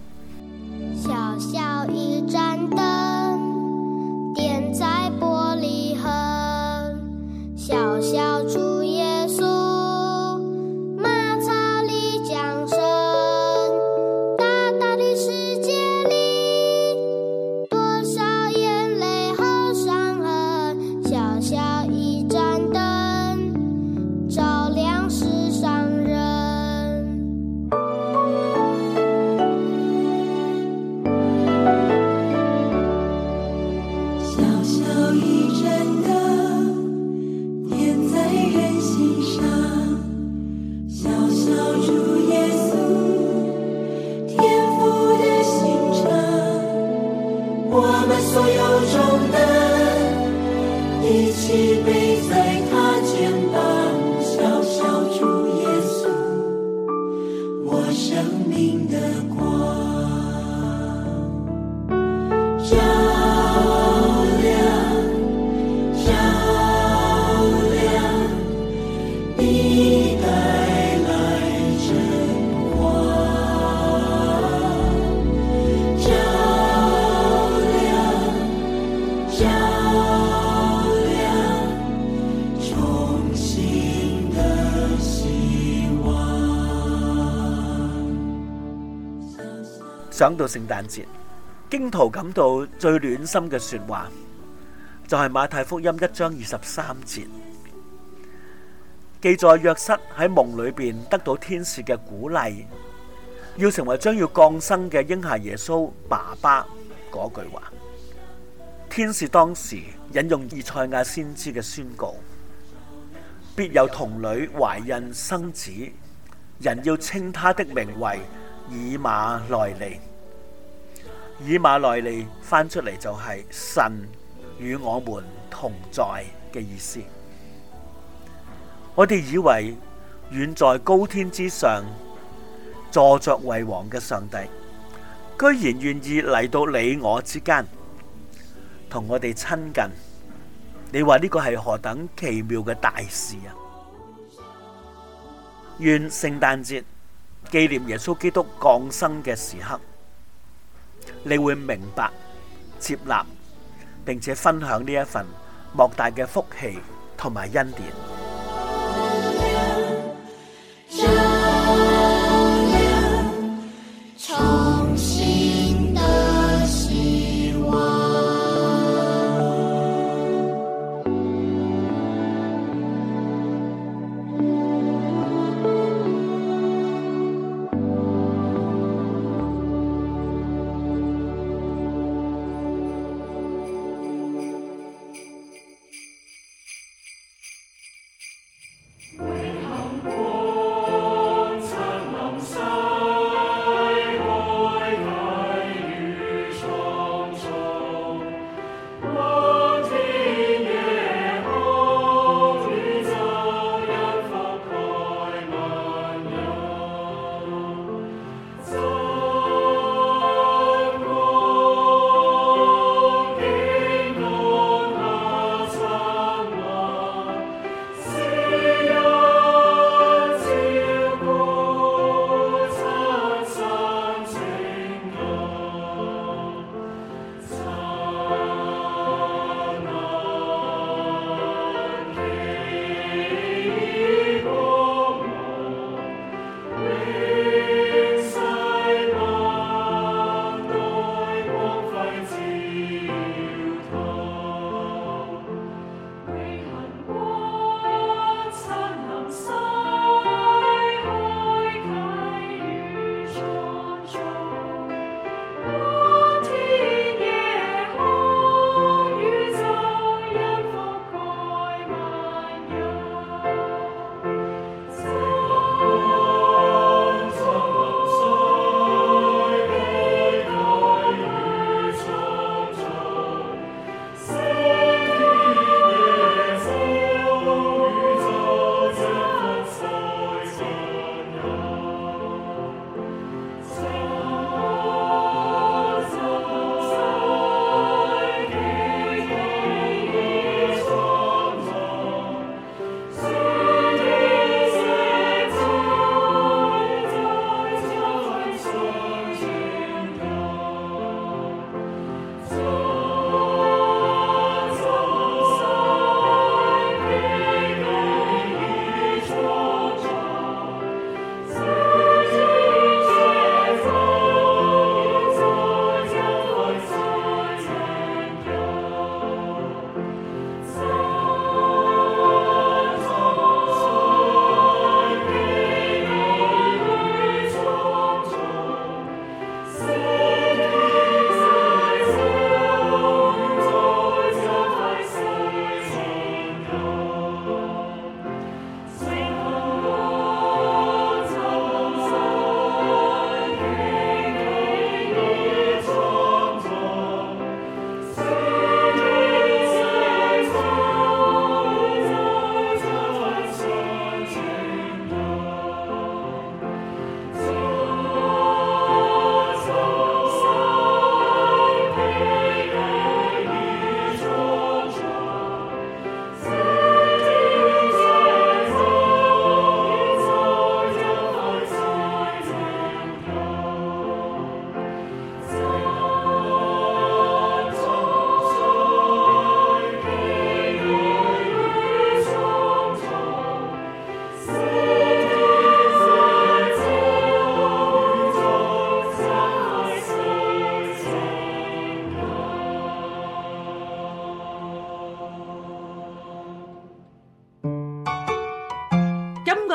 想到聖誕節，基督徒感到最暖心嘅說話，就係、是、馬太福音一章二十三節記載，約瑟喺夢裏邊得到天使嘅鼓勵，要成為將要降生嘅嬰孩耶穌爸爸嗰句話。天使當時引用以賽亞先知嘅宣告：必有童女懷孕生子，人要稱他的名為。以馬內利，以馬內利翻出嚟就係神與我們同在嘅意思。我哋以為遠在高天之上、坐著為王嘅上帝，居然願意嚟到你我之間，同我哋親近。你話呢個係何等奇妙嘅大事啊！願聖誕節紀念耶穌基督降生嘅時刻，你會明白、接納，並且分享呢一份莫大嘅福氣同埋恩典。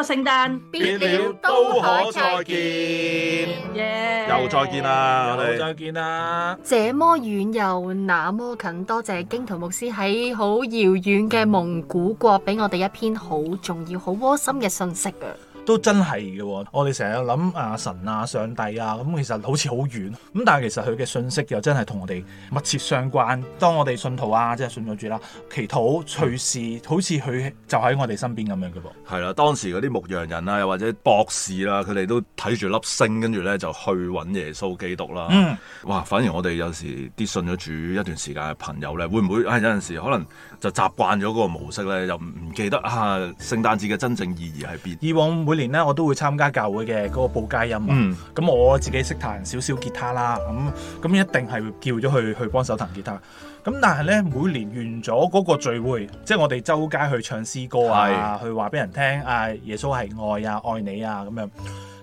聖誕，別了都可再見耶，又再見啦，我哋又再見啦。這麼遠又那麼近，多謝經圖牧師喺好遙遠嘅蒙古國俾我哋一篇好重要、好窩心嘅信息啊！都真係。我哋成日諗啊神啊上帝啊咁、嗯，其實好似好遠咁，但係其實佢嘅信息又真係同我哋密切相關。當我哋信徒啊，即係信咗主啦，祈禱隨時，好似佢就喺我哋身邊咁樣嘅噃。係啦，當時嗰啲牧羊人啊，又或者博士啦、啊，佢哋都睇住粒星，跟住咧就去揾耶穌基督啦。嗯，哇，反而我哋有時啲信咗主一段時間嘅朋友咧，會唔會唉有陣時可能就習慣咗嗰個模式咧，又唔？記得啊，聖誕節嘅真正意義喺邊？以往每年咧，我都會參加教會嘅嗰個報佳音嘛。咁、嗯、我自己識彈少少吉他啦，咁咁一定係叫咗佢去幫手彈吉他。咁但係咧，每年完咗嗰個聚會，即係我哋周街去唱詩歌啊，是去話俾人聽啊，耶穌係愛啊，愛你啊咁樣。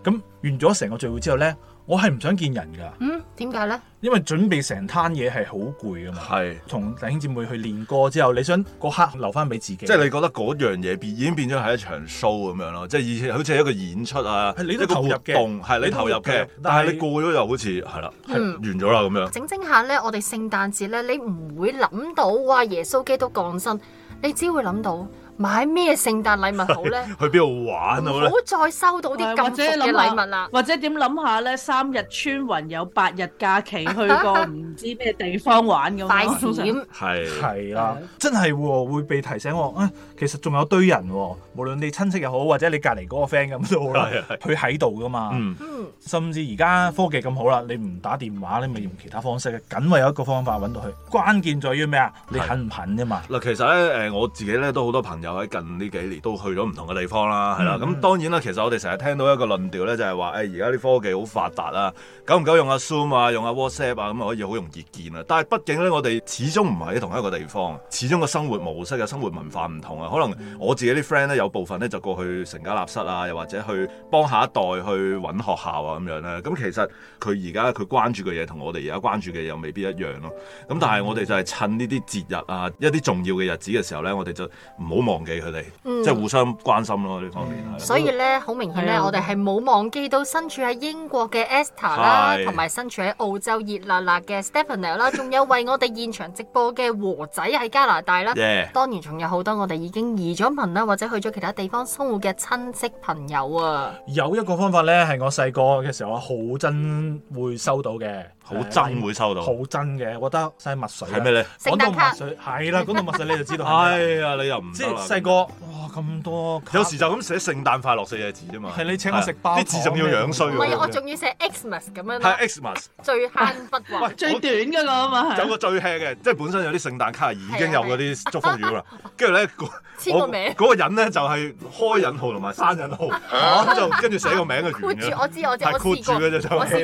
咁完咗成個聚會之後咧。我係唔想見人㗎。嗯，點解咧？因為準備成攤嘢係好攰㗎嘛。係同是弟兄姐妹去練歌之後，你想嗰刻留翻俾自己。即係你覺得嗰樣嘢變已經變咗係一場 show 咁樣咯，即係而且好似一個演出啊，你都投入一個活動係你，你投入嘅，但係是你過咗又好似係啦，嗯、完咗啦咁樣。整整下咧，我哋聖誕節咧，你唔會諗到哇，耶穌基督降生，你只會諗到。買咩聖誕禮物好咧？去邊度玩好咧？唔好再收到啲咁俗嘅禮物啦。或者點諗下咧？三日穿雲有八日假期，去個唔知咩地方玩咁咯。點係係啊！真係會會被提醒我、哦啊、其實仲有堆人、哦，無論你親戚又好，或者你隔籬嗰個 friend 咁都好啦。佢喺度噶嘛？嗯、甚至而家科技咁好啦，你唔打電話，你咪用其他方式。梗係有一個方法揾到佢，關鍵在於咩啊？你肯唔肯啫嘛？嗱，其實咧，誒、呃，我自己咧都好多朋友。喺近呢幾年都去咗唔同嘅地方啦，係啦，咁當然啦，其實我哋成日聽到一個論調咧，就係話，誒而家啲科技好發達啊，久唔久用啊 Zoom 啊，用啊 WhatsApp 啊，咁啊可以好容易見啊。但係畢竟咧，我哋始終唔係喺同一個地方，始終個生活模式、嘅生活文化唔同啊。可能我自己啲 friend 咧，有部分咧就過去成家立室啊，又或者去幫下一代去揾學校啊咁樣咧。咁其實佢而家佢關注嘅嘢，同我哋而家關注嘅嘢又未必一樣咯。咁但係我哋就係趁呢啲節日啊，一啲重要嘅日子嘅時候咧，我哋就唔好忘忘記佢哋，嗯、即係互相關心咯，呢、嗯、方面。所以咧，好明顯咧，嗯、我哋係冇忘記到身處喺英國嘅 Esther 啦，同埋的身處喺澳洲熱辣辣嘅 Stephanie 啦，仲 *laughs* 有為我哋現場直播嘅和仔喺加拿大啦。Yeah. 當然，仲有好多我哋已經移咗民啦，或者去咗其他地方生活嘅親戚朋友啊。有一個方法咧，係我細個嘅時候我好憎會收到嘅。好真會收到，好真嘅，覺得細墨水。係咩咧？講到墨水，係啦，講到墨水你就知道。係啊，你又唔知。係細個，哇咁多。有時就咁寫聖誕快樂四隻字啫嘛。係你請我食包，啲字仲要樣衰。唔係，我仲要寫 Xmas 咁樣咯。係 Xmas。最慳筆畫。最短嗰個啊嘛。有個最輕嘅，即係本身有啲聖誕卡已經有嗰啲祝福語啦。跟住咧，我嗰個人咧就係開引號同埋刪引號，就跟住寫個名嘅。括住我知，我知。我試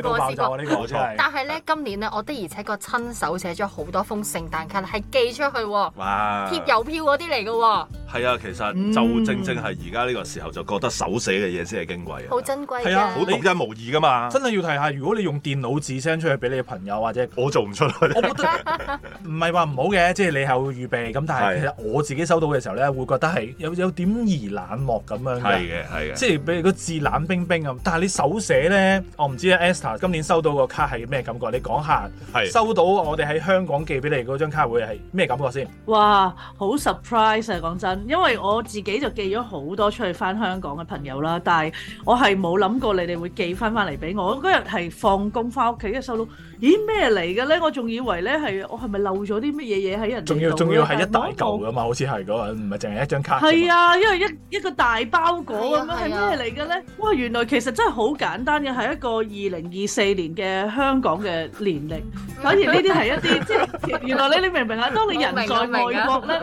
過呢個真係。但係今年咧，我的而且個親手寫咗好多封聖誕卡，係寄出去喎，哇貼郵票嗰啲嚟嘅喎。係啊，其實就正正係而家呢個時候，就覺得手寫嘅嘢先係矜貴啊，好珍貴、嗯，係啊以，好獨你一無二噶嘛。真係要提下，如果你用電腦字 send 出去俾你嘅朋友或者，我做唔出去，我覺不得唔係話唔好嘅，即係你係會預備咁，但係其實我自己收到嘅時候咧，會覺得係有有點而冷漠咁樣嘅，係嘅，係嘅。即係譬如個字冷冰冰咁，但係你手寫咧，我唔知啊。Esther 今年收到個卡係咩感你講下，收到我哋喺香港寄俾你嗰張卡會係咩感覺先？哇，好 surprise 啊！講真，因為我自己就寄咗好多出去翻香港嘅朋友啦，但係我係冇諗過你哋會寄翻翻嚟俾我。嗰日係放工翻屋企嘅，收到。咦咩嚟嘅咧？我仲以為咧係我係咪漏咗啲乜嘢嘢喺人？仲要仲要係一大嚿㗎嘛？好似係嗰個，唔係淨係一張卡。係啊，因為一一個大包裹咁樣係咩嚟嘅咧？哇，原來其實真係好簡單嘅，係一個二零二四年嘅香港嘅年歷。反而呢啲係一啲即係原來咧，你明唔明啊？當你人在外國咧，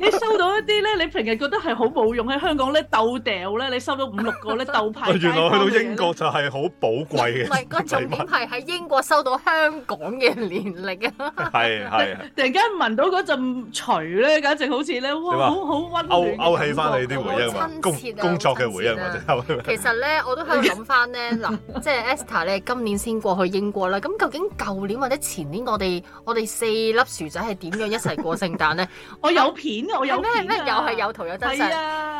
你收到一啲咧，你平日覺得係好冇用喺香港咧鬥掉咧，你收到五六個咧鬥牌。原來去到英國就係好寶貴嘅。唔係個重點係喺英國收到。香港嘅年曆啊，係係。突然間聞到嗰陣馴咧，簡直好似咧，哇，好好溫暖，勾勾起翻你啲回憶嘛，工工作嘅回憶或者。其實咧，我都喺度諗翻咧，嗱，即係 Esther 咧，今年先過去英國啦。咁究竟舊年或者前年我哋我哋四粒薯仔係點樣一齊過聖誕咧？我有片，我有片啊！又係有圖有真相。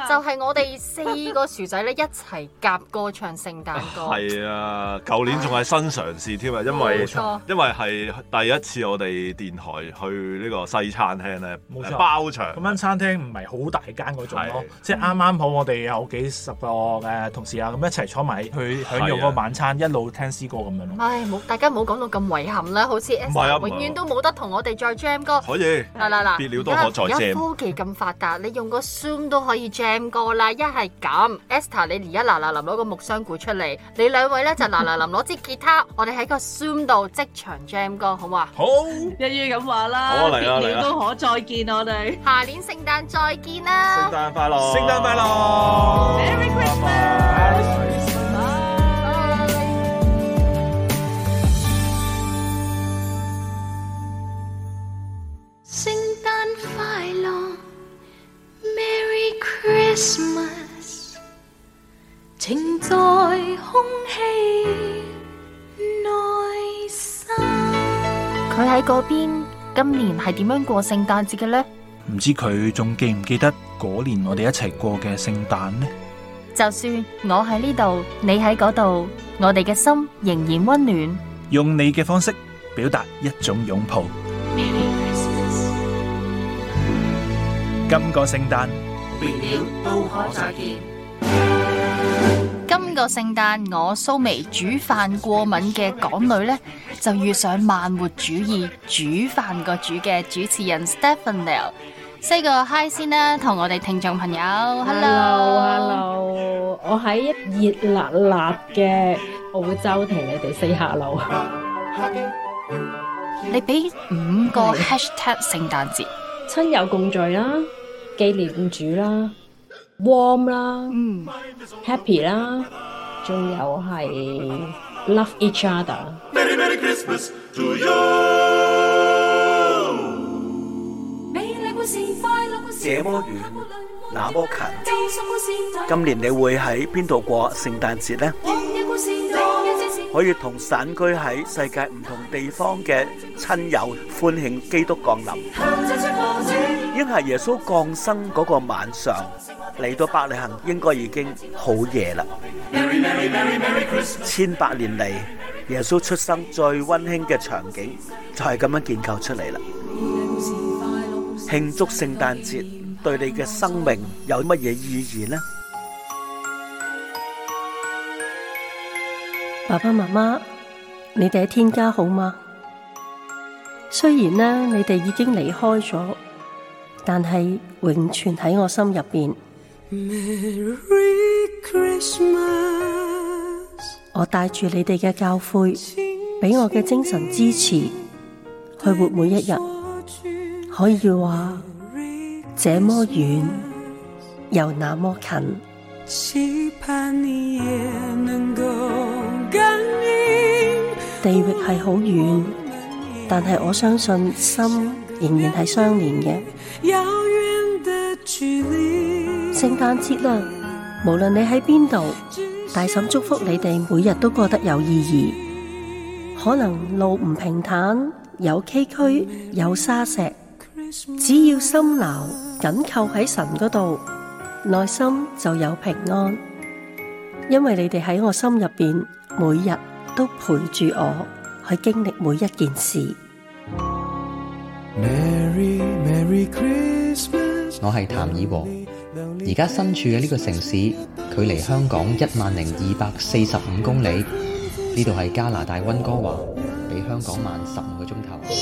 就係我哋四個薯仔咧一齊夾歌唱聖誕歌。係啊，舊年仲係新嘗試添啊，因為。因為係第一次我哋電台去呢個西餐廳咧，冇錯，包場。咁間餐廳唔係好大間嗰種咯，即係啱啱好我哋有幾十個誒同事啊，咁一齊坐埋去享用嗰個晚餐，一路聽詩歌咁樣。唉，冇，大家唔好講到咁遺憾啦，好似唔係啊，永遠都冇得同我哋再 jam 歌。可以，嗱嗱嗱，別了都可再見。科技咁發達，你用個 zoom 都可以 jam 歌啦。一係咁，Esther 你而家嗱嗱臨攞個木箱鼓出嚟，你兩位咧就嗱嗱臨攞支吉他，我哋喺個 zoom 度。即場 Jam 歌好唔好？好，一於咁話啦，好，嚟啦，別了都可再見我哋，下年聖誕再見啦！聖誕快樂，聖誕快樂，Merry Christmas，聖誕快樂，Merry Christmas，情在空氣內。佢喺嗰邊，今年係點樣過聖誕節嘅呢？唔知佢仲記唔記得嗰年我哋一齊過嘅聖誕呢？就算我喺呢度，你喺嗰度，我哋嘅心仍然溫暖。用你嘅方式表達一種擁抱。 *music* 今個聖誕，別了，都可再見。今個聖誕，我蘇眉煮飯過敏嘅港女咧，就遇上慢活主義煮飯個煮嘅主持人 Stephanie，say 個 hi 先啦，同我哋聽眾朋友 hello，hello hello，我喺熱辣辣嘅澳洲同你哋 *laughs* say 下樓，你俾五個 hashtag 聖誕節，親友共聚啦，紀念主啦。Warm 啦，嗯，Happy 啦，仲有係 love each other。這麼遠，那麼近。今年你會喺邊度過聖誕節呢？可以同散居喺世界唔同地方嘅親友歡慶基督降臨。應係耶穌降生嗰個晚上。嚟到伯利恆，應該已經好夜啦。千百年嚟，耶穌出生最溫馨嘅場景就係咁樣建構出嚟啦。慶祝聖誕節對你嘅生命有乜嘢意義呢？爸爸媽媽，你哋喺天家好嗎？雖然呢，你哋已經離開咗，但係永存喺我心入邊。Merry Christmas, 我帶住你哋嘅教誨，俾我嘅精神支持，去活每一日。可以話，這麼遠又那麼近。地域係好遠，但係我相信心。仍然係相連嘅。聖誕節啦，無論你喺邊度，大嬸祝福你哋每日都過得有意義。可能路唔平坦，有崎嶇，有沙石，只要心牢緊扣喺神嗰度，內心就有平安。因為你哋喺我心入邊，每日都陪住我去經歷每一件事。我係譚爾和，而家身處嘅呢個城市，距離香港一萬零二百四十五公里，呢度係加拿大溫哥華，比香港慢十五個鐘頭。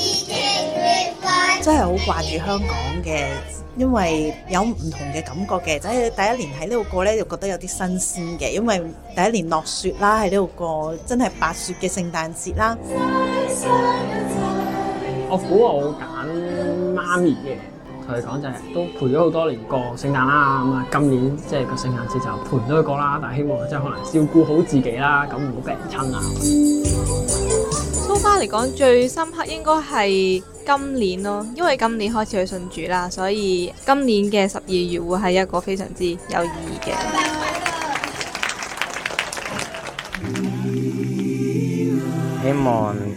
真係好掛住香港嘅，因為有唔同嘅感覺嘅，就喺、是、第一年喺呢度過呢，又覺得有啲新鮮嘅，因為第一年落雪啦，喺呢度過真係白雪嘅聖誕節啦。 *music* 我估我會揀媽咪嘅，同佢講就係、是、都陪咗好多年過聖誕啦，咁、嗯、啊今年即係個聖誕節就陪咗佢過啦，但係希望即係可能照顧好自己啦，咁唔好病親啊。蘇媽嚟講最深刻應該係今年咯，因為今年開始去信主啦，所以今年嘅十二月會係一個非常之有意義嘅。Yeah, yeah, yeah. 希望。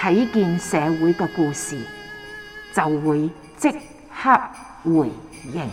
睇見社會嘅故事，就會即刻回應。